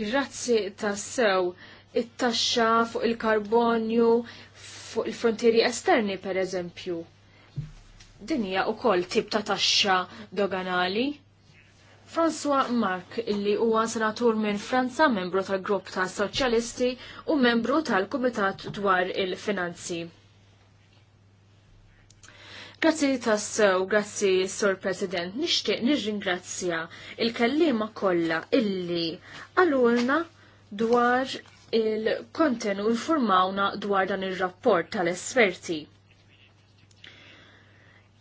Grazzi tassew it-taxxa fuq il-karbonju fuq il-frontieri esterni per eżempju. Dinja u koll tip ta' taxxa doganali François Mark, illi huwa senatur minn Franza, membru tal-grupp ta' Soċjalisti u membru tal-Kumitat dwar il-Finanzi. Grazzi tassew, grazzi Sur President, nixtieq nirringrazzja il-kellima kollha illi għalurna dwar il-kontenu informawna dwar dan ir rapport tal-esperti.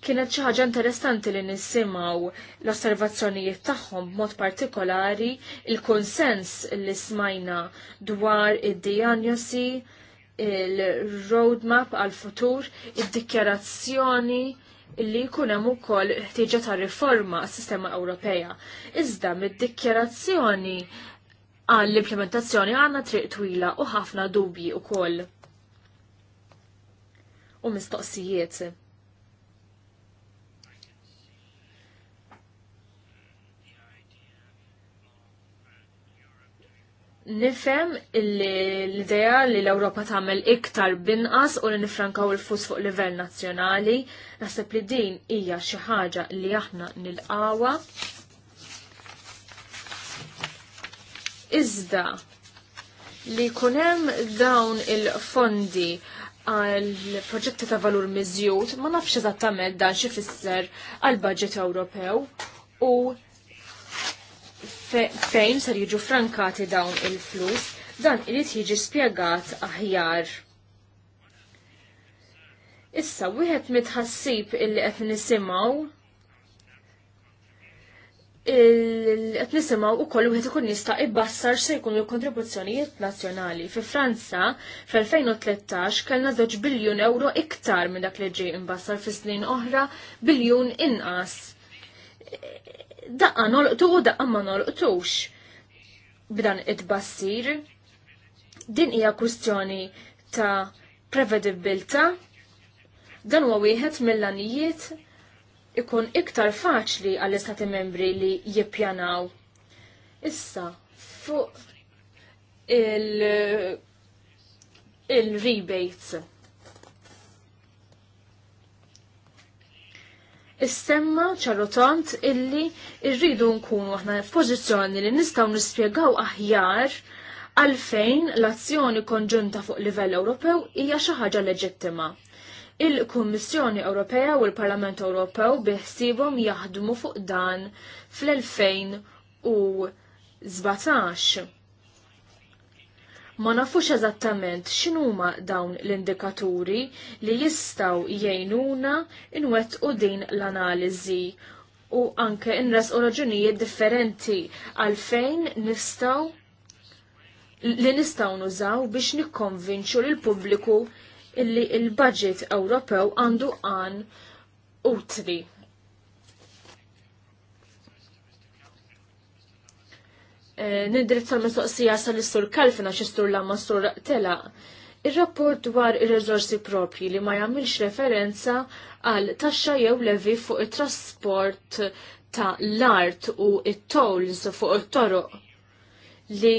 Kienet xi ħaġa interessanti li nisimgħu l-osservazzjonijiet tagħhom b'mod partikolari il-konsens li smajna dwar id-dijanjosi, il-roadmap għal-futur, id-dikjarazzjoni li jkun hemm ukoll ħtieġa ta' riforma għas-sistema Ewropea. Iżda mid-dikjarazzjoni għall-implementazzjoni għandna triq twila u ħafna dubji ukoll. U mistoqsijiet. Nifhem l-idea li l-Ewropa tagħmel iktar binqas u li nifrankaw il-fus fuq livell nazzjonali, naħseb li din hija xi ħaġa li aħna nilqawha. Iżda li jkun hemm dawn il-fondi għal proġetti ta' valur miżjud ma nafx eżattament dan xi fisser għal budget Ewropew u fejn ser jiġu frankati dawn il-flus, dan irid jiġi spjegat aħjar. Issa, wieħed mitħassib illi qed nisimgħu qed nisimgħu wkoll wieħed ikun jista' ibbassar se jkunu l-kontribuzzjonijiet nazzjonali. Fi Franza fl-2013 kellna żewġ biljun euro iktar minn dak li ġej imbassar fi snin oħra biljun inqas daqqa nolqtu u daqqa ma nolqtux b'dan it-bassir. Din hija kwistjoni ta' prevedibilta. Dan huwa wieħed mill-anijiet ikun iktar faċli għall-istati membri li jippjanaw. Issa, fuq il- il-rebates Istemma ċarotant illi irridu nkunu aħna f'pożizzjoni li nistgħu nispjegaw aħjar għalfejn l-azzjoni konġunta fuq livell Ewropew hija xi ħaġa leġittima. Il-Kummissjoni Ewropea u l-Parlament Ewropew biħsibhom jaħdmu fuq dan fl-2017 ma nafux eżattament x'inhuma dawn l-indikaturi li jistgħu jgħinuna inwettqu din l-analiżi u anke inres u raġunijiet differenti għalfejn nistgħu li nistgħu nużaw biex nikkonvinċu l pubbliku illi il-budget Ewropew għandu għan utli. Eh, nindirizza l-mistoqsija sal-istur kalfina xistur la mastur tela. Il-rapport dwar il-reżorsi propri li ma jagħmilx referenza għal taxxa jew levi fuq it-trasport ta' l-art u it-tolls fuq it-toroq li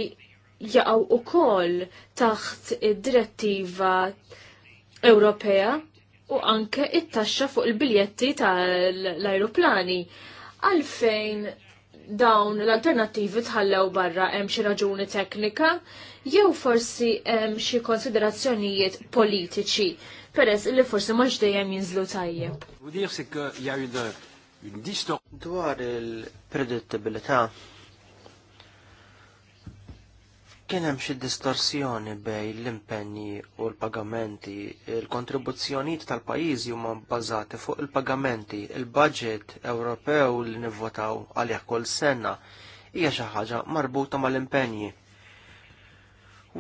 jaqgħu ukoll taħt id-direttiva Ewropea u anke it-taxxa fuq il-biljetti tal-ajruplani għalfejn dawn l-alternattivi tħallew barra hemm xi raġuni teknika jew forsi hemm xi konsiderazzjonijiet politiċi peress li forsi ma dejjem jinżlu tajjeb.
Dwar il-predittabilità Kien hemm xi distorsjoni bej l-impenni u l-pagamenti. Il-kontribuzzjonijiet tal-pajjiżi huma bbażati fuq il-pagamenti. Il-budget Ewropew li nivvotaw għalih kull sena hija xi ħaġa marbuta mal-impenji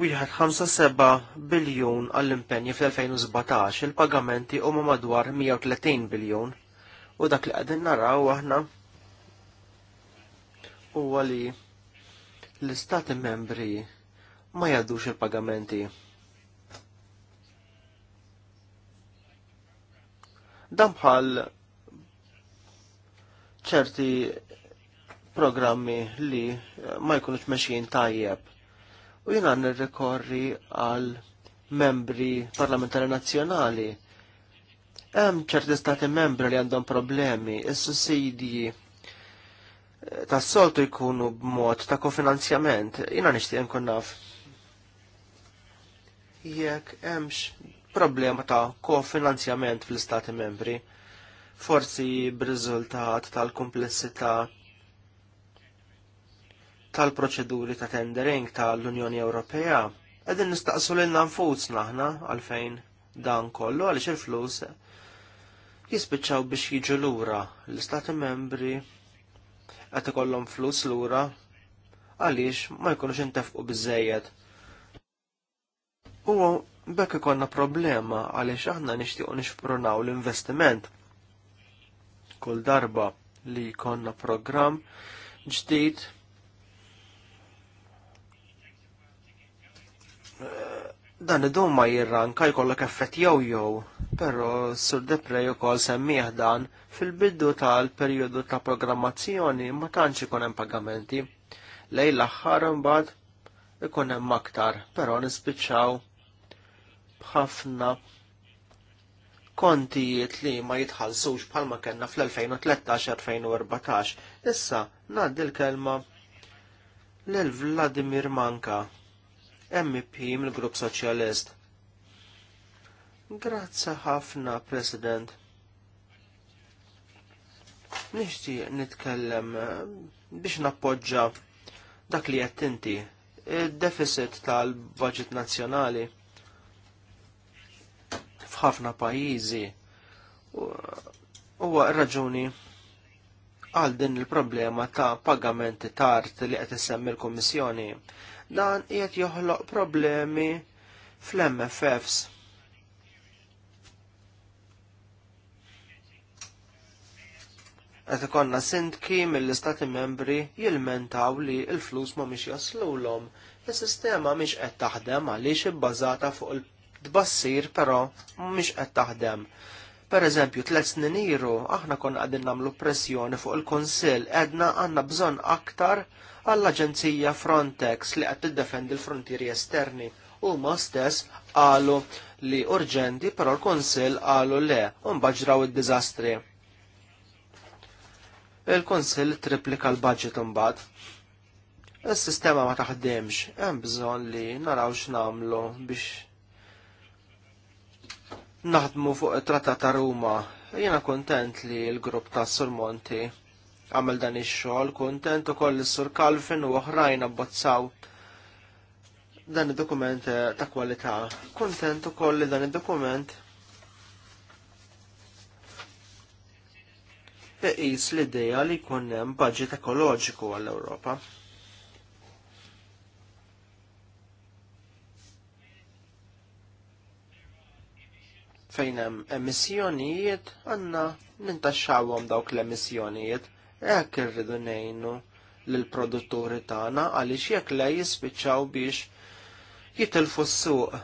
wieħed 57 biljun għall-impenji fl-2017 il-pagamenti huma madwar 130 biljun u dak li qegħdin naraw aħna huwa li l-istati membri ma jaddux il-pagamenti. Dan bħal ċerti programmi li ma jkunux meċin tajjeb. U jina nirrikorri għal membri parlamentari nazzjonali. Hemm ċerti stati membri li għandhom problemi, is-sussidji tas-soltu jkunu b'mod ta' kofinanzjament. Jina nixtieq nkun naf jekk hemmx problema ta' kofinanzjament fl-Istati membri, forsi b'riżultat tal-komplessità tal-proċeduri ta' tendering tal-Unjoni Ewropea. Qegħdin nistaqsu l-inna nfusna naħna għalfejn dan kollu għaliex il-flus jispiċċaw biex jiġu lura l-Istati membri qed ikollhom flus lura għaliex ma jkunux intefqu biżejjed U bekk ikonna problema għaliex aħna nixtiequ nixprunaw l-investiment. Kull darba li jkollna programm ġdid eh, dan id-dum ma jirranka jkollok effett jew jew, però sur deprej ukoll semmih dan fil-biddu tal-perjodu ta' programmazzjoni ma tantx ikun hemm pagamenti. Lej l-aħħar imbagħad ikun hemm aktar, però nispiċċaw b'ħafna kontijiet li ma jitħallsux bħalma kellna fl-2013-2014. Issa ngħaddi l-kelma lil Vladimir Manka, MP mill-Grupp Soċjalist. Grazzi ħafna, President. Nixtieq nitkellem eh, biex nappoġġa dak li jattinti, inti, id-deficit tal-budget nazzjonali Ħafna pajjiżi. Huwa raġuni għal din il-problema ta' pagamenti tard li qed issemmi l-Kummissjoni. Dan qiegħed joħloq problemi fl-MFFs. Qed ikonna sindki mill-Istati membri jilmentaw li l-flus ma mhix jaslulhom. Is-sistema mhix qed taħdem għaliex ibbażata fuq il tbassir però mhix qed taħdem. Per eżempju, tlet snin iru aħna konna qegħdin nagħmlu pressjoni fuq il-Kunsill edna għandna bżonn aktar għall-Aġenzija Frontex li qed tiddefendi l-frontieri esterni huma stess qalu li urġenti però l-Kunsill qalu le u mbaġraw id-diżastri. Il-Kunsill triplika l-budget imbagħad. Is-sistema ma taħdimx, hemm bżonn li naraw x'namlu biex naħdmu fuq it-Trattat ta' Ruma. Jiena kontent li l-grupp ta' Surmonti għamel dan ix-xogħol, kontent ukoll li sur Kalfin u oħrajn abbozzaw dan id-dokument eh, ta' kwalità. Kontent ukoll li dan id-dokument iqis l-idea li jkun hemm budget ekoloġiku għall-Ewropa. fejn hemm emissjonijiet għandna nintaxxawhom dawk l-emissjonijiet hekk irridu ngħinu lill produtturi tagħna għaliex jekk le jispiċċaw biex jitilfu s-suq.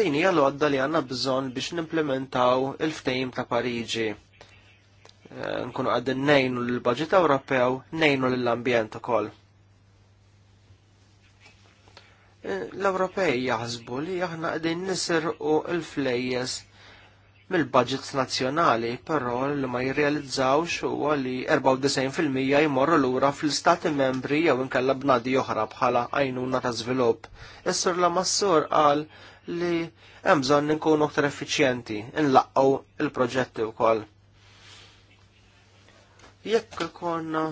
Din hija l-għodda li għandna bżonn biex nimplementaw il-ftehim ta' Pariġi eh, nkunu għadin nejnu l baġit Ewropew, nejnu l-ambjent ukoll l-Ewropej jaħsbu li aħna qegħdin nisirqu l-flejjes mill-budgets nazzjonali, però li ma jirrealizzawx huwa li 94% jmorru lura fl-istati membri jew inkella bnadi oħra bħala għajnuna ta' żvilupp. Is-sur la massur qal li hemm bżonn inkunu aktar effiċjenti, nlaqgħu il-proġetti wkoll. Jekk ikonna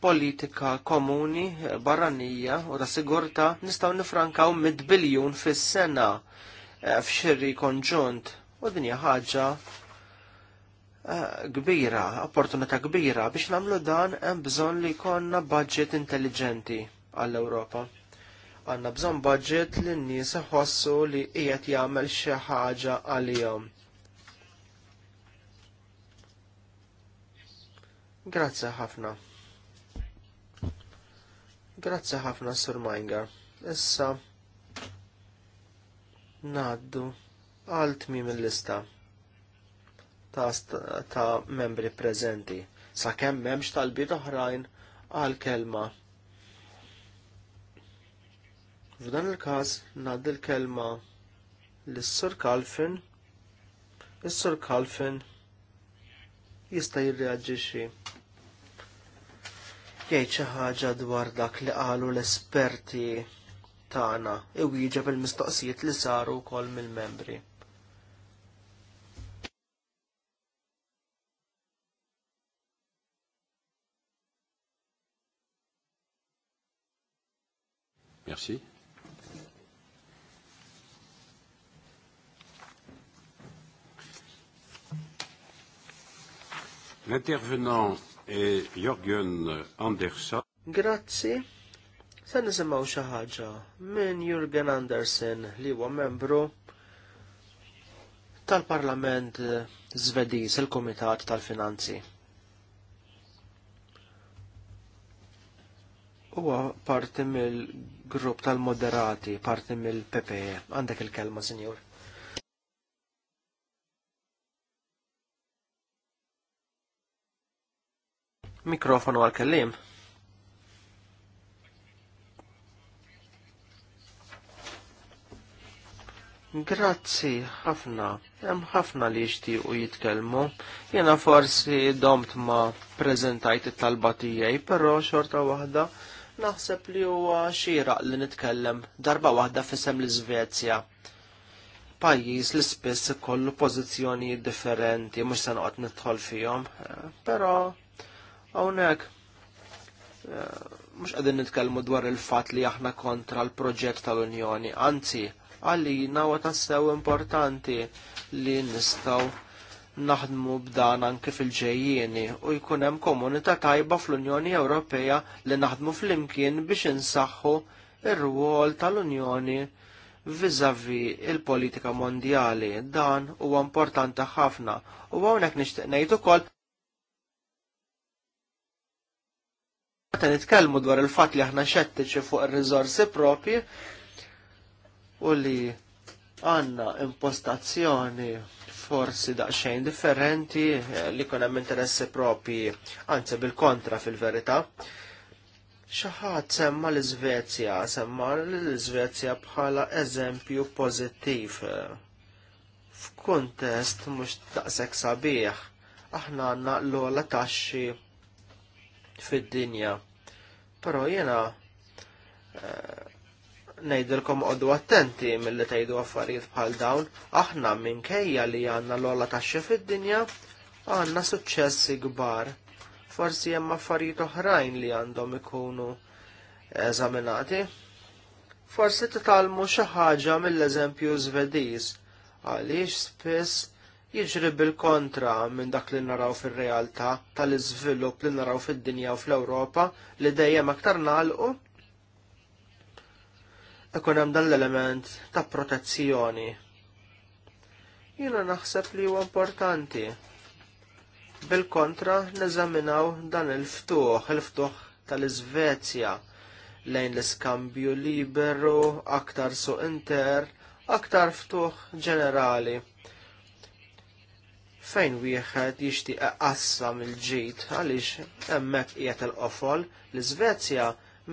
politika komuni barranija u ta' sigurta nistaw nifrankaw mid biljun fis-sena eh, f'xirri konġunt u dinja ħaġa eh, kbira, opportunità kbira biex namlu dan hemm bżonn li jkollna budget intelligenti għall-Ewropa. Għanna bżonn budget li n-nies ħossu li qiegħed jagħmel xi ħaġa għalihom. Grazzi ħafna. Grazzi ħafna Sur Mainga. Issa naddu għal tmi mill lista ta, ta, membri prezenti sakemm m'hemmx talbiet oħrajn għal kelma. F'dan il-każ ngħaddi l-kelma lis-Sur Kalfin. Is-Sur Kalfin jista' jirreaġixxi jgħid xi ħaġa dwar dak li qalu l-esperti tagħna iwieġeb il-mistoqsijiet li saru wkoll mill-membri.
Merci.
L'intervenant e Jorgen Andersen.
Grazzi. Se nisimgħu xi ħaġa minn Jürgen Andersen li huwa membru tal-Parlament Zvediż il-Kumitat tal-Finanzi. Huwa parti mill-grupp tal-Moderati, parti mill-PPE. Għandek il-kelma, Sinjur. Mikrofonu għal-kellim. Grazzi, ħafna. Hemm ħafna li jixtiequ jitkellmu. Jiena forsi domt ma prezentajt it-talba tiegħi, però xorta waħda naħseb li huwa xira li nitkellem darba waħda fisem l-Iżvezja. Pajjiż li spiss ikollu pożizzjonijiet differenti mhux se noqgħod nidħol fihom, eh, però Hawnhekk eh, mhux qegħdin nitkellmu dwar il-fatt li aħna kontra l-proġett tal-Unjoni, anzi għalli nawa tassew importanti li nistgħu naħdmu b'dan anke fil-ġejjieni u jkun hemm komunità tajba fl-Unjoni Ewropea li naħdmu flimkien biex insaħħu ir-rwol tal-Unjoni vizavi il-politika mondjali. Dan huwa importanti ħafna u hawnhekk nixtieq ngħid ukoll Meta nitkellmu dwar il-fatt li aħna xettiċi fuq ir-riżorsi propri u li għandna impostazzjoni forsi daqsxejn differenti eh, li kun hemm interessi propri, anzi bil-kontra fil-verità. Xaħat semma l-Svezja, semma l-Svezja bħala eżempju pożittiv eh, f'kuntest mhux daqshekk sabiħ aħna għandna l-ola taxxi fid-dinja. Però jena eh, nejdilkom għoddu attenti mill-li tajdu affarijiet bħal dawn, aħna minkejja li għanna l-olla taxxi fid-dinja, għanna suċċessi gbar. Forsi hemm affarijiet oħrajn li għandhom ikunu eżaminati. Forsi titalmu xi ħaġa mill-eżempju Svediż, għaliex spiss jiġri bil-kontra minn dak li naraw fil-realtà tal-iżvilupp li naraw fid-dinja u fl-Ewropa li dejjem aktar nagħlqu. Ikun hemm dan l-element ta' protezzjoni. Jiena naħseb li huwa importanti. Bil-kontra neżaminaw dan il-ftuħ, il-ftuħ tal-Iżvezja lejn l-iskambju liberu, aktar suq inter, aktar ftuħ ġenerali fejn wieħed jixtieq qassam il-ġid għaliex hemmhekk qiegħed il-qofol l-Iżvezja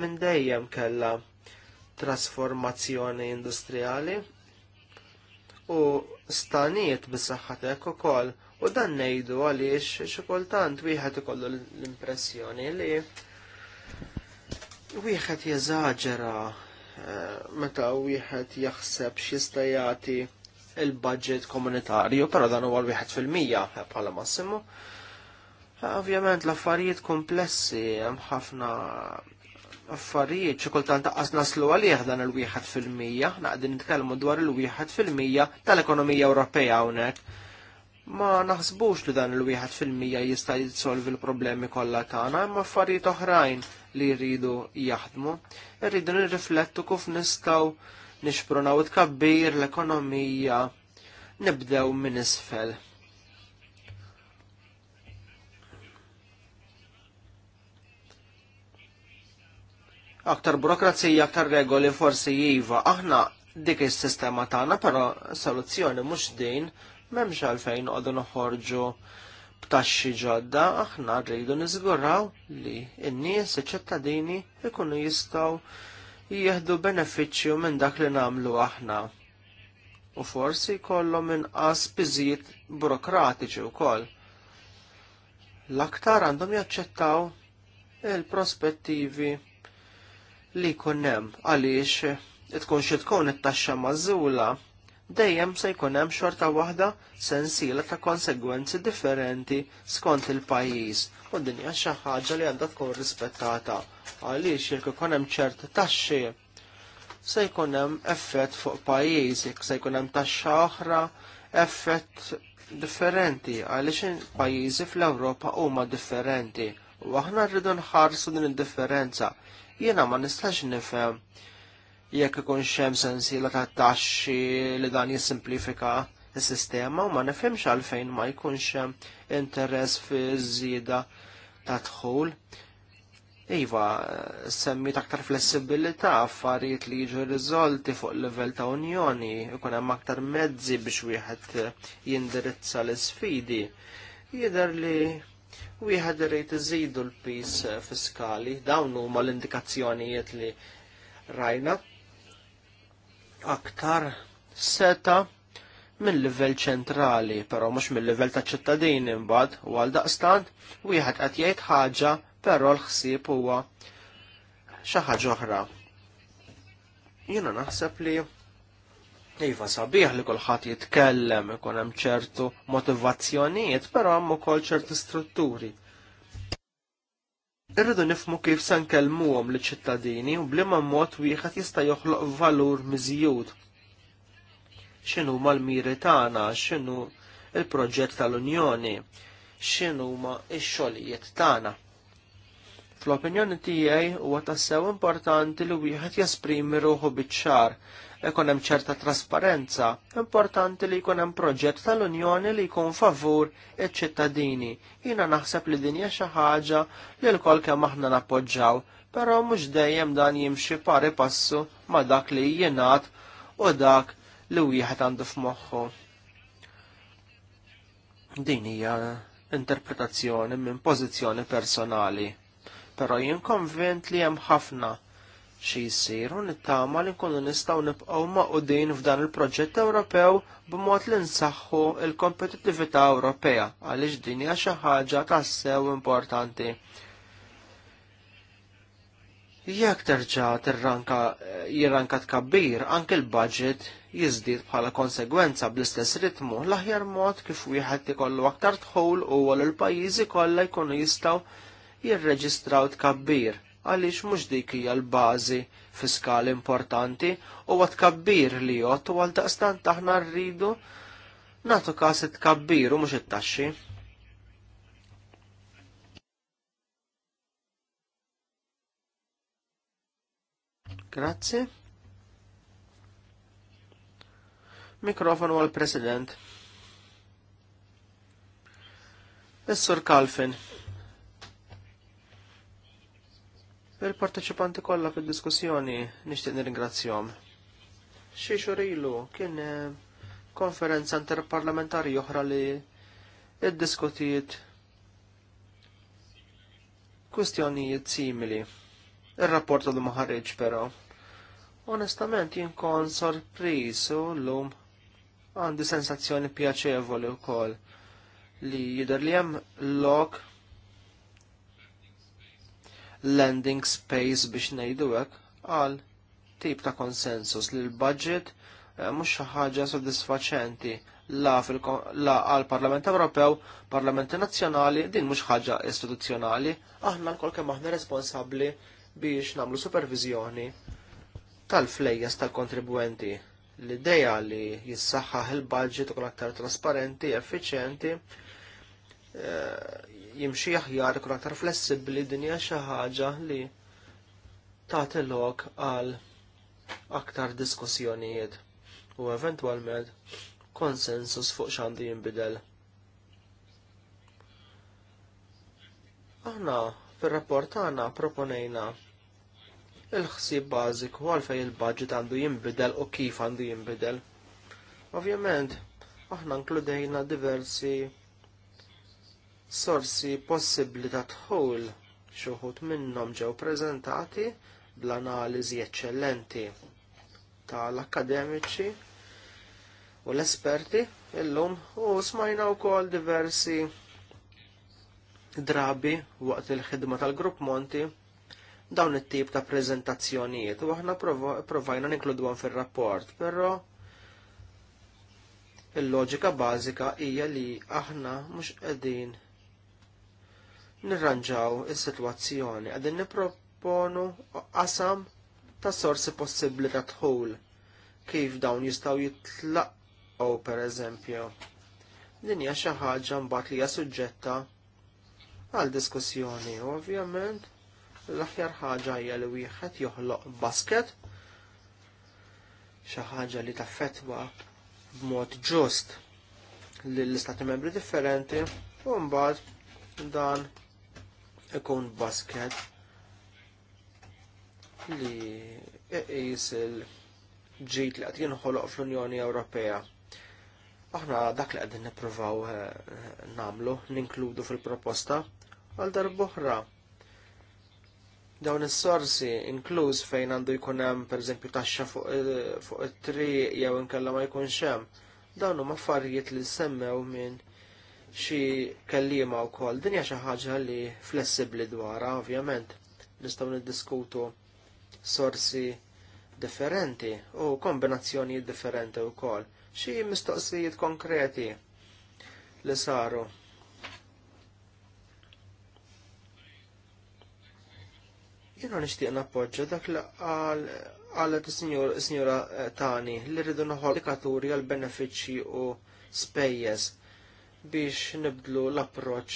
minn dejjem kellha trasformazzjoni industrijali u stanijiet bis-saħħatek ukoll u dan ngħidu għaliex xi kultant wieħed ikollu l-impressjoni li wieħed jeżaġera eh, meta wieħed jaħseb x'jista' jagħti il-budget komunitarju, pero dan huwa l-1 fil-mija eh, bħala massimu. Eh, ovvjament l-affarijiet komplessi hemm ħafna affarijiet xi kultant taqqas naslu għalih dan il-1 fil-mija, naqdin nitkellmu dwar il-1 mija tal-ekonomija Ewropea hawnhekk. Ma naħsbux li dan il-1 fil-mija jista' jitsolvi l-problemi kollha tagħna, imma affarijiet oħrajn li jridu jaħdmu. Irridu nirriflettu kif nistgħu u tkabbir l-ekonomija nibdew minn isfel. Aktar burokrazija, aktar regoli forsi jiva. Aħna dik is-sistema tagħna, però soluzzjoni mhux din m'hemmx għalfejn qogħdu noħorġu b'taxxi ġodda, aħna rridu niżguraw li n-nies iċ-ċittadini ikunu jistgħu jieħdu benefiċċju minn dak li nagħmlu aħna. U forsi jkollhom inqas biżijiet burokratiċi wkoll. L-aktar għandhom jaċċettaw il-prospettivi li jkun hemm għaliex tkun xi tkun it-taxxa mażula dejjem se jkun hemm xorta waħda sensiela ta' konsegwenzi differenti skont il-pajjiż u din hija xi ħaġa li għandha tkun rispettata għaliex jekk ikun hemm ċert taxxi se jkun hemm effett fuq pajjiż, jekk se jkun hemm taxxa oħra, effett differenti għaliex pajjiżi fl-Ewropa huma differenti u aħna rridu nħarsu din id-differenza. Jiena ma nistax nifhem jekk ikun xem sensiela ta' taxxi li dan jissimplifika s-sistema u ma nifhimx għalfejn ma jkunx hemm interess fi żieda ta' dħul. Iva, semmi aktar flessibilità affarijiet li jiġu riżolti fuq livell ta' unjoni, ikun hemm aktar mezzi biex wieħed jindirizza l-isfidi. Jidher li wieħed irid iżidu l-pis fiskali, dawn huma l-indikazzjonijiet li rajna aktar seta minn livell ċentrali, però mhux minn livell ta' ċittadini imbad u għal daqstant wieħed qed jgħid ħaġa però l-ħsieb huwa xi ħaġa oħra. Jiena naħseb li Iva sabiħ li kulħadd jitkellem ikun hemm ċertu motivazzjonijiet, però hemm ukoll ċertu strutturi Irridu nifmu kif se nkellmuhom liċ ċittadini u bliema mod wieħed jista' joħloq valur miżjud. X'inhu mal-miri tagħna, x'inhu l proġett tal-Unjoni, x'inhu ma x-xogħlijiet tagħna. Fl-opinjoni tiegħi huwa tassew importanti li wieħed jesprimi ruħu biċ-ċar jekon hemm ċerta trasparenza, importanti li jkun hemm proġett tal-Unjoni li jkun favur iċ-ċittadini. Jiena naħseb li din hija xi ħaġa li l-kol kemm aħna nappoġġaw, però mhux dejjem dan jimxi pari passu ma' dak li jingħad u dak li wieħed għandu f'moħħu. Din hija interpretazzjoni minn pożizzjoni personali, però jien konvint li hemm ħafna xi jisir u nittama li nkunu nistgħu nibqgħu maqudin f'dan il-proġett Ewropew b'mod li nsaħħu l-kompetittività Ewropea għaliex din hija xi ħaġa tassew importanti. Jekk terġa' tirranka jirranka tkabbir, anke l-budget jiżdied bħala konsegwenza bl-istess ritmu l-aħjar mod kif wieħed ikollu aktar tħul huwa l pajjiżi kollha jkunu jistgħu jirreġistraw tkabbir għaliex mhux dik hija l-bażi fiskali importanti u għat kabbir li jott u għal għal-taqstan aħna rridu nagħtu każ kabbir u mhux it-taxxi. Grazzi. Mikrofonu għal-President. is Kalfin. Il-parteċipanti kollha fid-diskussjoni nixtieq nirringrazzjahom. Xi xorilu kien eh, konferenza interparlamentari oħra li iddiskutiet kwistjonijiet simili. Ir-rapport għadu ħareġ però. Onestament jien kon sorpriż u llum għandi sensazzjoni pjaċevoli wkoll li jidher li hemm lok landing space biex ngħidu għal tip ta' konsensus li l-budget eh, mhux xi ħaġa sodisfaċenti la għal Parlament Ewropew, Parlamenti Nazzjonali, din mhux ħaġa istituzzjonali, aħna l kem aħna responsabbli biex nagħmlu supervizjoni tal-flejjes tal kontribuenti L-ideja li jissaħħaħ il-budget u aktar trasparenti, effiċjenti, eh, jimxi aħjar ikun aktar flessibbli din hija xi ħaġa li tagħti lok għal aktar diskussjonijiet u eventwalment konsensus fuq x'għandu jinbidel. Aħna fir-rapport tagħna proponejna il-ħsieb bażiku fejn il-budget għandu jinbidel u kif għandu jinbidel. Ovvjament, aħna nkludejna diversi sorsi possibbli ta' tħol xuħut minnhom ġew preżentati bl-analiżi eċċellenti tal-akademiċi u l-esperti illum u smajna wkoll diversi drabi waqt il-ħidma tal-Grupp Monti dawn it-tip ta' prezentazzjonijiet u aħna provajna ninkludu fil-rapport, però il-loġika bażika hija li aħna mhux qegħdin nirranġaw is-sitwazzjoni għadin nipproponu qasam ta' sorsi possibbli ta' dħul kif dawn jistgħu per pereżempju. Din hija xi ħaġa mbagħad li hija suġġetta għal diskussjoni u ovvjament l-aħjar ħaġa hija li wieħed joħloq basket xi ħaġa li taffetwa b'mod ġust lill istati membri differenti u mbagħad dan ikun basket li jis il-ġit li għat jinħoloq fl-Unjoni Ewropea. Aħna dak li għadin niprofaw eh, eh, namlu, ninkludu fil-proposta, għal darboħra. Dawn is-sorsi inkluż fejn għandu jkun hemm pereżempju taxxa eh, fuq it-triq jew inkella ma jkunx hemm. Dawn huma affarijiet li semmew minn xi kellima wkoll. Din hija xi ħaġa li flessibbli dwarha ovvjament. Nistgħu niddiskutu sorsi differenti u kombinazzjonijiet differenti wkoll. Xi mistoqsijiet konkreti li saru. Jiena nixtieq nappoġġa dak li għal għal is-sinjura tani li rridu noħol indikaturi għal benefiċċji u spejjeż biex nibdlu l-approċ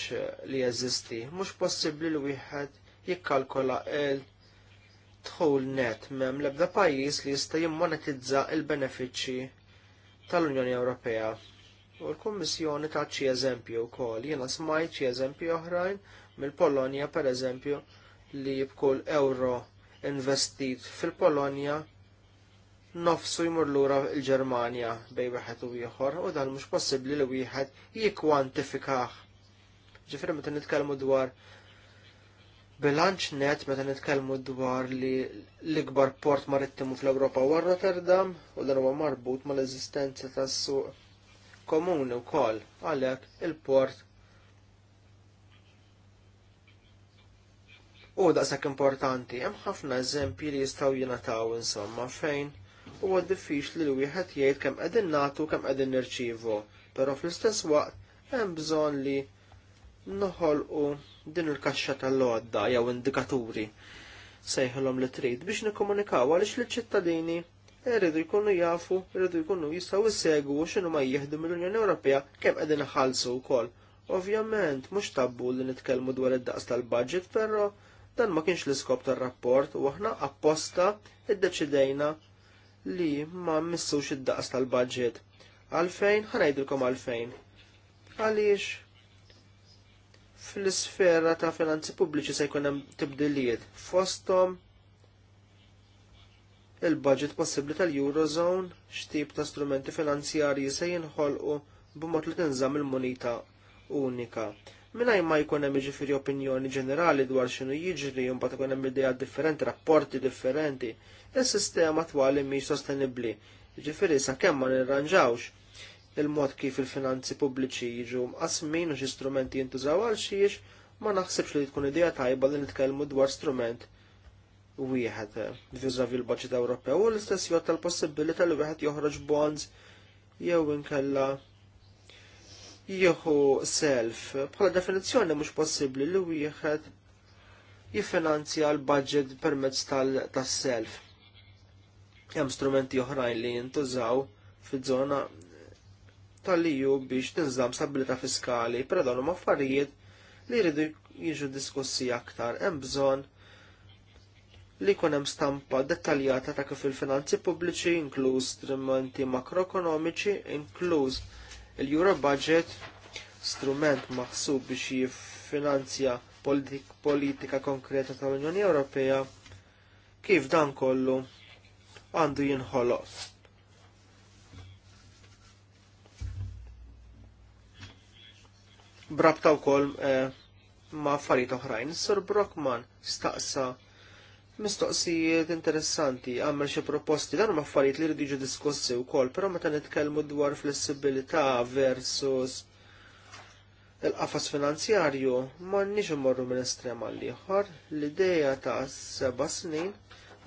li jeżisti. Mhux possibbli li wieħed jikkalkola il dħul net mem l-ebda pajjiż li jista' jimmonetizza l-benefiċċji tal-Unjoni Ewropea. U l-Kummissjoni ta' xi eżempju wkoll, jena smaj ċi eżempju oħrajn mill-Polonja pereżempju li jibkull euro investit fil-Polonja nofsu jmur lura l-Ġermanja bej wieħed u ieħor u dan mhux possibbli li wieħed jikkwantifikah. Ġifieri meta nitkellmu dwar bilanċ net meta nitkellmu dwar li l-ikbar port marittimu fl-Ewropa huwa Rotterdam u dan huwa marbut mal-eżistenza tas-suq komuni wkoll għalhekk il-port U daqshekk importanti, hemm ħafna eżempji li jistgħu jingħataw insomma fejn huwa diffiċli li wieħed jgħid kemm qegħdin nagħtu kemm qegħdin nirċievu, però fl-istess waqt hemm bżonn li noħolqu din il-kaxxa tal-lodda jew indikaturi sejħilhom li trid biex nikkomunikaw għaliex liċ ċittadini irridu jkunu jafu, irridu jkunu jistgħu jissegwu x'inhu ma jieħdu mill-Unjoni Ewropea kemm qegħdin iħallsu wkoll. Ovvjament mhux tabbu li nitkellmu dwar id-daqs tal-budget, però dan ma kienx l-iskop tar-rapport u aħna apposta iddeċidejna li ma missux id-daqs tal-budget. Għalfejn, ħanajdilkom għalfejn. Għaliex, fl-isfera ta' finanzi pubbliċi se jkun hemm tibdiliet fosthom il-budget possibbli tal-Eurozone, x'tip ta' strumenti finanzjarji se jinħolqu b'mod li tinżamm il-munita unika. Minaj ma jkun hemm jiġifieri opinjoni ġenerali dwar x'inhu jiġri u mbagħad ikun hemm idea differenti, rapporti differenti. Is-sistema twali mhix sostenibbli. Jiġifieri sakemm ma nirranġawx il-mod kif il-finanzi pubbliċi jiġu mqasmin u x'istrumenti jintużaw għal xiex ma naħsibx li tkun idea tajba li nitkellmu dwar strument wieħed viżavi l-baġit Ewropew u l-istess jgħod tal-possibilità li wieħed joħroġ bonds jew inkella jieħu self. Bħala definizzjoni mhux possibbli li wieħed jiffinanzja l-budget permezz tas-self. Hemm strumenti oħrajn li jintużaw fiż-żona tal liju biex tinżamm stabilità fiskali, però dawn huma affarijiet li jridu jiġu diskussi aktar. Hemm bżonn li jkun hemm stampa dettaljata ta' kif il-finanzi pubbliċi, inkluż strumenti makroekonomiċi, inkluż Il-Euro Budget strument maħsub biex jiffinanzja politik politika konkreta tal-Unjoni Ewropea kif dan kollu għandu jinħoloq. Brabta wkoll eh, ma' affarijiet oħrajn, Sir Brockman staqsa mistoqsijiet interessanti, għamel xi proposti dan huma affarijiet li jridu jiġu diskussi wkoll, però meta nitkellmu dwar flessibilità versus il-qafas finanzjarju m'għandniex morru minn estrem għal l-idea ta' seba' snin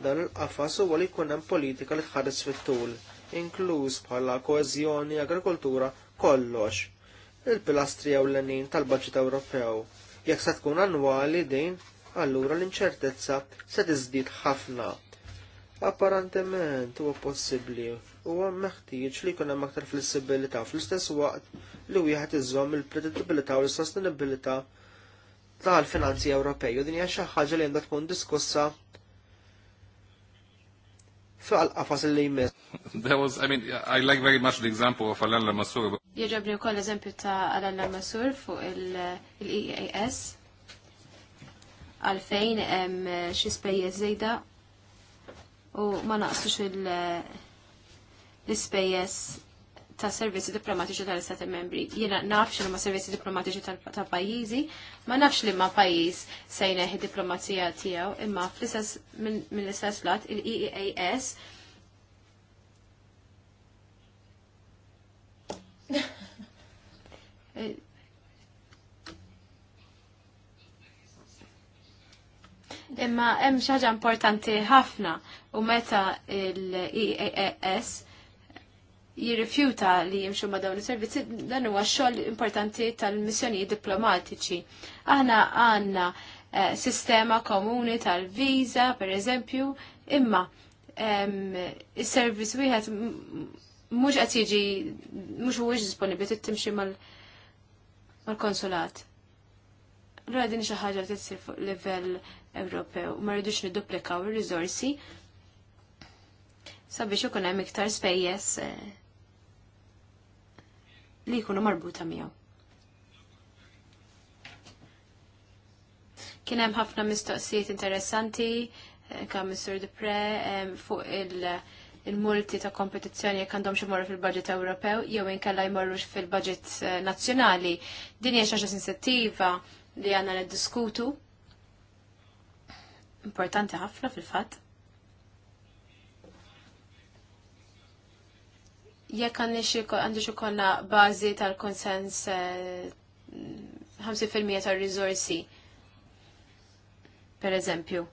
dan il-qafas huwa li jkun hemm politika li tħares fit-tul, inkluż bħala koeżjoni, agrikoltura, kollox. Il-pilastri lenin tal-Baġit Ewropew. Jekk se tkun annwali din allura l-inċertezza se tiżdied ħafna. Apparentement huwa possibbli huwa meħtieġ li jkun hemm aktar flessibilità fl-istess waqt li wieħed iżżomm il-predittibilità u l-sostenibilità tal-finanzi Ewropej u din hija xi ħaġa li għandha tkun diskussa fil-qafas li jmiss.
That was, I mean, I like very much the example of Alan Lamassur.
Jieġabni u koll eżempju ta' Alan Lamassur fuq il-EAS għalfejn hemm eh, xi spejjeż żejda u ma naqsux eh, l-ispejjeż ta' servizzi diplomatiċi tal-Istati membri. Jiena nafx li ma' servizzi diplomatiċi ta' pajjiżi, ma nafx li ma' pajjiż se jneħi diplomazija tiegħu, imma fl-istess mill-istess lat il-EEAS (laughs) eh, imma hemm xi ħaġa importanti ħafna u meta l-EAS jirrifjuta li jimxu ma dawn is-servizzi dan huwa xogħol importanti tal-missjonijiet diplomatiċi. Aħna għandna eh, sistema komuni tal-viża, per eżempju, imma is-servizz wieħed mhux qed jiġi mhux huwiex disponibbli timxi mal-konsulat. Allura din xi ħaġa li tissir fuq livell Ewropew u ma rridux nidduplikaw ir-riżorsi sabiex ikun hemm iktar spejjeż eh, li jkunu marbuta miegħu. Kien hemm ħafna mistoqsijiet interessanti eh, kemm Mr. Dupre eh, fuq il-multi ta' kompetizzjoni jekk għandhom morru fil-budget Ewropew jew inkella jmorrux fil-budget nazzjonali. Din hija xi sensittiva li għandna niddiskutu importanti ħafna fil-fatt. Jekk għandix ukollna bażi tal-konsens 50% eh, tal-riżorsi, per eżempju.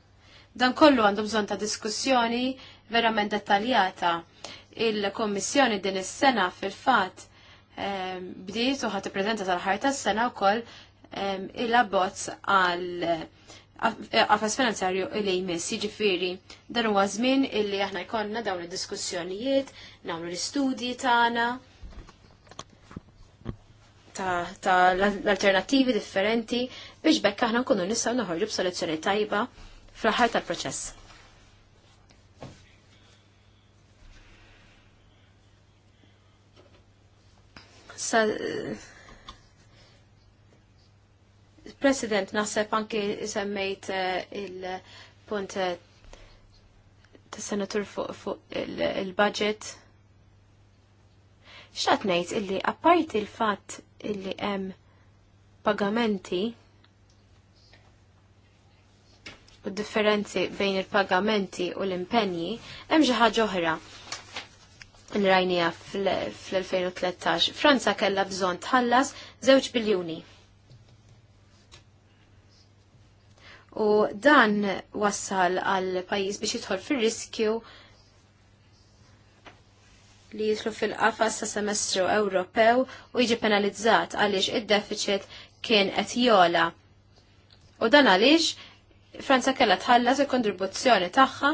Dan kollu għandu bżon ta' diskussjoni verament dettaljata. Il-Kommissjoni din is-sena fil-fatt eh, bdiet u ħat prezenta tal ħarta tas-sena wkoll eh, il-abbozz għal għafas finanzarju li jmiss, ġifiri, dan huwa żmien illi aħna jkollna dawn id-diskussjonijiet, nagħmlu l-istudji tagħna ta', l alternativi differenti biex bekk aħna nkunu nistgħu noħorġu b'soluzzjoni tajba fl-aħħar tal-proċess. Sa President, naħseb anki semmejt il-punt ta' senatur fuq il-budget. Xat ngħid illi apparti il-fatt illi hemm pagamenti u differenzi bejn il-pagamenti u l-impenji, hemm xi ħaġa oħra rajnija fl-2013. Franza kellha bżonn tħallas 2 biljuni U dan wassal għal pajjiż biex jidħol fir-riskju li jitħlu fil-qafas ta' semestru Ewropew u jiġi penalizzat għaliex id-deficit kien qed jola. U dan għaliex Franza kellha tħallas il-kontribuzzjoni tagħha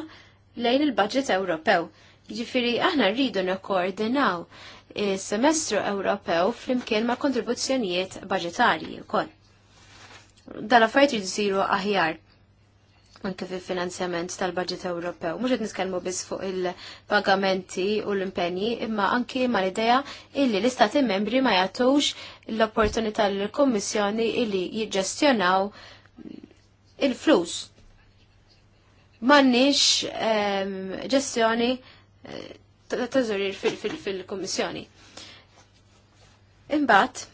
lejn il-budget Ewropew. Jiġifieri aħna rridu nikkoordinaw is-semestru Ewropew flimkien ma' kontribuzzjonijiet budġetarji wkoll dan affarijiet jridu jsiru aħjar anke fil-finanzjament tal-budget Ewropew. Mhux qed nitkellmu biss fuq il-pagamenti u l-impenji, imma anki mal idea illi l-istati membri ma jagħtux l-opportunità lill-Kummissjoni illi jiġġestjonaw il-flus. M'għandniex ġestjoni ta' fil-Kummissjoni. Imbagħad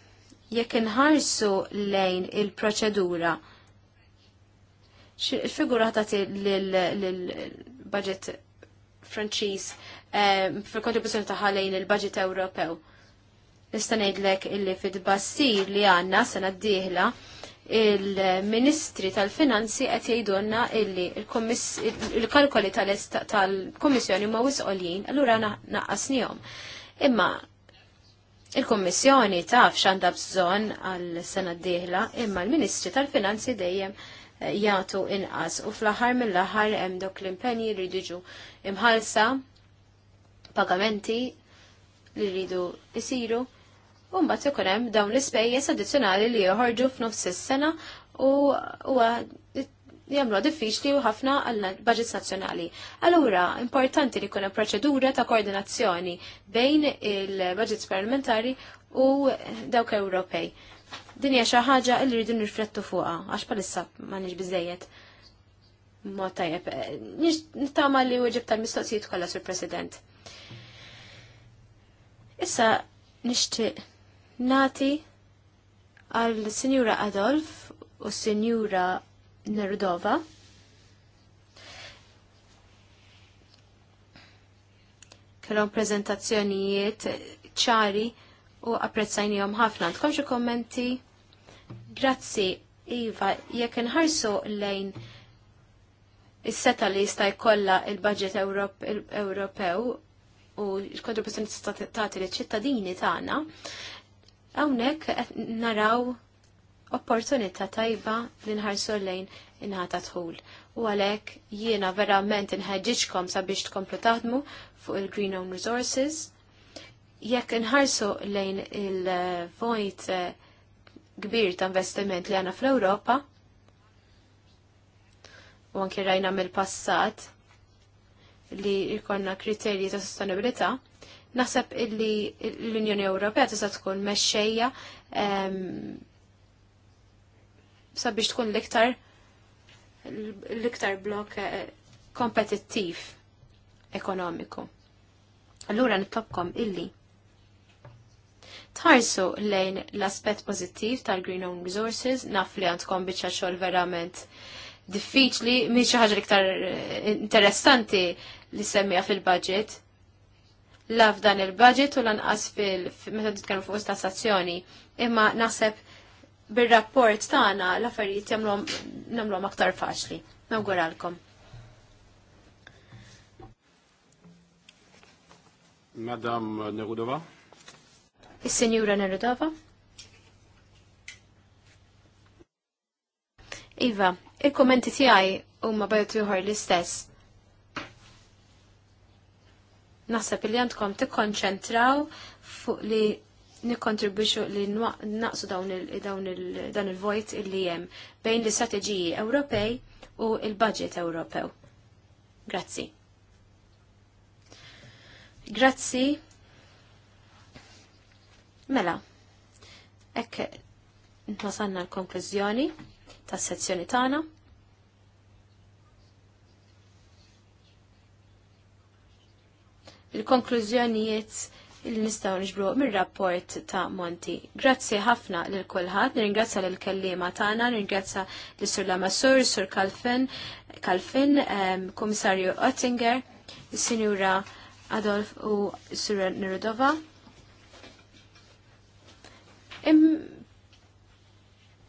jekk inħarsu lejn il-proċedura. Il-figura ħatati l-budget franċiż eh, fil-kontribuzzjoni taħħa lejn il-budget Ewropew. Nista' ngħidlek illi fid-bassir li għandna sena d-dieħla il-Ministri tal-Finanzi qed jgħidulna illi il-kalkoli tal komissjoni ma wisqoljin, allura naqqasnihom. Imma Il-Kommissjoni taf xanda bżon għal sena d-dihla imma l-Ministri tal-Finanzi dejjem eh, jgħatu inqas u fl-aħħar mill-aħħar hemm dok l-impenji li jridu imħalsa pagamenti li jridu jisiru u mbagħad ikun hemm dawn l-ispejjeż addizzjonali li joħorġu f'nofs is-sena u huwa jamlu diffiċli u ħafna għal budgets nazzjonali. Allura, importanti li kuna proċedura ta' koordinazzjoni bejn il-budgets parlamentari u dawk Ewropej. Din hija xi ħaġa li rridu nirflettu fuqha għax bħalissa m'għandniex biżejjed. Ma tajjeb, nittama li weġib tal-mistoqsijiet kollha sur President. Issa nixtieq nati għal Sinjura Adolf u Sinjura Nerdova. Kellhom prezentazzjonijiet ċari u apprezzajnijom ħafna. Tkom xi kommenti? Grazzi, Iva, jekk inħarsu lejn is-seta li jista' jkollha il-budget Ewropew u l-kontribuzzjoni tagħti liċ-ċittadini tagħna, hawnhekk naraw opportunità tajba li nħarsu lejn inħata tħul. U għalek jiena verament inħagġiġkom sabiex tkomplu taħdmu fuq il-Green Home Resources. Jekk inħarsu lejn il-vojt eh, kbir ta' investiment li għana fl-Europa, u anki rajna mill-passat li jkollna kriterji ta' sostenibilità, naħseb illi l-Unjoni Ewropea tista' tkun mexxejja ehm, sabiex tkun l-iktar blok eh, kompetittiv ekonomiku. Allura nitlobkom illi tħarsu lejn l-aspett pożittiv tal-Green Own Resources, naf li għandkom biċċa xogħol verament diffiċli, mi xi ħaġa iktar eh, interessanti li semmija fil-budget. Laf dan il-budget u lanqas fil meta titkellmu fuq tassazzjoni, imma naħseb bir-rapport tagħna l-affarijiet jagħmluhom nagħmluhom aktar faċli. Nawguralkom.
Madam Nerudova.
Is-Sinjura Nerudova. Iva, il-kommenti tiegħi huma bajt ieħor l-istess. Naħseb li għandkom tikkonċentraw fuq li nikkontribwixu li naqsu dawn il-vojt illi jem bejn l-istrateġiji Ewropej u il-budget Ewropew. Grazzi. Grazzi. Mela, ekk wasanna l-konklużjoni tas sezzjoni tagħna. Il-konklużjonijiet illi nistaw nġbru mir-rapport ta' Monti. Grazzi ħafna lil kulħadd, nirringrazzja lil kellima tagħna, nirringrazzja lis sur Lamassur, Sur Kalfin, Kalfin, Kummissarju Oettinger, Sinjura Adolf u Sur Nerudova.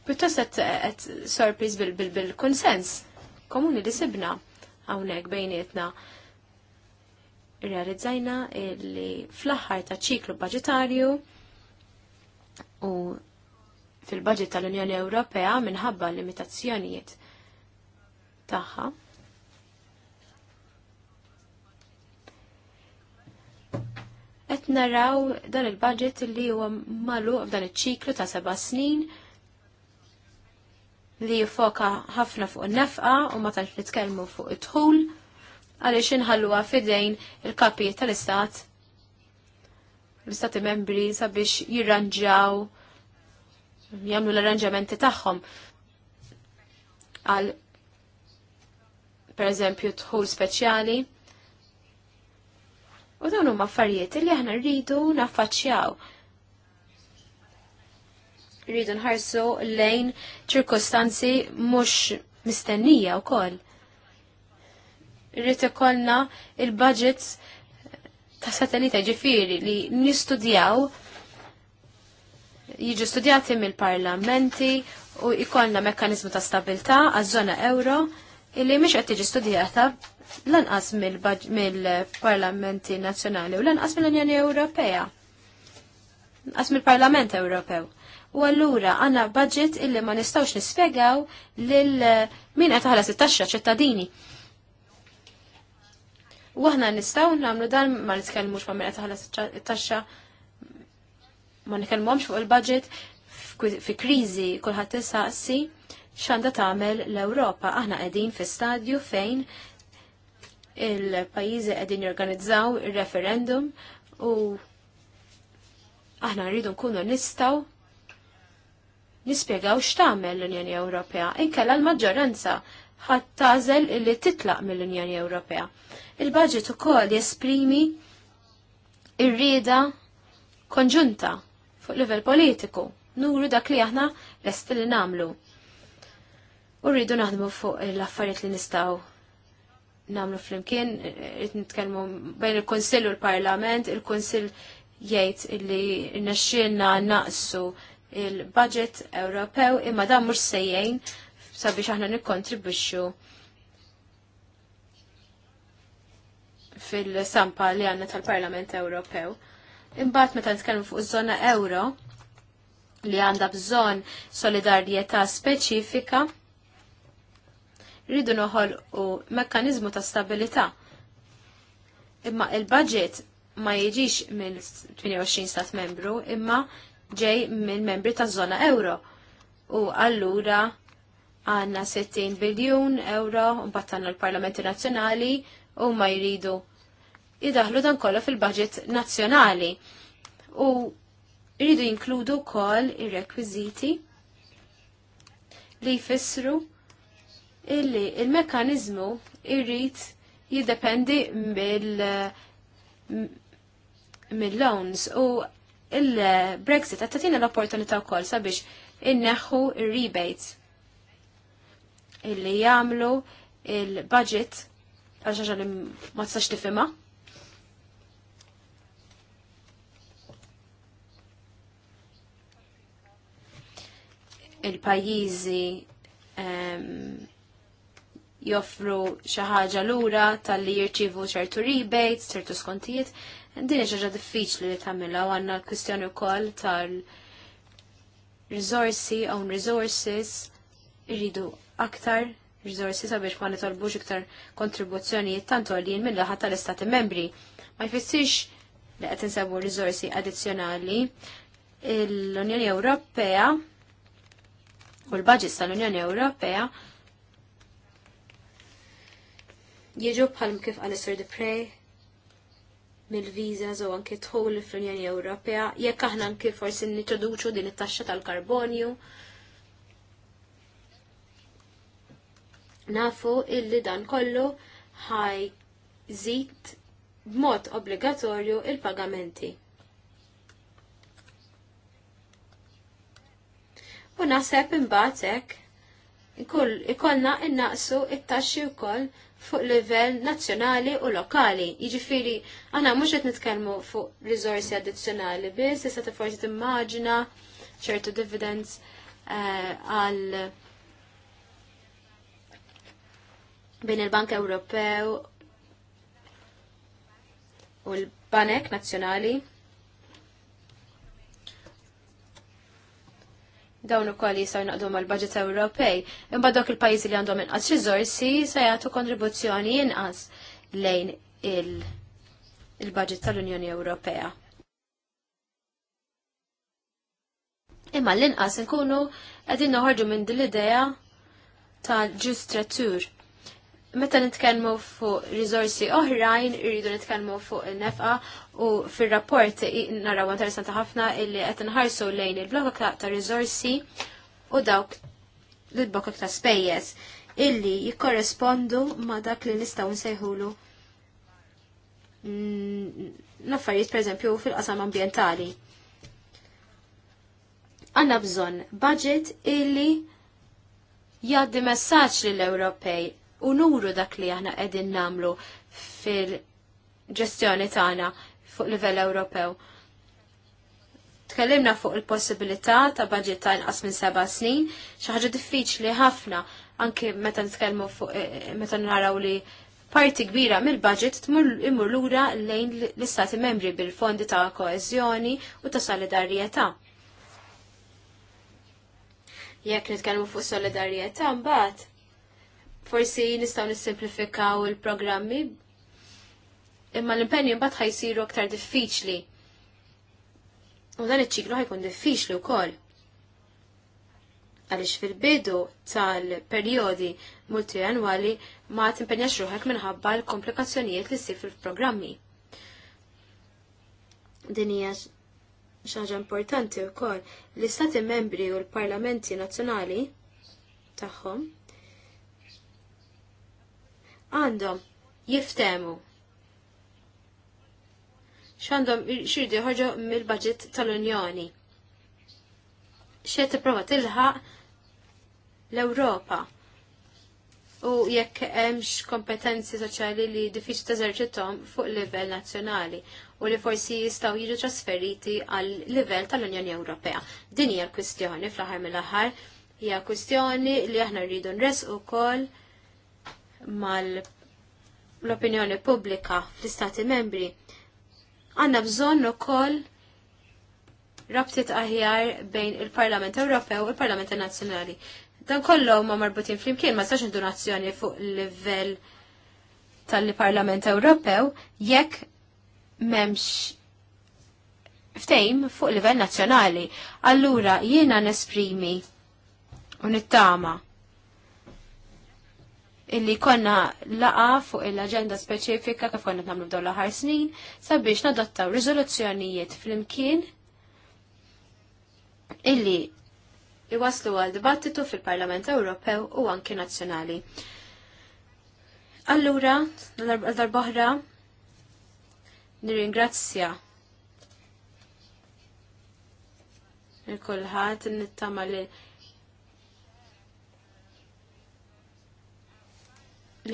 Piuttost qed sorpriż bil-konsens komuni li sibna hawnhekk bejnietna realizzajna li fl-aħħar ta' ċiklu budgetarju u fil-budget tal-Unjoni Ewropea minħabba limitazzjonijiet tagħha. Qed naraw dan il-budget li huwa magħluq f'dan iċ-ċiklu ta' seba' snin li jifoka ħafna fuq nefqa u ma tantx nitkellmu fuq it-tħul għaliex inħalluha fidejn il-kapi tal-istat l-istati membri sabiex jirranġaw jagħmlu l-arranġamenti tagħhom għal per eżempju tħul speċjali. U dawn huma affarijiet li aħna rridu naffaċċjaw. Rridu nħarsu lejn ċirkostanzi mhux mistennija wkoll. Irrid ikollna il-budgets ta' satellita ġifiri li nistudjaw jiġu studjati mill-parlamenti u ikollna mekkanizmu ta' stabilta għaż-żona euro illi mhix qed tiġi studjata lanqas mill-parlamenti nazzjonali u lanqas mill-Unjoni Ewropea. Lanqas mill-Parlament Ewropew. U allura għandna budget illi ma nistgħux nispjegaw lil min qed taħlas it-taxxa ċittadini. U aħna nistgħu nagħmlu dan ma nitkellmux ma' mela taħla taxxa ma nitkellmux fuq il-budget fi kriżi kulħadd isaqsi x'għandha tagħmel l-Ewropa. Aħna qegħdin fi stadju fejn il-pajjiżi qegħdin jorganizzaw ir-referendum u aħna rridu nkunu nistgħu nispjegaw x'tagħmel l-Unjoni Ewropea inkella l-maġġoranza ħadd tażel li titlaq mill-Unjoni Ewropea. Il-budget ukoll jesprimi ir-rieda konġunta fuq livell politiku, nuru dak li aħna lest li namlu. U rridu naħdmu fuq l-affarijiet li nistaw namlu fl-imkien, rrid nitkellmu bejn il-Konsill u l-Parlament, il-Konsill jgħid li nexxielna naqsu il-budget Ewropew imma dan mhux sejjejn sabiex aħna nikkontribwixxu fil-sampa li għanna tal-Parlament Ewropew. Imbagħad meta nitkellmu fuq iż-żona euro li għandha bżonn solidarjetà speċifika, rridu noħolqu mekkaniżmu ta' stabilità. Imma il-budget ma jiġix minn 28 stat membru, imma ġej minn membri ta' żona euro. U allura għanna 60 biljun euro, un battanna l-Parlamenti Nazzjonali u ma jridu jidaħlu dan kollha fil-budget nazzjonali. U jridu jinkludu wkoll ir-rekwiżiti li jfissru illi il-mekkaniżmu irrid jiddependi mill mill-loans u il-Brexit qed tagħtina l-opportunità wkoll sabiex inneħħu ir-rebates illi jagħmlu il-budget għal ħaġa li ma tistax tifhimha il-pajjiżi ehm, joffru xi ħaġa lura tal-li jirċivu ċertu rebates, ċertu skontijiet, din xi diffiċli li tagħmilha u għandna l-kwistjoni wkoll tal-resorsi own resources irridu aktar resorsi sabiex ma nitolbux iktar kontribuzzjoni tant għalin mill tal-Istati membri. Ma jfissirx li qed sabu risorsi addizzjonali l-Unjoni Ewropea u l-budgets tal-Unjoni Ewropea jiġu bħal kif għal Sir Deprej mill viza u anke tħol fl-Unjoni Ewropea, jekk aħna anke forsi nittroduċu din it-taxxa tal-karbonju. Nafu illi dan kollu ħaj zid b'mod obbligatorju il-pagamenti. u naħseb imbagħad hekk ikollna innaqsu it-taxxi wkoll fuq livell nazzjonali u lokali. Jiġifieri aħna mhux qed nitkellmu fuq riżorsi addizzjonali biss, issa forsi timmaġina ċertu dividends eh, għal bejn il-Bank Ewropew u l-Banek Nazzjonali dawn ukoll jistgħu jnaqdu mal-budget Ewropej, imma dok il-pajjiżi li għandhom inqas riżorsi se jagħtu kontribuzzjoni inqas lejn il-budget tal-Unjoni Ewropea. Imma l-inqas nkunu qegħdin noħorġu minn din l-idea tal-ġustratur meta nitkellmu fuq riżorsi oħrajn, irridu nitkellmu fuq il-nefqa u fir rapport naraw interessanti ħafna illi qed nħarsu lejn il-blok ta' riżorsi u dawk l-blok ta' spejjeż illi jikkorrespondu ma' dak li nistgħu nsejħulu l-affarijiet pereżempju fil-qasam ambjentali. Għanna bżonn budget illi jgħaddi messaġġ lill-Ewropej u dak li aħna qegħdin namlu fil-ġestjoni tagħna fuq livell Ewropew. Tkellimna fuq il-possibilità ta' budget ta' inqas minn seba' snin, xi ħaġa diffiċli ħafna anke meta nitkellmu fuq eh, eh, meta naraw li parti kbira mill-budget imur lura lejn l-istati membri bil-fondi ta' koezjoni u ta' solidarjetà. Jekk nitkellmu fuq solidarjetà mbagħad forsi nistgħu nissimplifikaw il-programmi imma l-impenju mbagħad ħajsiru aktar diffiċli. U dan iċ-ċiklu ħajkun diffiċli wkoll. Għaliex fil-bidu tal-perjodi multianwali ma timpenjax ruħek minħabba l-komplikazzjonijiet li ssir fil-programmi. Din hija xaġa importanti wkoll l-istati membri u l-parlamenti nazzjonali tagħhom għandhom jiftemu x'għandhom xirdi jħorġu mill-budget tal-Unjoni. Xed tipprova tilħaq l-Ewropa. U jekk hemmx kompetenzi soċjali li diffiċli teżerċithom fuq livell nazzjonali u li forsi jistgħu jiġu trasferiti għal livell tal-Unjoni Ewropea. Din hija l-kwistjoni fl-aħħar mill-aħħar hija kwistjoni li aħna rridu nresqu ukoll mal l-opinjoni pubblika fl-istati membri, għanna bżonn ukoll rabtiet aħjar bejn il-Parlament Ewropew u il-Parlament Nazzjonali. Dan kollu ma marbutin flimkien ma stax donazzjoni fuq livell tal-Parlament Ewropew jekk memx ftejm fuq livell nazzjonali. Allura jiena nesprimi u nittama illi konna laqa fuq il-agenda speċifika kif konna namlu b'dawn l-aħħar snin sabiex nadottaw riżoluzzjonijiet fl-imkien illi iwaslu għal dibattitu fil-Parlament Ewropew u anki nazzjonali. Allura, l-darbohra, nirringrazzja il-kulħat nittama li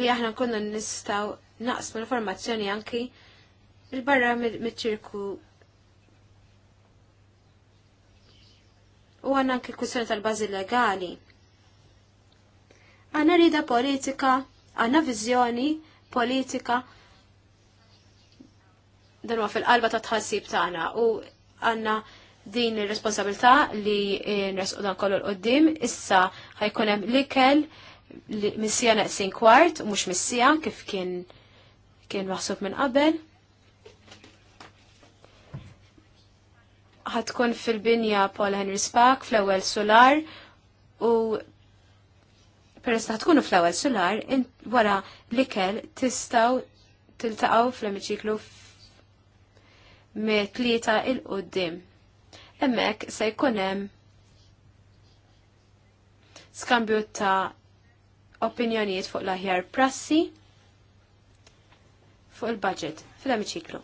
li aħna konna nistaw naqsmu l-informazzjoni anki il-barra mit-ċirku u għanna anki kwistjoni tal-bazi legali. Għanna rida politika, għanna vizjoni politika dan huwa fil-qalba ta' tħassib tagħna u għanna din ir-responsabilità li nresqu dan kollu l-qoddim issa ħajkun hemm l-ikel missija naqsin kwart, u mux missija kif kien kien maħsub minn qabel. ħatkun fil-binja Paul Henry Spack fl-ewwel solar u peress ħatkunu fl-ewwel solar wara l-ikel tistgħu tiltaqgħu fl-emiċiklu me tlieta il-qoddim. Hemmhekk se jkun hemm skambju ta' opinjonijiet fuq l-aħjar prassi fuq il-budget fil-emiċiklu.